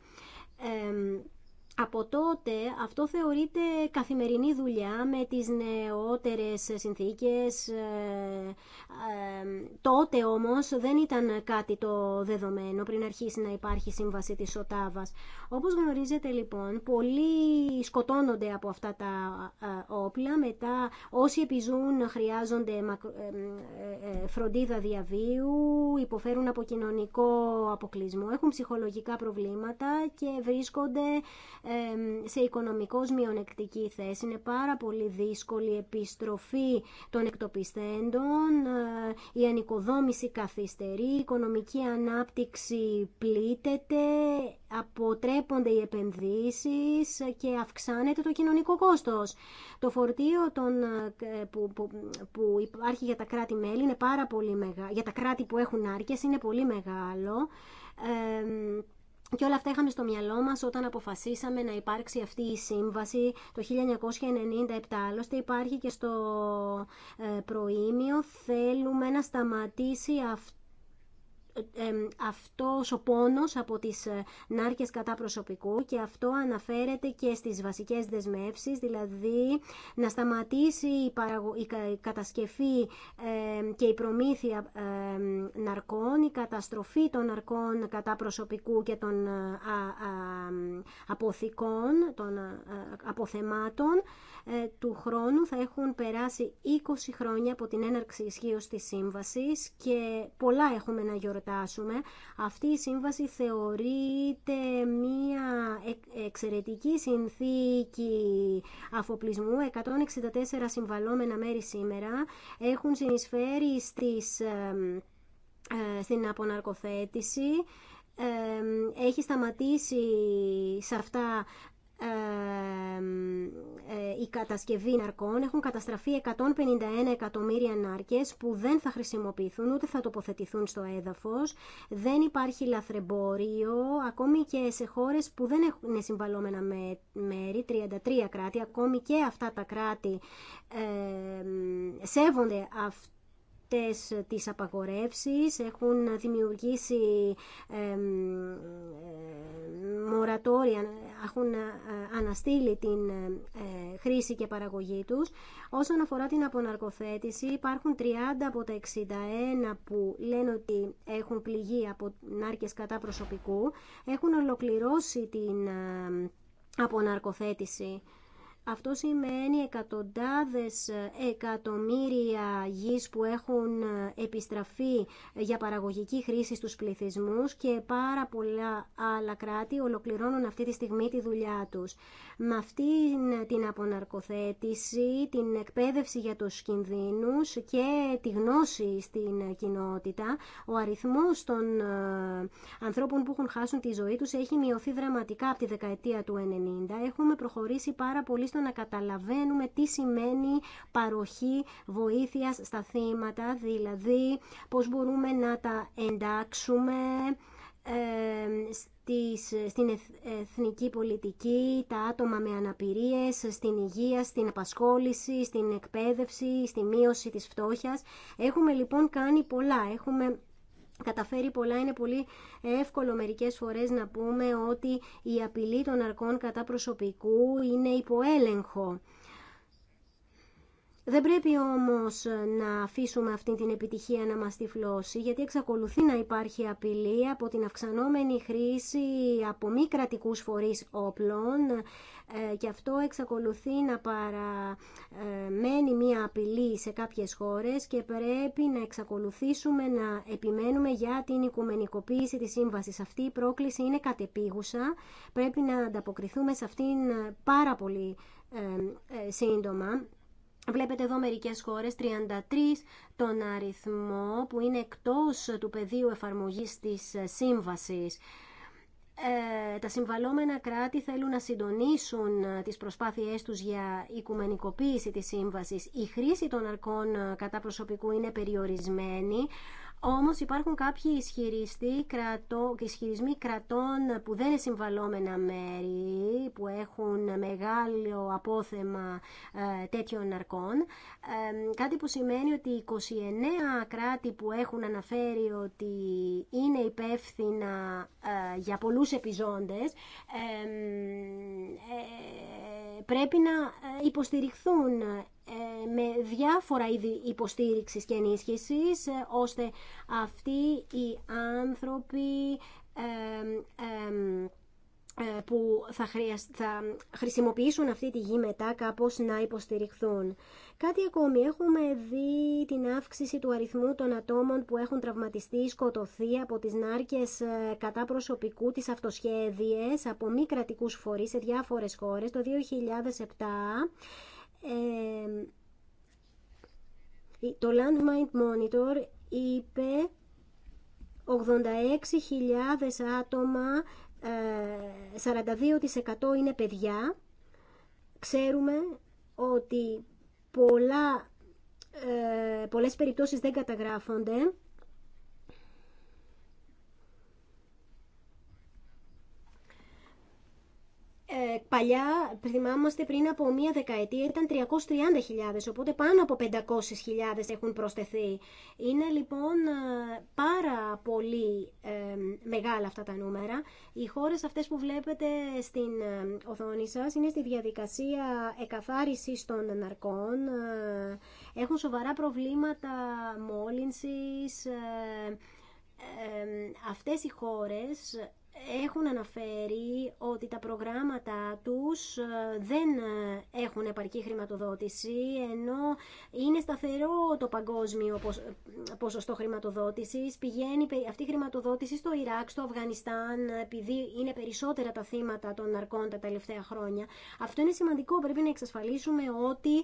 Από τότε αυτό θεωρείται καθημερινή δουλειά με τις νεότερες συνθήκες. Ε, ε, τότε όμως δεν ήταν κάτι το δεδομένο πριν αρχίσει να υπάρχει σύμβαση της Σοτάβας. Όπως γνωρίζετε λοιπόν, πολλοί σκοτώνονται από αυτά τα ε, όπλα. Μετά όσοι επιζούν χρειάζονται φροντίδα διαβίου, υποφέρουν από κοινωνικό αποκλεισμό, έχουν ψυχολογικά προβλήματα και βρίσκονται σε οικονομικώς μειονεκτική θέση. Είναι πάρα πολύ δύσκολη η επιστροφή των εκτοπιστέντων, ε, η ανοικοδόμηση καθυστερεί, η οικονομική ανάπτυξη πλήτεται, αποτρέπονται οι επενδύσεις και αυξάνεται το κοινωνικό κόστος. Το φορτίο των, ε, που, που, που υπάρχει για τα κράτη-μέλη είναι πάρα πολύ μεγάλο, για τα κράτη που έχουν άρκες είναι πολύ μεγάλο. Και όλα αυτά είχαμε στο μυαλό μας όταν αποφασίσαμε να υπάρξει αυτή η σύμβαση το 1997. Άλλωστε υπάρχει και στο ε, προήμιο θέλουμε να σταματήσει αυτό ε, ε, αυτός ο πόνος από τις ε, νάρκες κατά προσωπικού και αυτό αναφέρεται και στις βασικές δεσμεύσεις, δηλαδή να σταματήσει η κατασκευή και η προμήθεια ναρκών, η καταστροφή των ναρκών κατά προσωπικού και των αποθηκών, των αποθεμάτων του χρόνου θα έχουν περάσει 20 χρόνια από την έναρξη ισχύω της σύμβασης και πολλά έχουμε να γιορτάσουμε αυτή η σύμβαση θεωρείται μια εξαιρετική συνθήκη αφοπλισμού. 164 συμβαλόμενα μέρη σήμερα έχουν συνεισφέρει στις, ε, στην αποναρκοθέτηση έχει σταματήσει σε αυτά ε, η κατασκευή ναρκών έχουν καταστραφεί 151 εκατομμύρια νάρκες που δεν θα χρησιμοποιηθούν ούτε θα τοποθετηθούν στο έδαφος. Δεν υπάρχει λαθρεμπόριο, ακόμη και σε χώρες που δεν έχουν συμβαλόμενα μέρη, 33 κράτη, ακόμη και αυτά τα κράτη σέβονται αυτό αυτές τις απαγορεύσεις έχουν δημιουργήσει ε, μορατόρια, έχουν ε, αναστείλει την ε, χρήση και παραγωγή τους. Όσον αφορά την αποναρκοθέτηση υπάρχουν 30 από τα 61 που λένε ότι έχουν πληγεί από νάρκες κατά προσωπικού, έχουν ολοκληρώσει την αποναρκοθέτηση. Αυτό σημαίνει εκατοντάδες εκατομμύρια γης που έχουν επιστραφεί για παραγωγική χρήση στους πληθυσμούς και πάρα πολλά άλλα κράτη ολοκληρώνουν αυτή τη στιγμή τη δουλειά τους. Με αυτή την αποναρκοθέτηση, την εκπαίδευση για τους κινδύνους και τη γνώση στην κοινότητα, ο αριθμός των ε, ανθρώπων που έχουν χάσουν τη ζωή τους έχει μειωθεί δραματικά από τη δεκαετία του 90. Έχουμε προχωρήσει πάρα πολύ στο να καταλαβαίνουμε τι σημαίνει παροχή βοήθειας στα θύματα, δηλαδή πώς μπορούμε να τα εντάξουμε ε, στην εθνική πολιτική, τα άτομα με αναπηρίες, στην υγεία, στην απασχόληση, στην εκπαίδευση, στη μείωση της φτώχειας. Έχουμε λοιπόν κάνει πολλά. Έχουμε καταφέρει πολλά. Είναι πολύ εύκολο μερικές φορές να πούμε ότι η απειλή των αρκών κατά προσωπικού είναι υποέλεγχο. Δεν πρέπει όμως να αφήσουμε αυτή την επιτυχία να μας τυφλώσει, γιατί εξακολουθεί να υπάρχει απειλή από την αυξανόμενη χρήση από μη κρατικού φορείς όπλων ε, και αυτό εξακολουθεί να παραμένει ε, μία απειλή σε κάποιες χώρες και πρέπει να εξακολουθήσουμε να επιμένουμε για την οικουμενικοποίηση της σύμβασης. Αυτή η πρόκληση είναι κατεπίγουσα, πρέπει να ανταποκριθούμε σε αυτήν πάρα πολύ ε, σύντομα Βλέπετε εδώ μερικές χώρες, 33 τον αριθμό που είναι εκτός του πεδίου εφαρμογής της ε, σύμβασης. Ε, τα συμβαλόμενα κράτη θέλουν να συντονίσουν ε, τις προσπάθειές τους για οικουμενικοποίηση της σύμβασης. Η χρήση των αρκών κατά προσωπικού είναι περιορισμένη, όμως υπάρχουν κάποιοι ισχυρισμοί, και ισχυρισμοί κρατών που δεν είναι συμβαλόμενα μέρη, που έχουν μεγάλο απόθεμα ε, τέτοιων ναρκών. κάτι που σημαίνει ότι 29 κράτη που έχουν αναφέρει ότι είναι υπεύθυνα ε, για πολλούς επιζώντες, ε, πρέπει να ε, υποστηριχθούν ε, με διάφορα είδη υποστήριξης και ενίσχυσης, ε, ώστε αυτοί οι άνθρωποι ε, που θα, χρησιμοποιήσουν αυτή τη γη μετά κάπως να υποστηριχθούν. Κάτι ακόμη, έχουμε δει την αύξηση του αριθμού των ατόμων που έχουν τραυματιστεί ή σκοτωθεί από τις νάρκες ε, κατά προσωπικού της αυτοσχέδιες από μη κρατικούς φορείς σε διάφορες χώρες το 2007. Ε, το Landmind Monitor είπε 86.000 άτομα 42% ε, είναι παιδιά. Ξέρουμε ότι πολλά, ε, πολλές περιπτώσεις δεν καταγράφονται Ε, παλιά, θυμάμαστε πριν από μία δεκαετία, ήταν 330.000, οπότε πάνω από 500.000 έχουν προσθεθεί. Είναι λοιπόν ε, πάρα πολύ ε, μεγάλα αυτά τα νούμερα. Οι χώρες αυτές που βλέπετε στην οθόνη σας είναι στη διαδικασία εκαθάρισης των ναρκών, έχουν σοβαρά προβλήματα μόλυνσης, αυτές οι χώρες έχουν αναφέρει ότι τα προγράμματα τους ε, δεν ε, έχουν επαρκή χρηματοδότηση, ενώ είναι σταθερό το παγκόσμιο ποσοστό χρηματοδότησης. Πηγαίνει αυτή η χρηματοδότηση στο Ιράκ, στο Αφγανιστάν, επειδή είναι περισσότερα τα θύματα των ναρκών τα τελευταία χρόνια. Αυτό είναι σημαντικό, πρέπει να εξασφαλίσουμε ότι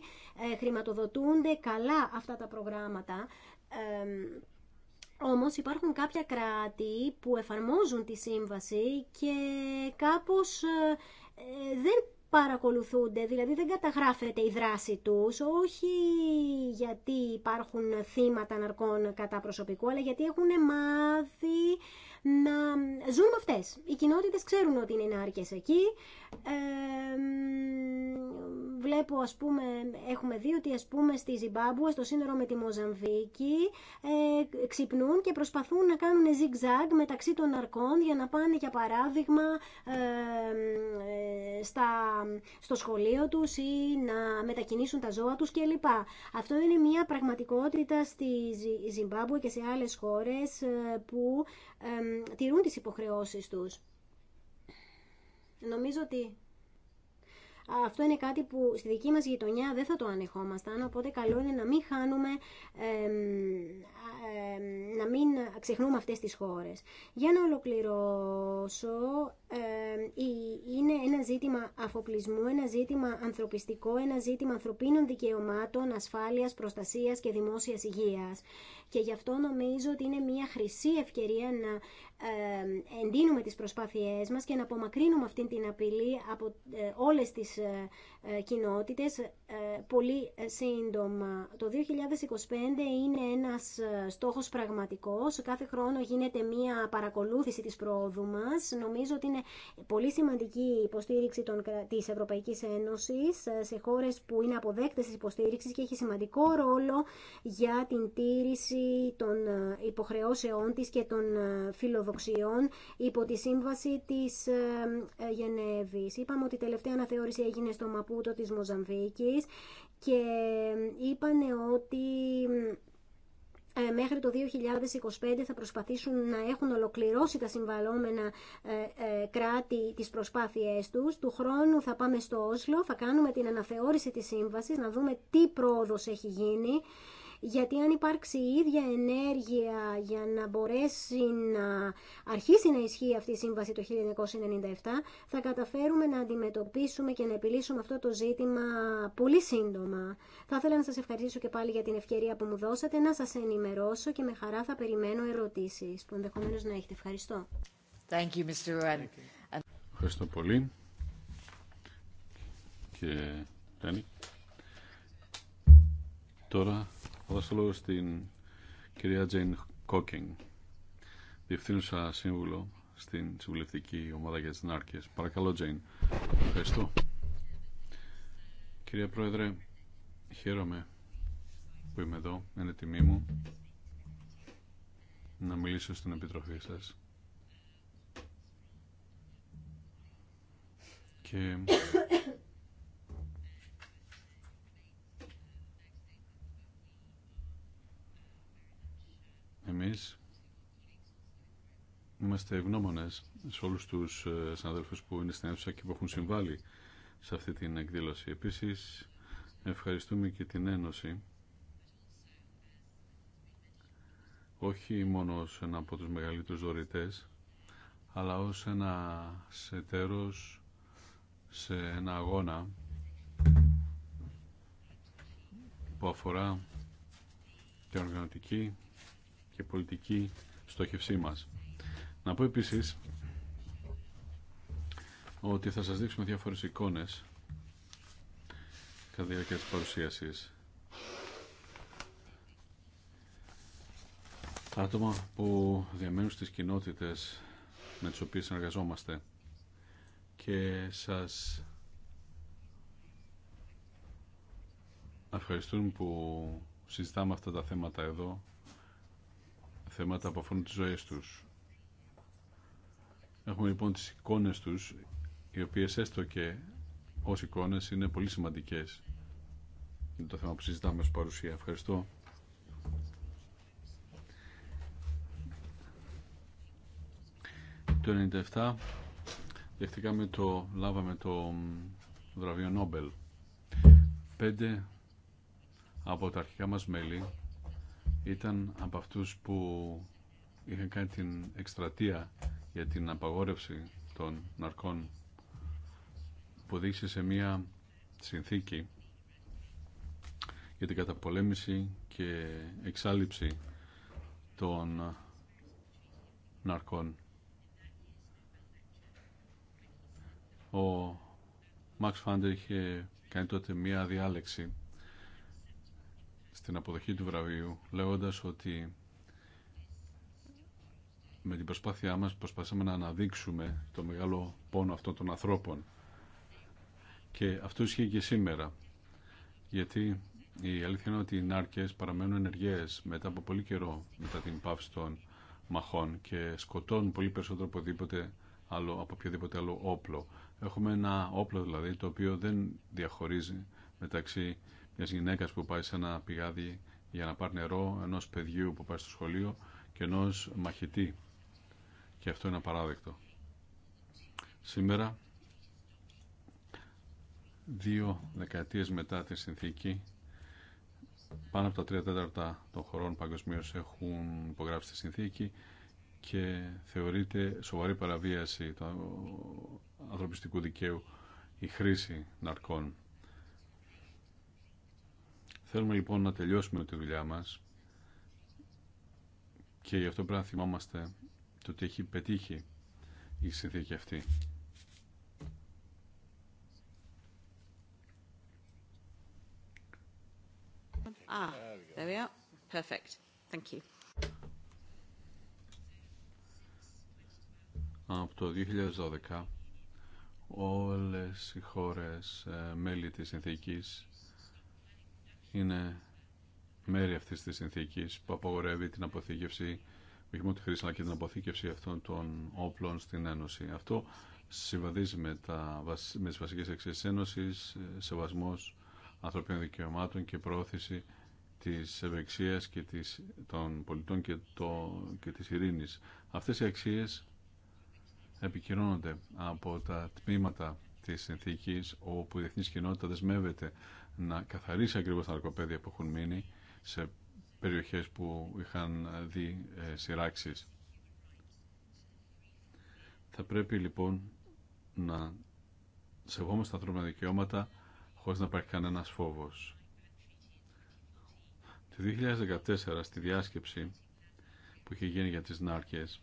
ε, χρηματοδοτούνται καλά αυτά τα προγράμματα. Όμως υπάρχουν κάποια κράτη που εφαρμόζουν τη σύμβαση και κάπως ε, ε, δεν παρακολουθούνται, δηλαδή δεν καταγράφεται η δράση τους, όχι γιατί υπάρχουν θύματα ναρκών κατά προσωπικού, αλλά γιατί έχουν μάθει να ζουν με αυτές. Οι κοινότητες ξέρουν ότι είναι νάρκες εκεί, βλέπω ας πούμε, έχουμε δει ότι ας πούμε στη Ζιμπάμπουα, στο σύνορο με τη Μοζαμβίκη, ε, ξυπνούν και προσπαθούν να κάνουν ζιγ-ζαγ μεταξύ των αρκών για να πάνε για παράδειγμα ε, στα, στο σχολείο τους ή να μετακινήσουν τα ζώα τους κλπ. Αυτό είναι μια πραγματικότητα στη Ζιμπάμπουα και σε άλλες χώρες ε, που ε, τηρούν τις υποχρεώσεις τους. Νομίζω ότι αυτό είναι κάτι που στη δική μας γειτονιά δεν θα το ανεχόμασταν, οπότε καλό είναι να μην χάνουμε, να μην ξεχνούμε αυτές τις χώρες. Για να ολοκληρώσω, είναι ένα ζήτημα αφοπλισμού, ένα ζήτημα ανθρωπιστικό, ένα ζήτημα ανθρωπίνων δικαιωμάτων, ασφάλειας, προστασίας και δημόσιας υγείας. Και γι' αυτό νομίζω ότι είναι μια χρυσή ευκαιρία να εντείνουμε τις προσπάθειές μας και να απομακρύνουμε αυτή την απειλή από ε, όλες τις ε, ε, κοινότητες ε, πολύ ε, σύντομα. Το 2025 είναι ένας ε, στόχος πραγματικός. Κάθε χρόνο γίνεται μία παρακολούθηση της πρόοδου μας. Νομίζω ότι είναι πολύ σημαντική η υποστήριξη των, της Ευρωπαϊκής Ένωσης σε χώρες που είναι αποδέκτες της υποστήριξης και έχει σημαντικό ρόλο για την τήρηση των υποχρεώσεών της και των φιλοδοξιών υπό τη σύμβαση της Γενέβης. Είπαμε ότι η τελευταία αναθεώρηση έγινε στο Μαπούτο της Μοζαμβίκη και είπαν ότι ε, μέχρι το 2025 θα προσπαθήσουν να έχουν ολοκληρώσει τα συμβαλόμενα ε, ε, κράτη τις προσπάθειές τους. Του χρόνου θα πάμε στο Όσλο, θα κάνουμε την αναθεώρηση της σύμβασης, να δούμε τι πρόοδος έχει γίνει γιατί αν υπάρξει η ίδια ενέργεια για να μπορέσει να αρχίσει να ισχύει αυτή η σύμβαση το 1997, θα καταφέρουμε να αντιμετωπίσουμε και να επιλύσουμε αυτό το ζήτημα πολύ σύντομα. Θα ήθελα να σας ευχαριστήσω και πάλι για την ευκαιρία που μου δώσατε, να σας ενημερώσω και με χαρά θα περιμένω ερωτήσεις που ενδεχομένως να έχετε. Ευχαριστώ. Thank you, Mr. Ευχαριστώ πολύ. Τώρα θα δώσω λόγο στην κυρία Τζέιν Κόκκινγκ, διευθύνουσα σύμβουλο στην συμβουλευτική ομάδα για τι Νάρκε. Παρακαλώ, Τζέιν. Ευχαριστώ. Κυρία Πρόεδρε, χαίρομαι που είμαι εδώ. Είναι τιμή μου να μιλήσω στην επιτροφή σα. Και Εμείς είμαστε ευγνώμονες σε όλους τους ε, συναδέλφους που είναι στην αίθουσα και που έχουν συμβάλει σε αυτή την εκδήλωση. Επίσης, ευχαριστούμε και την Ένωση όχι μόνο ως ένα από τους μεγαλύτερους δωρητές, αλλά ως ένα εταίρος σε ένα αγώνα που αφορά και οργανωτική και πολιτική στόχευσή μας. Να πω επίσης ότι θα σας δείξουμε διάφορες εικόνες κατά διάρκεια της παρουσίασης. Άτομα που διαμένουν στις κοινότητες με τις οποίες συνεργαζόμαστε και σας ευχαριστούμε που συζητάμε αυτά τα θέματα εδώ θέματα που αφορούν τις ζωές τους. Έχουμε λοιπόν τις εικόνες τους, οι οποίες έστω και ως εικόνες είναι πολύ σημαντικές. Είναι το θέμα που συζητάμε ως παρουσία. Ευχαριστώ. Το 1997 δεχτήκαμε το, λάβαμε το βραβείο Νόμπελ. Πέντε από τα αρχικά μας μέλη ήταν από αυτούς που είχαν κάνει την εκστρατεία για την απαγόρευση των ναρκών που δείξει σε μία συνθήκη για την καταπολέμηση και εξάλληψη των ναρκών. Ο Μαξ Φάντερ είχε κάνει τότε μία διάλεξη στην αποδοχή του βραβείου λέγοντας ότι με την προσπάθειά μας προσπαθήσαμε να αναδείξουμε το μεγάλο πόνο αυτών των ανθρώπων και αυτό ισχύει και σήμερα γιατί η αλήθεια είναι ότι οι νάρκες παραμένουν ενεργές μετά από πολύ καιρό μετά την πάυση των μαχών και σκοτώνουν πολύ περισσότερο από, άλλο, από οποιοδήποτε άλλο όπλο. Έχουμε ένα όπλο δηλαδή το οποίο δεν διαχωρίζει μεταξύ μια γυναίκα που πάει σε ένα πηγάδι για να πάρει νερό, ενό παιδιού που πάει στο σχολείο και ενό μαχητή. Και αυτό είναι απαράδεκτο. Σήμερα, δύο δεκαετίες μετά τη συνθήκη, πάνω από τα τρία τέταρτα των χωρών παγκοσμίω έχουν υπογράψει τη συνθήκη και θεωρείται σοβαρή παραβίαση του ανθρωπιστικού δικαίου η χρήση ναρκών. Θέλουμε λοιπόν να τελειώσουμε τη δουλειά μας και γι' αυτό πρέπει να θυμάμαστε το ότι έχει πετύχει η συνθήκη αυτή. Perfect. Thank you. Από το 2012 όλες οι χώρες ε, μέλη της συνθήκης είναι μέρη αυτής της συνθήκης που απαγορεύει την αποθήκευση όχι τη χρήση αλλά και την αποθήκευση αυτών των όπλων στην Ένωση. Αυτό συμβαδίζει με, τα, με τις βασικές αξίες της Ένωσης, σεβασμός ανθρωπίνων δικαιωμάτων και πρόθεση της ευεξίας και της, των πολιτών και, το, και της ειρήνης. Αυτές οι αξίες επικοινώνονται από τα τμήματα της συνθήκης όπου η διεθνής κοινότητα δεσμεύεται να καθαρίσει ακριβώς τα αρκοπέδια που έχουν μείνει σε περιοχές που είχαν δει ε, Θα πρέπει λοιπόν να σεβόμαστε τα ανθρώπινα δικαιώματα χωρίς να υπάρχει κανένας φόβος. Το 2014 στη διάσκεψη που είχε γίνει για τις νάρκες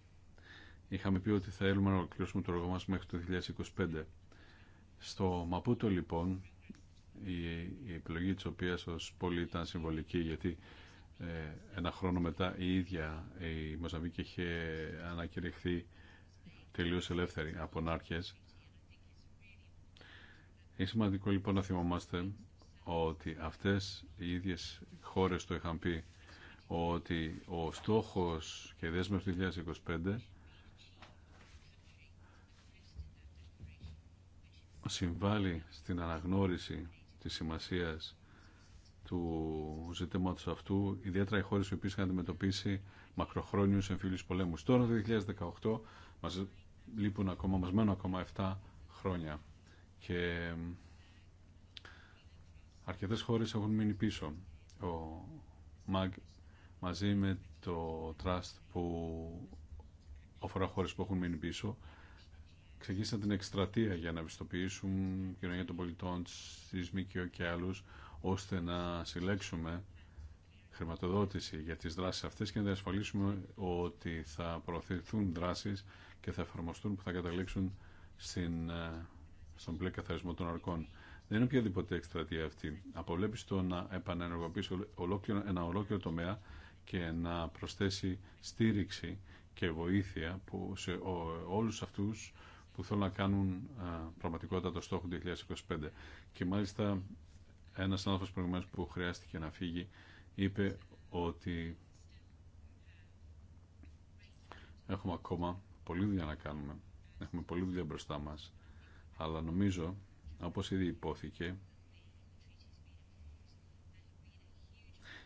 είχαμε πει ότι θα θέλουμε να ολοκληρώσουμε το έργο μας μέχρι το 2025. Στο Μαπούτο λοιπόν η επιλογή της οποίας ως πολύ ήταν συμβολική γιατί ε, ένα χρόνο μετά η ίδια η Μοζαμβίκη είχε ανακηρυχθεί τελείως ελεύθερη από νάρκες. Είναι σημαντικό λοιπόν να θυμόμαστε ότι αυτές οι ίδιες χώρες το είχαν πει ότι ο στόχος και η δέσμευση 2025 συμβάλλει στην αναγνώριση της σημασίας του ζητήματος αυτού, ιδιαίτερα οι χώρες οι οποίες είχαν αντιμετωπίσει μακροχρόνιους εμφύλιους πολέμους. Τώρα το 2018 μας λείπουν ακόμα, μας μένουν ακόμα 7 χρόνια και αρκετές χώρες έχουν μείνει πίσω. Ο ΜΑΓ μαζί με το Trust που αφορά χώρες που έχουν μείνει πίσω ξεκίνησαν την εκστρατεία για να την κοινωνία των πολιτών, τη ΜΚΟ και άλλου, ώστε να συλλέξουμε χρηματοδότηση για τι δράσει αυτέ και να διασφαλίσουμε ότι θα προωθηθούν δράσει και θα εφαρμοστούν που θα καταλήξουν στην, ε, στον πλήρη καθαρισμό των αρκών. Δεν είναι οποιαδήποτε εκστρατεία αυτή. Αποβλέπει το να επανενεργοποιήσει ολόκληρο, ένα ολόκληρο τομέα και να προσθέσει στήριξη και βοήθεια που σε όλους αυτούς που θέλουν να κάνουν πραγματικότητα το στόχο 2025. Και μάλιστα ένα άνθρωπο προηγουμένω που χρειάστηκε να φύγει είπε ότι έχουμε ακόμα πολλή δουλειά να κάνουμε. Έχουμε πολλή δουλειά μπροστά μας. Αλλά νομίζω, όπως ήδη υπόθηκε,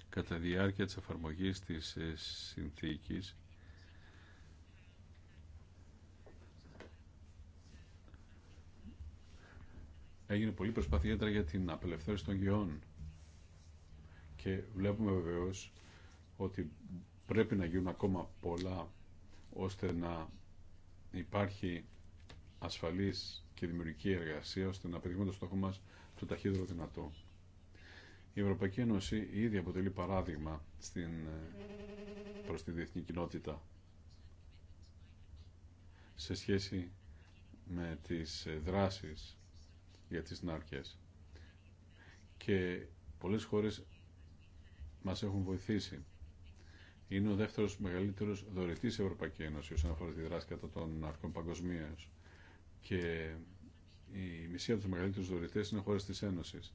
κατά διάρκεια της εφαρμογής της ε, συνθήκης έγινε πολύ προσπάθεια για την απελευθέρωση των γεών. Και βλέπουμε βεβαίω ότι πρέπει να γίνουν ακόμα πολλά ώστε να υπάρχει ασφαλής και δημιουργική εργασία ώστε να πετύχουμε το στόχο μας το ταχύτερο δυνατό. Η Ευρωπαϊκή Ένωση ήδη αποτελεί παράδειγμα στην, προς τη διεθνή κοινότητα σε σχέση με τις δράσεις για τις νάρκες. Και πολλές χώρες μας έχουν βοηθήσει. Είναι ο δεύτερος μεγαλύτερος δωρητής της Ευρωπαϊκής Ένωσης όσον αφορά τη δράση κατά των ναρκών παγκοσμίω. Και η μισή από τους μεγαλύτερους δωρητές είναι χώρες της Ένωσης.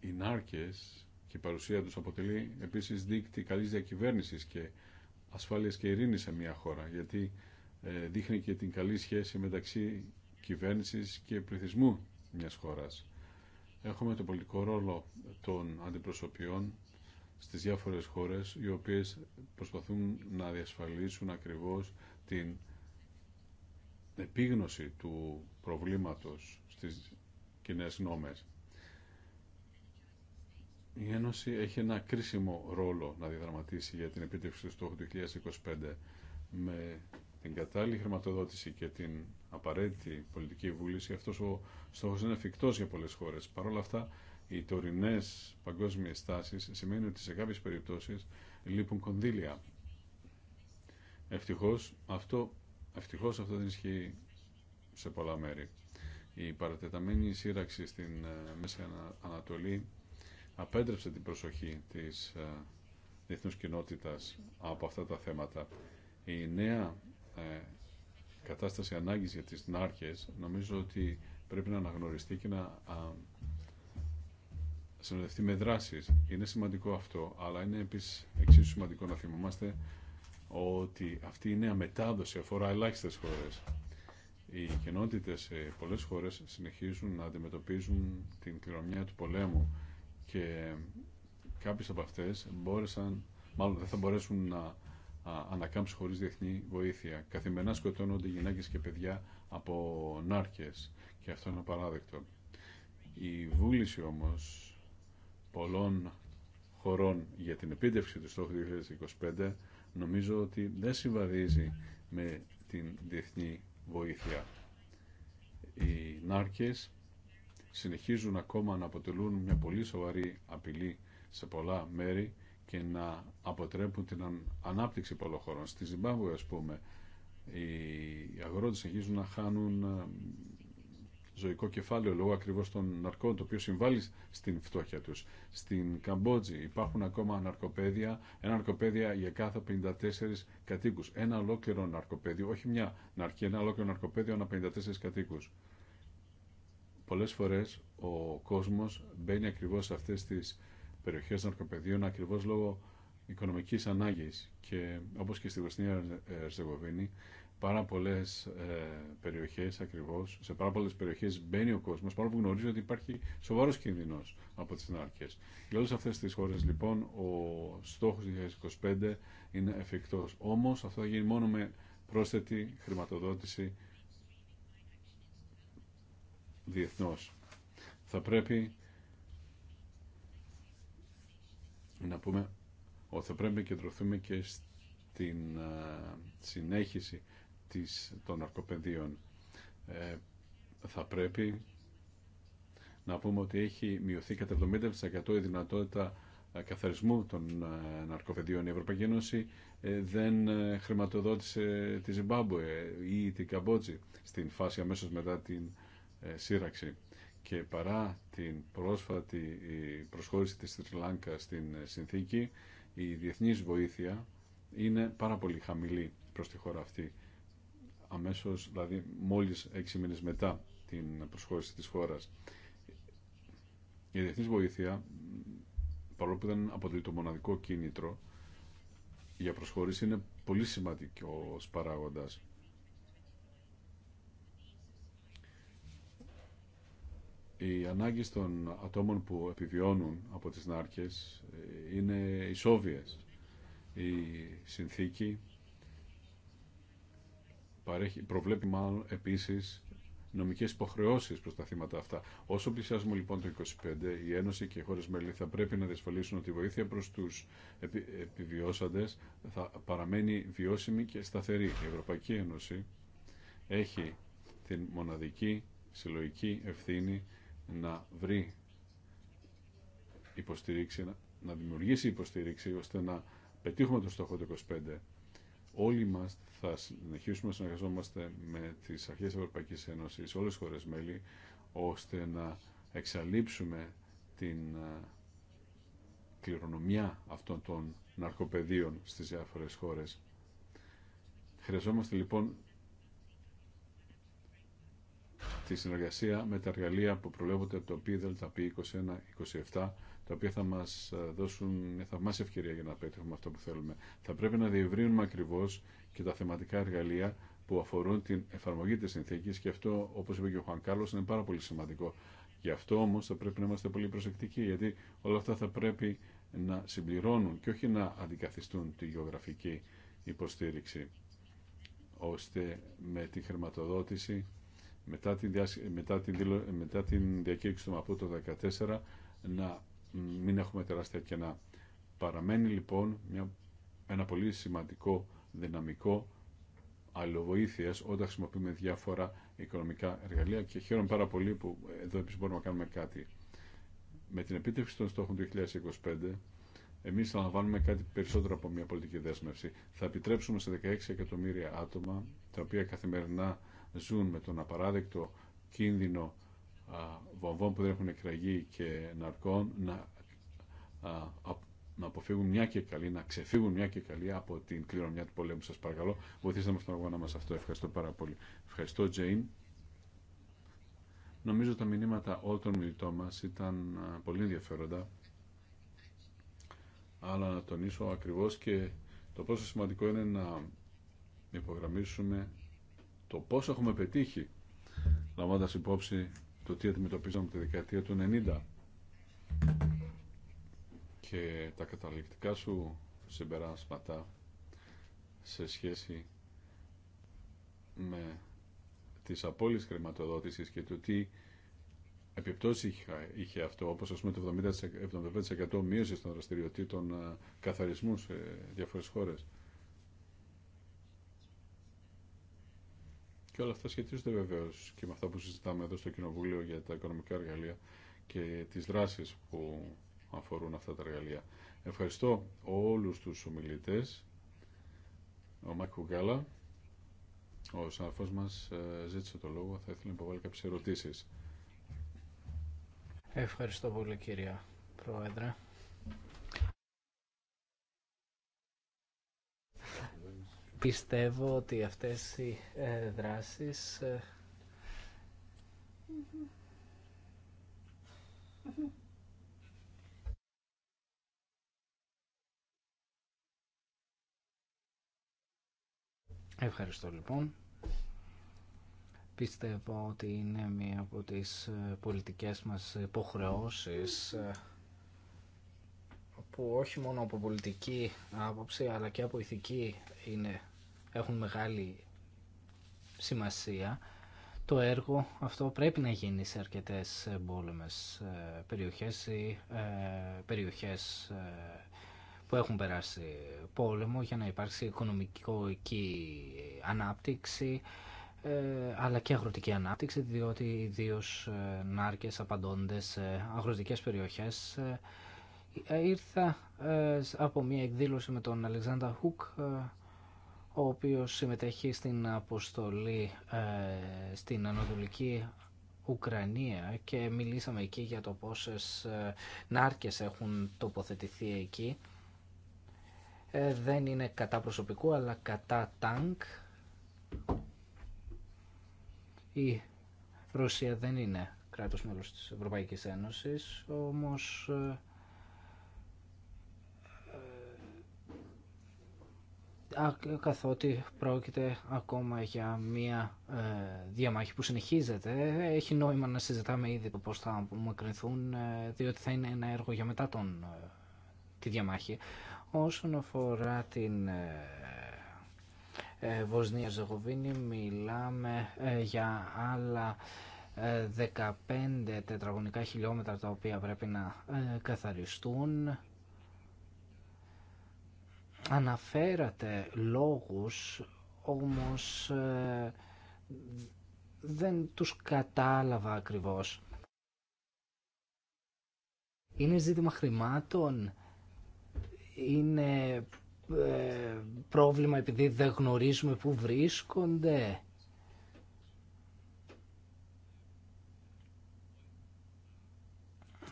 Οι νάρκες και η παρουσία τους αποτελεί επίσης δείκτη καλής διακυβέρνησης και ασφάλειας και ειρήνης σε μια χώρα, γιατί ε, δείχνει και την καλή σχέση μεταξύ κυβέρνησης και πληθυσμού μιας χώρας. Έχουμε τον πολιτικό ρόλο των αντιπροσωπιών στις διάφορες χώρες οι οποίες προσπαθούν να διασφαλίσουν ακριβώς την επίγνωση του προβλήματος στις κοινέ νόμες. Η Ένωση έχει ένα κρίσιμο ρόλο να διαδραματίσει για την επίτευξη του στόχου του 2025 με την κατάλληλη χρηματοδότηση και την απαραίτητη πολιτική βούληση, αυτός ο στόχος είναι εφικτός για πολλές χώρες. Παρ' όλα αυτά, οι τωρινέ παγκόσμιε τάσει σημαίνουν ότι σε κάποιε περιπτώσει λείπουν κονδύλια. Ευτυχώ αυτό, ευτυχώς αυτό δεν ισχύει σε πολλά μέρη. Η παρατεταμένη σύραξη στην ε, Μέση Ανατολή απέτρεψε την προσοχή της ε, διεθνούς κοινότητας από αυτά τα θέματα. Η νέα ε, κατάσταση ανάγκης για τις νάρκες νομίζω ότι πρέπει να αναγνωριστεί και να α, συνοδευτεί με δράσεις. Είναι σημαντικό αυτό, αλλά είναι επίσης εξίσου σημαντικό να θυμόμαστε ότι αυτή είναι μετάδοση αφορά ελάχιστες χώρες. Οι κοινότητε σε πολλές χώρες συνεχίζουν να αντιμετωπίζουν την κληρονομιά του πολέμου και κάποιες από αυτές μπόρεσαν, μάλλον δεν θα μπορέσουν να ανακάμψει χωρίς διεθνή βοήθεια. Καθημερινά σκοτώνονται γυναίκες και παιδιά από νάρκες και αυτό είναι απαράδεκτο. Η βούληση όμως πολλών χωρών για την επίτευξη του στόχου 2025 νομίζω ότι δεν συμβαδίζει με την διεθνή βοήθεια. Οι νάρκες συνεχίζουν ακόμα να αποτελούν μια πολύ σοβαρή απειλή σε πολλά μέρη και να αποτρέπουν την ανάπτυξη πολλών χωρών. Στη Ζιμπάμπου, ας πούμε, οι αγρότες αρχίζουν να χάνουν ε, ζωικό κεφάλαιο λόγω ακριβώς των ναρκών, το οποίο συμβάλλει στην φτώχεια τους. Στην Καμπότζη υπάρχουν ακόμα ναρκοπαίδια, ένα ναρκοπαίδια για κάθε 54 κατοίκους. Ένα ολόκληρο ναρκοπαίδιο, όχι μια ναρκή, ένα ολόκληρο ναρκοπαίδιο ανά 54 κατοίκους. Πολλές φορές ο κόσμος μπαίνει ακριβώς σε αυτές τις περιοχές ναρκοπαιδίων ακριβώ λόγω οικονομικής ανάγκη. και όπως και στη Βοσνία Ερζεγοβίνη πάρα πολλές ε, περιοχές ακριβώς, σε πάρα πολλές περιοχέ μπαίνει ο κόσμος παρόλο που γνωρίζει ότι υπάρχει σοβαρός κινδυνός από τις συνάρκειες. Για όλε αυτές τις χώρε, λοιπόν ο στόχος 2025 είναι εφικτό. Όμω, αυτό θα γίνει μόνο με πρόσθετη χρηματοδότηση διεθνώς. Θα πρέπει να πούμε ότι θα πρέπει να κεντρωθούμε και στην ε, συνέχιση της, των ναρκοπαιδείων. Ε, θα πρέπει να πούμε ότι έχει μειωθεί κατά 70% η δυνατότητα ε, καθαρισμού των ναρκοπαιδείων. Η Ευρωπαϊκή Ένωση δεν χρηματοδότησε τη Ζιμπάμπουε ή την Καμπότζη στην φάση αμέσως μετά την σύραξη και παρά την πρόσφατη προσχώρηση της Τριλάνκα στην ε, συνθήκη, η διεθνής βοήθεια είναι πάρα πολύ χαμηλή προς τη χώρα αυτή. Αμέσως, δηλαδή μόλις έξι μήνες μετά την προσχώρηση της χώρας. Η διεθνής βοήθεια, παρόλο που δεν αποτελεί το μοναδικό κίνητρο, για προσχώρηση είναι πολύ σημαντικός παράγοντας. Οι ανάγκες των ατόμων που επιβιώνουν από τις νάρκες ε, είναι ισόβιες. Η συνθήκη παρέχει, προβλέπει μάλλον επίσης νομικέ υποχρεώσει προ τα θύματα αυτά. Όσο πλησιάζουμε λοιπόν το 25, η Ένωση και οι χώρε μέλη θα πρέπει να διασφαλίσουν ότι η βοήθεια προ του επι, θα παραμένει βιώσιμη και σταθερή. Η Ευρωπαϊκή Ένωση έχει την μοναδική συλλογική ευθύνη να βρει υποστηρίξη, να δημιουργήσει υποστηρίξη ώστε να πετύχουμε το στόχο του 25. Όλοι μας θα συνεχίσουμε να συνεργαζόμαστε με τις αρχές της Ευρωπαϊκής Ένωσης, όλες τις χώρες μέλη, ώστε να εξαλείψουμε την ε, κληρονομιά αυτών των ναρκοπεδίων στις διάφορες χώρες. Χρειαζόμαστε λοιπόν στη συνεργασία με τα εργαλεία που προλέβονται από το ΠΔΠ 21-27, τα οποία θα μας ε, δώσουν μια θαυμάσια ευκαιρία για να πετύχουμε αυτό που θέλουμε. Θα πρέπει να διευρύνουμε ακριβώς και τα θεματικά εργαλεία που αφορούν την εφαρμογή της συνθήκης και αυτό, όπως είπε και ο Χουαν Κάρλος, είναι πάρα πολύ σημαντικό. Γι' αυτό όμως θα πρέπει να είμαστε πολύ προσεκτικοί, γιατί όλα αυτά θα πρέπει να συμπληρώνουν και όχι να αντικαθιστούν τη γεωγραφική υποστήριξη, ώστε με τη χρηματοδότηση μετά την, μετά την, μετά την διακήρυξη του το 2014 να μην έχουμε τεράστια κενά. Παραμένει λοιπόν μια, ένα πολύ σημαντικό δυναμικό αλληλοβοήθειας όταν χρησιμοποιούμε διάφορα οικονομικά εργαλεία και χαίρομαι πάρα πολύ που εδώ επίσης μπορούμε να κάνουμε κάτι. Με την επίτευξη των στόχων του 2025 εμείς θα λαμβάνουμε κάτι περισσότερο από μια πολιτική δέσμευση. Θα επιτρέψουμε σε 16 εκατομμύρια άτομα τα οποία καθημερινά ζουν με τον απαράδεκτο κίνδυνο βομβών που δεν έχουν εκραγεί και ναρκών να, να αποφύγουν μια και καλή, να ξεφύγουν μια και καλή από την κληρονομιά του πολέμου. Σας παρακαλώ, βοηθήστε στον αγώνα μας αυτό. Ευχαριστώ πάρα πολύ. Ευχαριστώ, Τζέιν. Νομίζω τα μηνύματα όλων των μιλητών μας ήταν πολύ ενδιαφέροντα, αλλά να τονίσω ακριβώς και το πόσο σημαντικό είναι να υπογραμμίσουμε το πώς έχουμε πετύχει λαμβάνοντας υπόψη το τι αντιμετωπίζαμε τη δεκαετία του 90 και τα καταληκτικά σου συμπεράσματα σε σχέση με τις απώλειες χρηματοδότησης και το τι επιπτώσει είχε αυτό, όπως ας πούμε το 75% μείωση των δραστηριοτήτων ε, καθαρισμού σε διάφορες χώρες. Και όλα αυτά σχετίζονται βεβαίω και με αυτά που συζητάμε εδώ στο Κοινοβούλιο για τα οικονομικά εργαλεία και τις δράσεις που αφορούν αυτά τα εργαλεία. Ευχαριστώ όλους τους ομιλητέ Ο Μάκ ο συναδελφό μας, ε, ζήτησε το λόγο. Θα ήθελα να υποβάλει κάποιες ερωτήσεις. Ευχαριστώ πολύ κυρία Πρόεδρε. Πιστεύω ότι αυτές οι ε, δράσεις ε, Ευχαριστώ λοιπόν. Πιστεύω ότι είναι μία από τις ε, πολιτικές μας υποχρεώσεις που όχι μόνο από πολιτική άποψη αλλά και από ηθική είναι έχουν μεγάλη σημασία. Το έργο αυτό πρέπει να γίνει σε αρκετές εμπόλεμες ε, περιοχές ή ε, περιοχές ε, που έχουν περάσει πόλεμο για να υπάρξει οικονομική ανάπτυξη αλλά και αγροτική ανάπτυξη διότι ιδίω νάρκες απαντώνται σε αγροτικές περιοχές. Ήρθα από μια εκδήλωση με τον Αλεξάνδρα Χουκ ο οποίος συμμετέχει στην αποστολή ε, στην Ανατολική Ουκρανία και μιλήσαμε εκεί για το πόσες ε, νάρκες έχουν τοποθετηθεί εκεί. Ε, δεν είναι κατά προσωπικού αλλά κατά τάγκ. Η Ρωσία δεν είναι κράτος μέλος της Ευρωπαϊκής Ένωσης, όμως καθότι πρόκειται ακόμα για μία ε, διαμάχη που συνεχίζεται. Έχει νόημα να συζητάμε ήδη το πώς θα απομακρυνθούν, ε, διότι θα είναι ένα έργο για μετά τον, ε, τη διαμάχη. Όσον αφορά την Βοσνία Ζεγοβίνη, μιλάμε για άλλα 15 τετραγωνικά χιλιόμετρα τα οποία πρέπει να καθαριστούν Αναφέρατε λόγους, όμως ε, δεν τους κατάλαβα ακριβώς. Είναι ζήτημα χρημάτων, είναι ε, πρόβλημα επειδή δεν γνωρίζουμε πού βρίσκονται.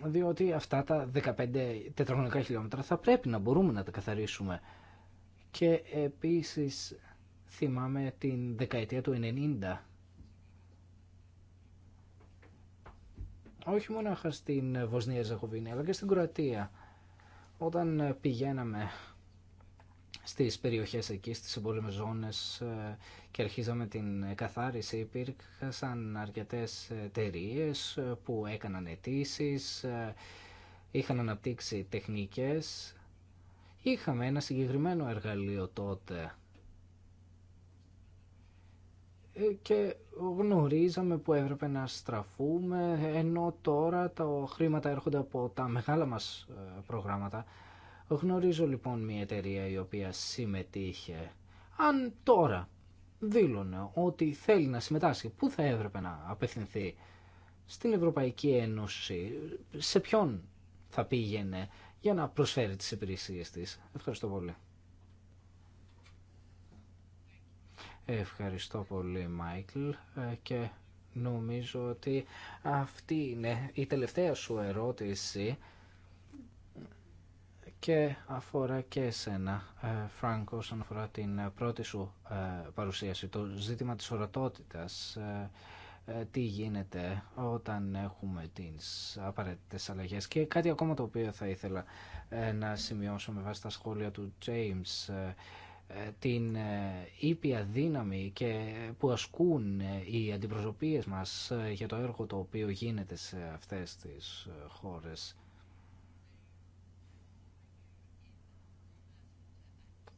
διότι αυτά τα 15 τετραγωνικά χιλιόμετρα θα πρέπει να μπορούμε να τα καθαρίσουμε και επίσης θυμάμαι την δεκαετία του 90 όχι μόνο στην Βοσνία Ζεχοβίνη αλλά και στην Κροατία όταν πηγαίναμε στις περιοχές εκεί, στις εμπόλεμες ζώνες ε, και αρχίζαμε την καθάριση υπήρχαν αρκετές εταιρείε ε, που έκαναν αιτήσει, ε, είχαν αναπτύξει τεχνικές Είχαμε ένα συγκεκριμένο εργαλείο τότε ε, και γνωρίζαμε που έπρεπε να στραφούμε ενώ τώρα τα χρήματα έρχονται από τα μεγάλα μας ε, προγράμματα. Γνωρίζω λοιπόν μια εταιρεία η οποία συμμετείχε. Αν τώρα δήλωνε ότι θέλει να συμμετάσχει, πού θα έπρεπε να απευθυνθεί στην Ευρωπαϊκή Ένωση, σε ποιον θα πήγαινε, για να προσφέρει τις υπηρεσίες της. Ευχαριστώ πολύ. Ευχαριστώ πολύ Μάικλ ε, και νομίζω ότι αυτή είναι η τελευταία σου ερώτηση και αφορά και εσένα, ε, Φρανκ, όσον αφορά την πρώτη σου ε, παρουσίαση, το ζήτημα της ορατότητας ε, τι γίνεται όταν έχουμε τις απαραίτητες αλλαγές. Και κάτι ακόμα το οποίο θα ήθελα ε, να σημειώσω με βάση τα σχόλια του James ε, την ήπια δύναμη και που ασκούν οι αντιπροσωπείες μας για το έργο το οποίο γίνεται σε αυτές τις χώρες.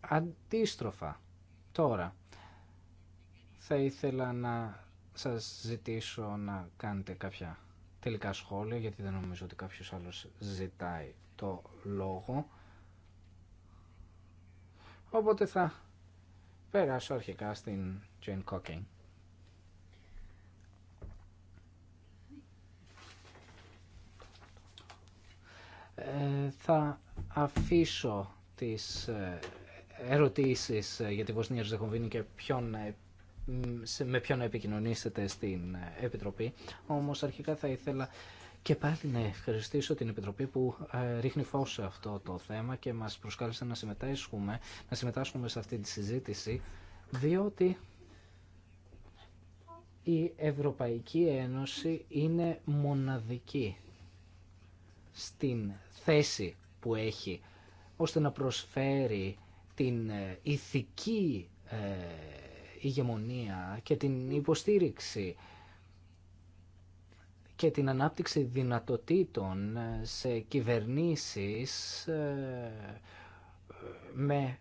Αντίστροφα, τώρα, θα ήθελα να σας ζητήσω να κάνετε κάποια τελικά σχόλια, γιατί δεν νομίζω ότι κάποιος άλλος ζητάει το λόγο. Οπότε θα περάσω αρχικά στην Jane Cocking. Ε, θα αφήσω τις ε, ερωτήσεις ε, για τη Βοσνία Ζεχοβίνη και ποιον με ποιον να επικοινωνήσετε στην ε, Επιτροπή. Όμως αρχικά θα ήθελα και πάλι να ευχαριστήσω την Επιτροπή που ε, ρίχνει φως σε αυτό το θέμα και μας προσκάλεσε να συμμετάσχουμε, να συμμετάσχουμε σε αυτή τη συζήτηση, διότι η Ευρωπαϊκή Ένωση είναι μοναδική στην θέση που έχει ώστε να προσφέρει την ε, ηθική ηγεμονία και την υποστήριξη και την ανάπτυξη δυνατοτήτων σε κυβερνήσεις ε, με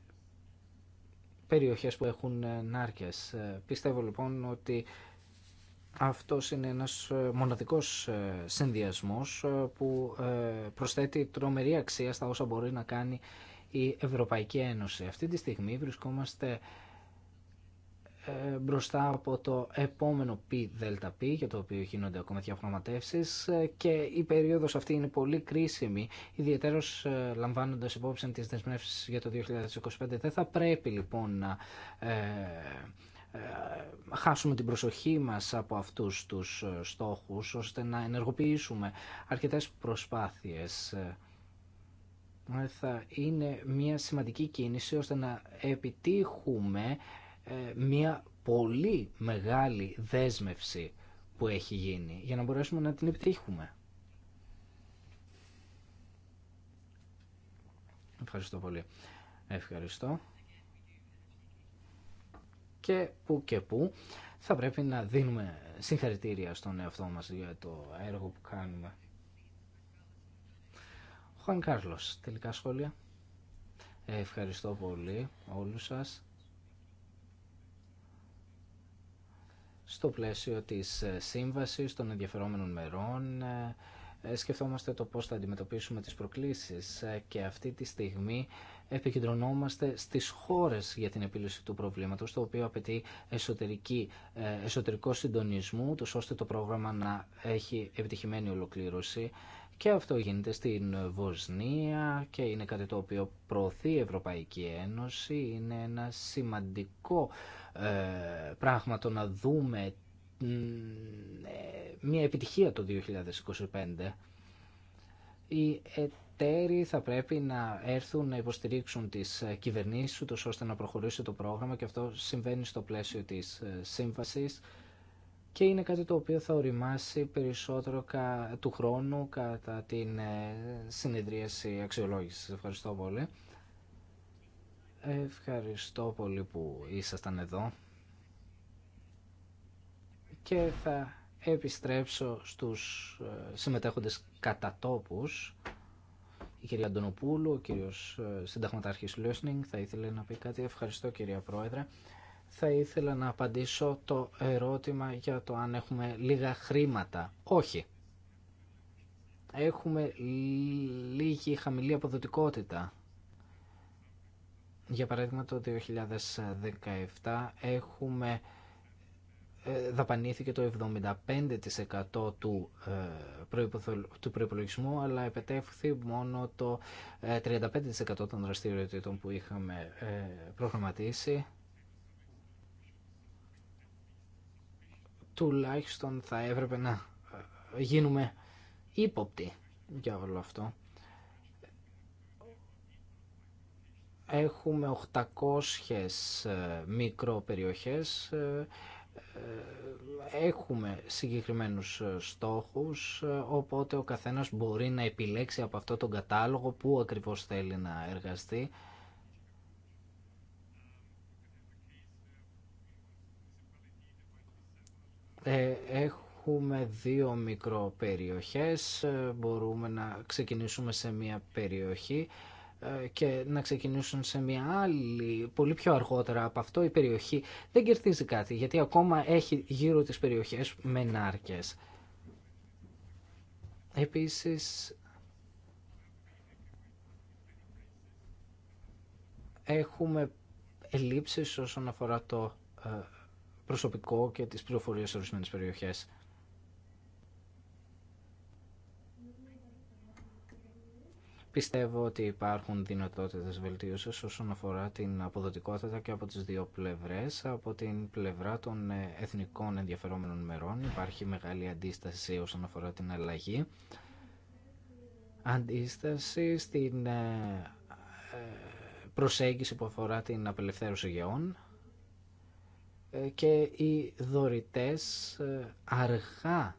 περιοχές που έχουν νάρκες. Ε, πιστεύω λοιπόν ότι αυτό είναι ένας ε, μοναδικός συνδυασμός που προσθέτει τρομερή αξία στα όσα μπορεί να κάνει η Ευρωπαϊκή Ένωση. Αυτή τη στιγμή βρισκόμαστε ε, μπροστά από το επόμενο πι δελτα πι για το οποίο γίνονται ακόμα διαπραγματεύσεις ε, και η περίοδος αυτή είναι πολύ κρίσιμη ιδιαίτερως ε, λαμβάνοντας υπόψη τις δεσμεύσεις για το 2025 δεν θα πρέπει λοιπόν να χάσουμε την προσοχή μας από αυτούς τους στόχους ώστε να ενεργοποιήσουμε αρκετές προσπάθειες θα είναι μια σημαντική κίνηση ώστε να επιτύχουμε ε, μια πολύ μεγάλη δέσμευση που έχει γίνει για να μπορέσουμε να την επιτύχουμε. Ευχαριστώ πολύ. Ευχαριστώ. Και που και που θα πρέπει να δίνουμε συγχαρητήρια στον εαυτό μας για το έργο που κάνουμε. Χων Κάρλος, τελικά σχόλια. Ε, ευχαριστώ πολύ όλους σας. στο πλαίσιο της ε, σύμβασης των ενδιαφερόμενων μερών ε, ε, σκεφτόμαστε το πώς θα αντιμετωπίσουμε τις προκλήσεις και αυτή τη στιγμή επικεντρωνόμαστε στις χώρες για την επίλυση του προβλήματος, το οποίο απαιτεί εσωτερική, εσωτερικό συντονισμό, ώστε το πρόγραμμα να έχει επιτυχημένη ολοκλήρωση. Και αυτό γίνεται στην Βοσνία και είναι κάτι το οποίο προωθεί η Ευρωπαϊκή Ένωση. Είναι ένα σημαντικό ε, πράγμα το να δούμε ε, μια επιτυχία το 2025. Οι εταίροι θα πρέπει να έρθουν να υποστηρίξουν τις κυβερνήσεις τους ώστε να προχωρήσει το πρόγραμμα και αυτό συμβαίνει στο πλαίσιο της ε, σύμβασης και είναι κάτι το οποίο θα οριμάσει περισσότερο του χρόνου κατά την ε, συνεδρίαση αξιολόγηση. Ευχαριστώ πολύ. Ευχαριστώ πολύ που ήσασταν εδώ και θα επιστρέψω στους ε, συμμετέχοντες κατατόπους. Η κυρία Αντωνοπούλου, ο κύριος ε, συνταγματάρχης Λιώσνινγκ θα ήθελε να πει κάτι. Ευχαριστώ κυρία Πρόεδρε θα ήθελα να απαντήσω το ερώτημα για το αν έχουμε λίγα χρήματα. Όχι. Έχουμε λίγη χαμηλή αποδοτικότητα. Για παράδειγμα το 2017 έχουμε ε, δαπανήθηκε το 75% του, ε, του προϋπολογισμού αλλά επετέφθη μόνο το 35% ε, των δραστηριοτήτων που είχαμε προγραμματίσει τουλάχιστον θα έπρεπε να ε, γίνουμε ύποπτοι για όλο αυτό. Έχουμε 800 ε, μικροπεριοχές, ε, έχουμε συγκεκριμένους στόχους, οπότε ο καθένας μπορεί να επιλέξει από αυτό τον κατάλογο που ακριβώς θέλει να εργαστεί Ε, έχουμε δύο μικροπεριοχές. Ε, μπορούμε να ξεκινήσουμε σε μία περιοχή ε, και να ξεκινήσουν σε μια άλλη, πολύ πιο αργότερα από αυτό, η περιοχή δεν κερδίζει κάτι, γιατί ακόμα έχει γύρω τις περιοχές με Επίσης, έχουμε ελλείψεις όσον αφορά το προσωπικό και τις πληροφορίες σε ορισμένε περιοχές. Πιστεύω ότι υπάρχουν δυνατότητες βελτίωσης όσον αφορά την αποδοτικότητα και από τις δύο πλευρές. Από την πλευρά των ε, εθνικών ενδιαφερόμενων μερών υπάρχει μεγάλη αντίσταση όσον αφορά την αλλαγή. Αντίσταση στην ε, ε, προσέγγιση που αφορά την απελευθέρωση γεών ε, και οι δωρητές ε, αργά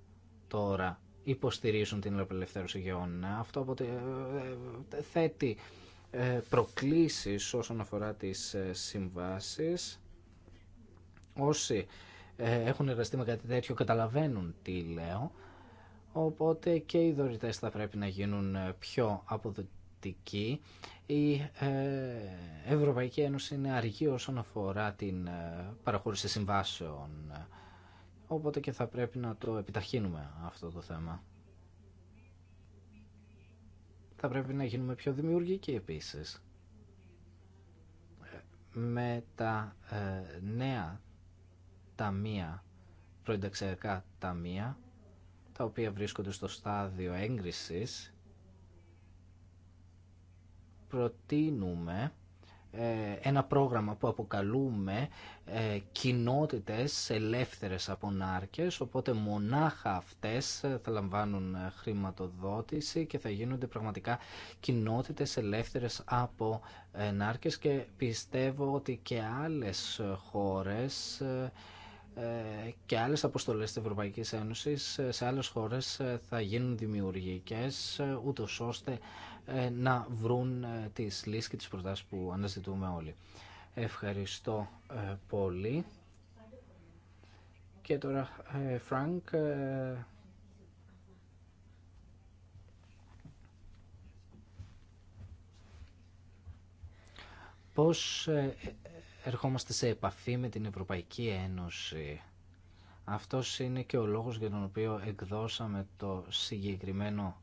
τώρα υποστηρίζουν την απελευθέρωση γεών. Ε, αυτό αποτε... θέτει προκλήσεις όσον αφορά τις συμβάσεις. Όσοι έχουν εργαστεί με κάτι τέτοιο καταλαβαίνουν τι λέω, οπότε και οι δωρητές θα πρέπει να γίνουν πιο αποδοτικοί η ε, Ευρωπαϊκή Ένωση είναι αργή όσον αφορά την ε, παραχώρηση συμβάσεων. Οπότε και θα πρέπει να το επιταχύνουμε αυτό το θέμα. Θα πρέπει να γίνουμε πιο δημιουργικοί επίσης. Με τα ε, νέα ταμεία, προενταξιακά ταμεία, τα οποία βρίσκονται στο στάδιο έγκρισης, προτείνουμε ε, ένα πρόγραμμα που αποκαλούμε ε, κοινότητες ελεύθερες από νάρκες, οπότε μονάχα αυτές θα λαμβάνουν χρηματοδότηση και θα γίνονται πραγματικά κοινότητες ελεύθερες από ε, νάρκες και πιστεύω ότι και άλλες χώρες και άλλες αποστολές της Ευρωπαϊκής Ένωσης σε άλλες χώρες θα γίνουν δημιουργικές ούτως ώστε ε, να βρουν ε, τις λύσεις και τις προτάσεις που αναζητούμε όλοι. Ευχαριστώ ε, πολύ. Και τώρα, Φρανκ, πώς ερχόμαστε σε επαφή με την Ευρωπαϊκή Ένωση. Αυτός είναι και ο λόγος για τον οποίο εκδώσαμε το συγκεκριμένο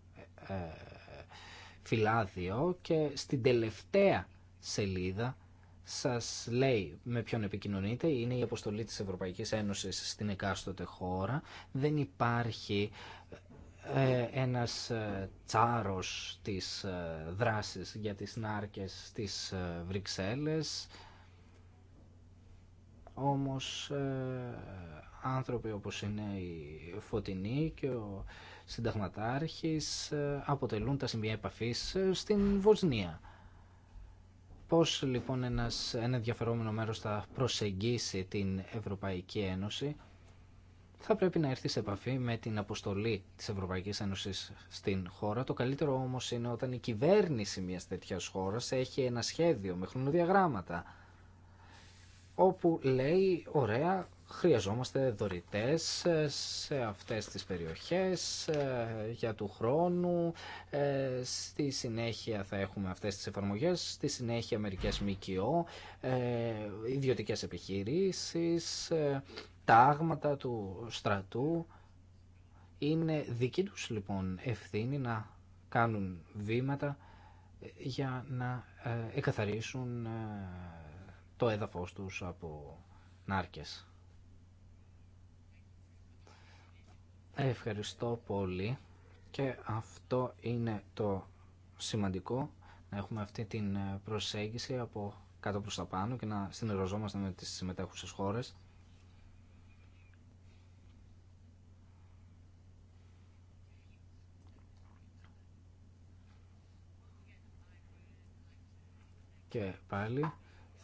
φυλάδιο και στην τελευταία σελίδα σας λέει με ποιον επικοινωνείτε, είναι η αποστολή της Ευρωπαϊκής Ένωσης στην εκάστοτε χώρα, δεν υπάρχει ε, ένας ε, τσάρος της ε, δράσης για τις νάρκες της Βρυξέλλες, όμως άνθρωποι όπως είναι οι Φωτεινοί και ο συνταγματάρχης ε, αποτελούν τα σημεία επαφής ε, στην Βοσνία. Πώς λοιπόν ένας, ένα ενδιαφερόμενο μέρος θα προσεγγίσει την Ευρωπαϊκή Ένωση θα πρέπει να έρθει σε επαφή με την αποστολή της Ευρωπαϊκής Ένωσης στην χώρα. Το καλύτερο όμως είναι όταν η κυβέρνηση μιας τέτοιας χώρας έχει ένα σχέδιο με χρονοδιαγράμματα όπου λέει ωραία χρειαζόμαστε δωρητές ε, σε αυτές τις περιοχές ε, για του χρόνου. Ε, στη συνέχεια θα έχουμε αυτές τις εφαρμογές, στη συνέχεια μερικές ΜΚΟ, ιδιωτικές επιχειρήσεις, τάγματα του στρατού. Είναι δική τους λοιπόν ευθύνη να κάνουν βήματα για να εκαθαρίσουν το έδαφος τους από νάρκες. Ευχαριστώ πολύ και αυτό είναι το σημαντικό να έχουμε αυτή την ε, προσέγγιση από κάτω προς τα πάνω και να συνεργαζόμαστε με τις συμμετέχουσες χώρες. Και πάλι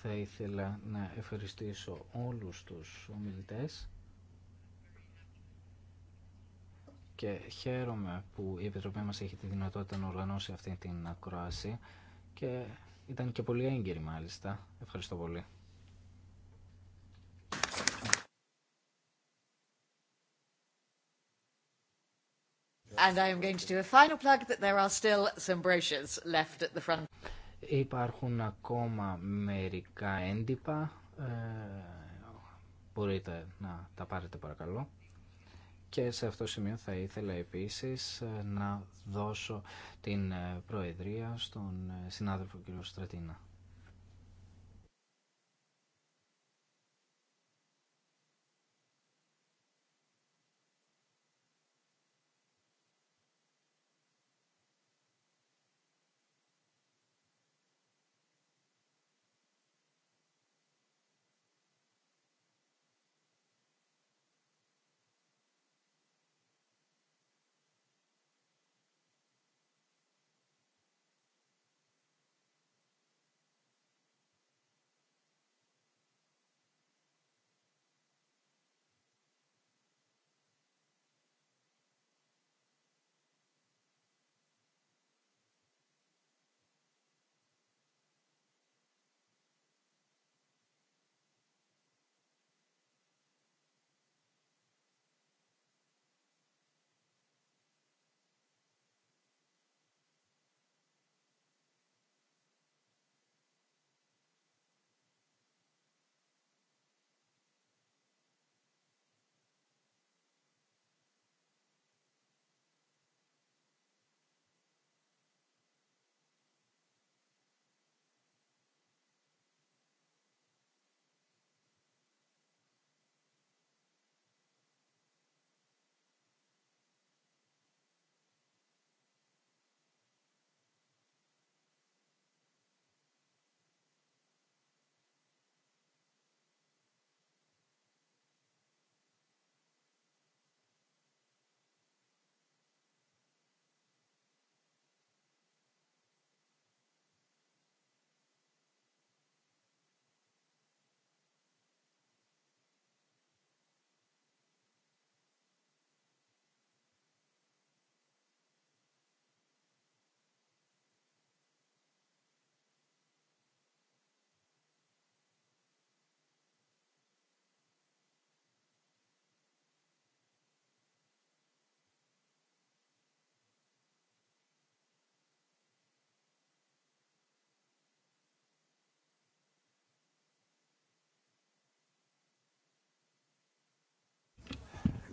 θα ήθελα να ευχαριστήσω όλους τους ομιλητές. και χαίρομαι που η Επιτροπή μας έχει τη δυνατότητα να οργανώσει αυτή την ακρόαση και ήταν και πολύ έγκυρη μάλιστα. Ευχαριστώ πολύ. And I am going to do a final plug that there are still some brochures left at the front. Υπάρχουν ακόμα μερικά έντυπα. Ε, μπορείτε να τα πάρετε παρακαλώ. Και σε αυτό το σημείο θα ήθελα επίσης ε, να δώσω την ε, προεδρία στον ε, συνάδελφο κ. Στρατίνα.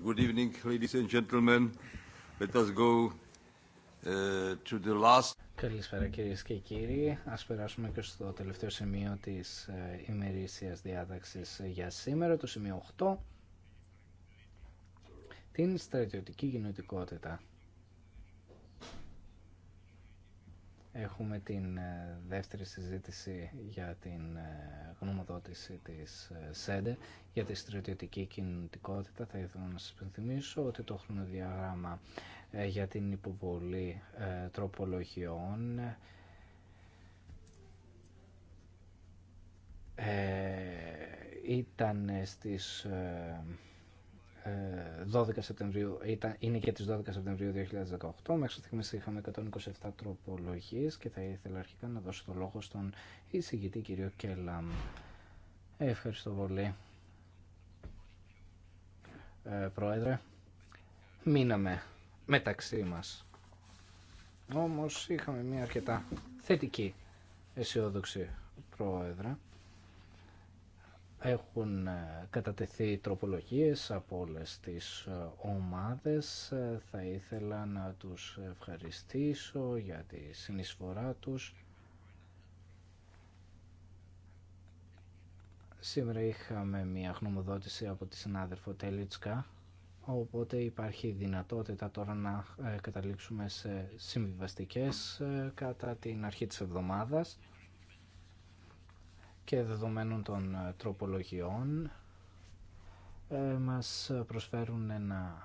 Good evening, ladies and gentlemen. Let us go uh, to the last. Καλησπέρα κυρίες και κύριοι. Ας περάσουμε και στο τελευταίο σημείο της ε, ημερήσια διάταξη για σήμερα, το σημείο 8. Την στρατιωτική κοινωτικότητα. Έχουμε την ε, δεύτερη συζήτηση για την ε, γνωμοδότηση της ε, ΣΕΝΤΕ για τη στρατιωτική κινητικότητα. Θα ήθελα να σας πενθυμίσω ότι το χρονοδιαγράμμα για την υποβολή τροπολογιών ήταν στις 12 ε, Σεπτεμβρίου, ήταν, είναι και τις 12 Σεπτεμβρίου 2018. Μέχρι στιγμής είχαμε 127 τροπολογίες και θα ήθελα αρχικά να δώσω το λόγο στον εισηγητή κύριο Κέλαμ. Ε, ευχαριστώ πολύ. Ε, πρόεδρε, μείναμε μεταξύ μας. Όμως είχαμε μια αρκετά θετική αισιόδοξη πρόεδρε. Έχουν ε, κατατεθεί τροπολογίες από όλες τις ε, ομάδες. Ε, θα ήθελα να τους ευχαριστήσω για τη συνεισφορά τους. Σήμερα είχαμε μια γνωμοδότηση από τη συνάδελφο Τελίτσκα, οπότε υπάρχει δυνατότητα τώρα να καταλήξουμε σε συμβιβαστικές κατά την αρχή της εβδομάδας και δεδομένων των ε, τροπολογιών ε, μας προσφέρουν ένα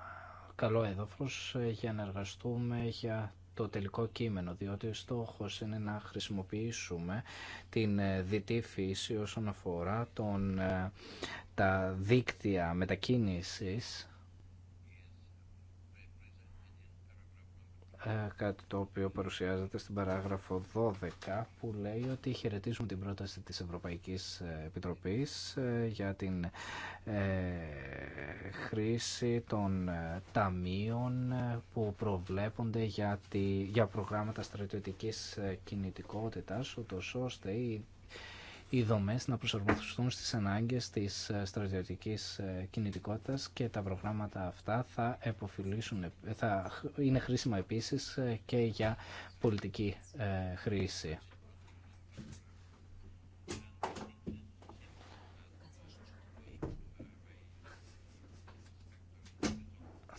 καλό έδαφος ε, για να εργαστούμε για το τελικό κείμενο, διότι ο στόχος είναι να χρησιμοποιήσουμε την διτή φύση όσον αφορά τα δίκτυα μετακίνησης Ε, κάτι το οποίο παρουσιάζεται στην παράγραφο 12 που λέει ότι χαιρετίζουμε την πρόταση της Ευρωπαϊκής ε, Επιτροπής ε, για την χρήση των ταμείων που προβλέπονται για, τη, για προγράμματα στρατιωτικής κινητικότητας ούτως ώστε οι οι δομέ να προσαρμοστούν στις ανάγκε τη ε, στρατιωτική ε, κινητικότητας και τα προγράμματα αυτά θα, ε, θα είναι χρήσιμα επίση και για πολιτική χρήση.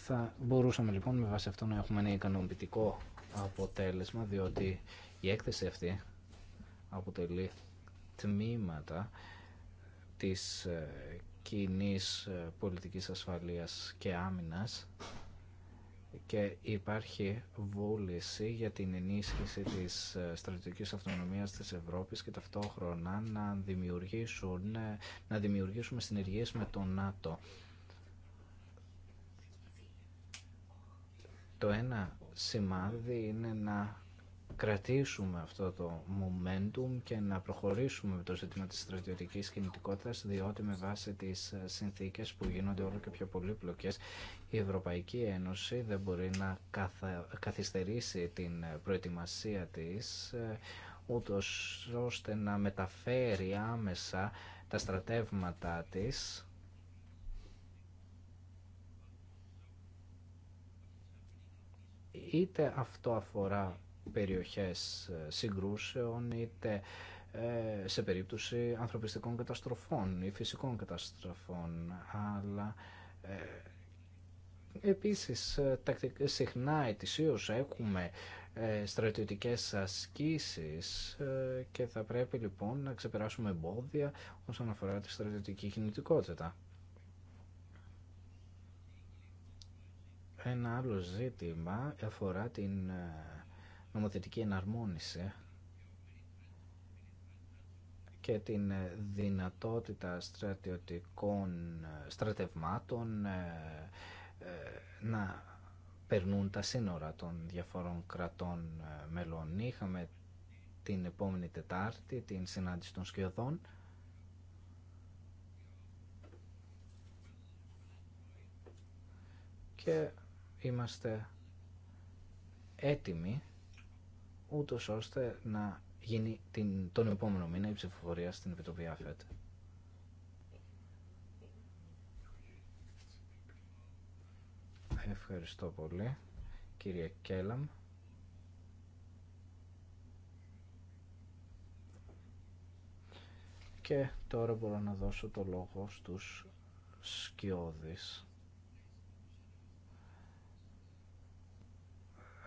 Θα μπορούσαμε λοιπόν με βάση αυτό να έχουμε ένα ικανοποιητικό αποτέλεσμα διότι η έκθεση αυτή αποτελεί τμήματα της ε, κοινή ε, πολιτικής ασφαλείας και άμυνας και υπάρχει βούληση για την ενίσχυση της ε, στρατιωτικής αυτονομίας της Ευρώπης και ταυτόχρονα να, δημιουργήσουν, να δημιουργήσουμε συνεργίες με το ΝΑΤΟ. Το ένα σημάδι είναι να κρατήσουμε αυτό το momentum και να προχωρήσουμε με το ζήτημα της στρατιωτικής κινητικότητας διότι με βάση τις ε, συνθήκες που γίνονται όλο και πιο πολύπλοκες η Ευρωπαϊκή Ένωση δεν μπορεί να καθυστερήσει την ε, προετοιμασία της ε, ούτως ώστε να μεταφέρει άμεσα τα στρατεύματά της είτε αυτό αφορά περιοχές ε, συγκρούσεων είτε ε, σε περίπτωση ανθρωπιστικών καταστροφών ή φυσικών καταστροφών αλλά ε, επίσης συχνά ετησίως έχουμε στρατιωτικές ασκήσεις και θα πρέπει λοιπόν να ξεπεράσουμε εμπόδια όσον αφορά τη στρατιωτική κινητικότητα. Ένα άλλο ζήτημα αφορά την νομοθετική εναρμόνιση και την δυνατότητα στρατιωτικών ε, στρατευμάτων ε, ε, να περνούν τα σύνορα των διαφορών κρατών μελών. Είχαμε την επόμενη Τετάρτη την συνάντηση των σκιωδών και είμαστε έτοιμοι ούτω ώστε να γίνει την, τον επόμενο μήνα η ψηφοφορία στην Επιτροπή ΑΦΕΤ. Ευχαριστώ πολύ, κύριε Κέλαμ. Και τώρα μπορώ να δώσω το λόγο στους σκιώδεις.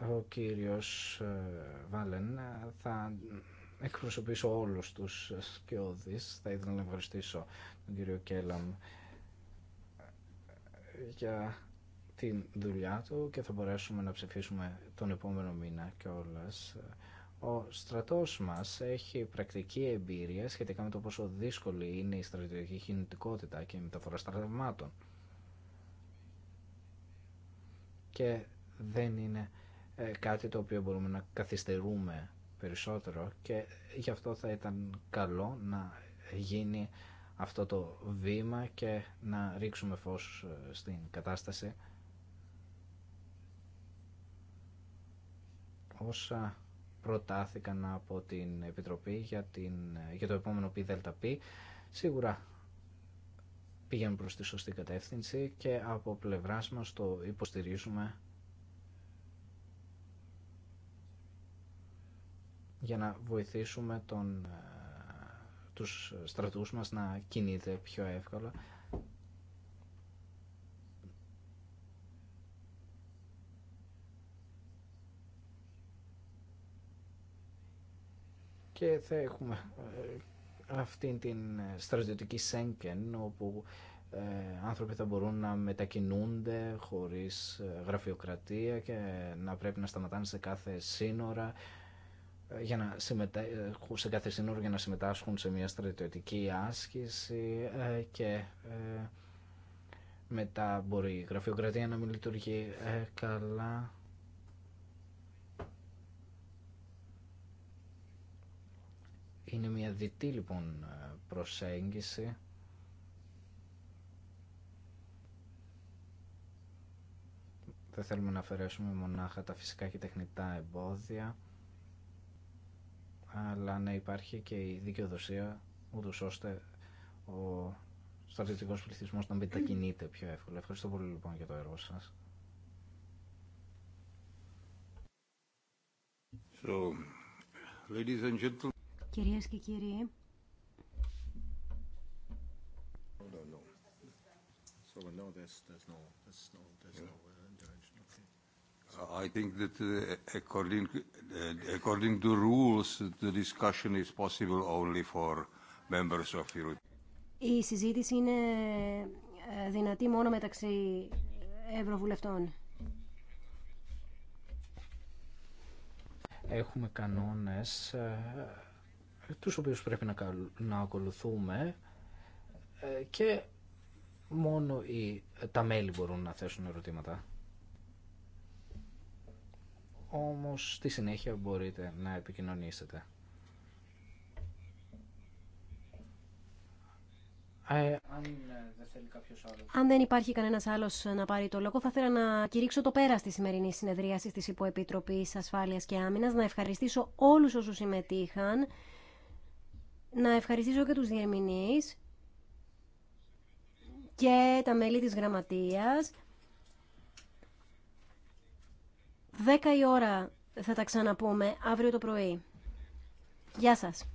ο κύριος ε, Βάλεν. Ε, θα εκπροσωπήσω όλους τους σκιώδεις. Θα ήθελα να ευχαριστήσω τον κύριο Κέλαμ ε, για την δουλειά του και θα μπορέσουμε να ψηφίσουμε τον επόμενο μήνα όλας Ο στρατός μας έχει πρακτική εμπειρία σχετικά με το πόσο δύσκολη είναι η στρατιωτική κινητικότητα και η μεταφορά στρατευμάτων. Και δεν είναι ε, κάτι το οποίο μπορούμε να καθυστερούμε περισσότερο και γι' αυτό θα ήταν καλό να γίνει αυτό το βήμα και να ρίξουμε φως ε, στην κατάσταση. Όσα προτάθηκαν από την Επιτροπή για, την, ε, για το επόμενο ΠΔΠ σίγουρα πήγαμε προς τη σωστή κατεύθυνση και από πλευράς μας το υποστηρίζουμε για να βοηθήσουμε τον, ε, τους στρατούς μας να κινείται πιο εύκολα. Και θα έχουμε ε, αυτήν την ε, στρατιωτική σένκεν όπου άνθρωποι θα μπορούν να μετακινούνται χωρίς γραφειοκρατία και να πρέπει να σταματάνε σε κάθε σύνορα για να συμμετέχουν σε για να συμμετάσχουν σε μια στρατιωτική άσκηση ε, και ε, μετά μπορεί η γραφειοκρατία να μην λειτουργεί ε, καλά. Είναι μια διτή λοιπόν προσέγγιση. Δεν θέλουμε να αφαιρέσουμε μονάχα τα φυσικά και τεχνητά εμπόδια αλλά να υπάρχει και η δικαιοδοσία, ούτω ώστε ο στρατιωτικό πληθυσμό να μετακινείται πιο εύκολα. Ευχαριστώ πολύ λοιπόν για το έργο σα. So, ladies and gentlemen. Κυρίες και κύριοι, no, no. So, no, no, no, no. I think uh, uh, to discussion is possible only for Η συζήτηση είναι ε, δυνατή μόνο μεταξύ ευρωβουλευτών. Έχουμε κανόνες ε, τους οποίους πρέπει να, να ακολουθούμε ε, και μόνο οι, τα μέλη μπορούν να θέσουν ερωτήματα όμως στη συνέχεια μπορείτε να επικοινωνήσετε. Ε, ε, αν δεν υπάρχει κανένας άλλος να πάρει το λόγο, θα ήθελα να κηρύξω το πέρα στη σημερινή συνεδρίαση της Υποεπιτροπής Ασφάλειας και Άμυνας, να ευχαριστήσω όλους όσους συμμετείχαν, να ευχαριστήσω και τους διερμηνείς και τα μέλη της Γραμματείας. Δέκα η ώρα θα τα ξαναπούμε αύριο το πρωί. Γεια σας.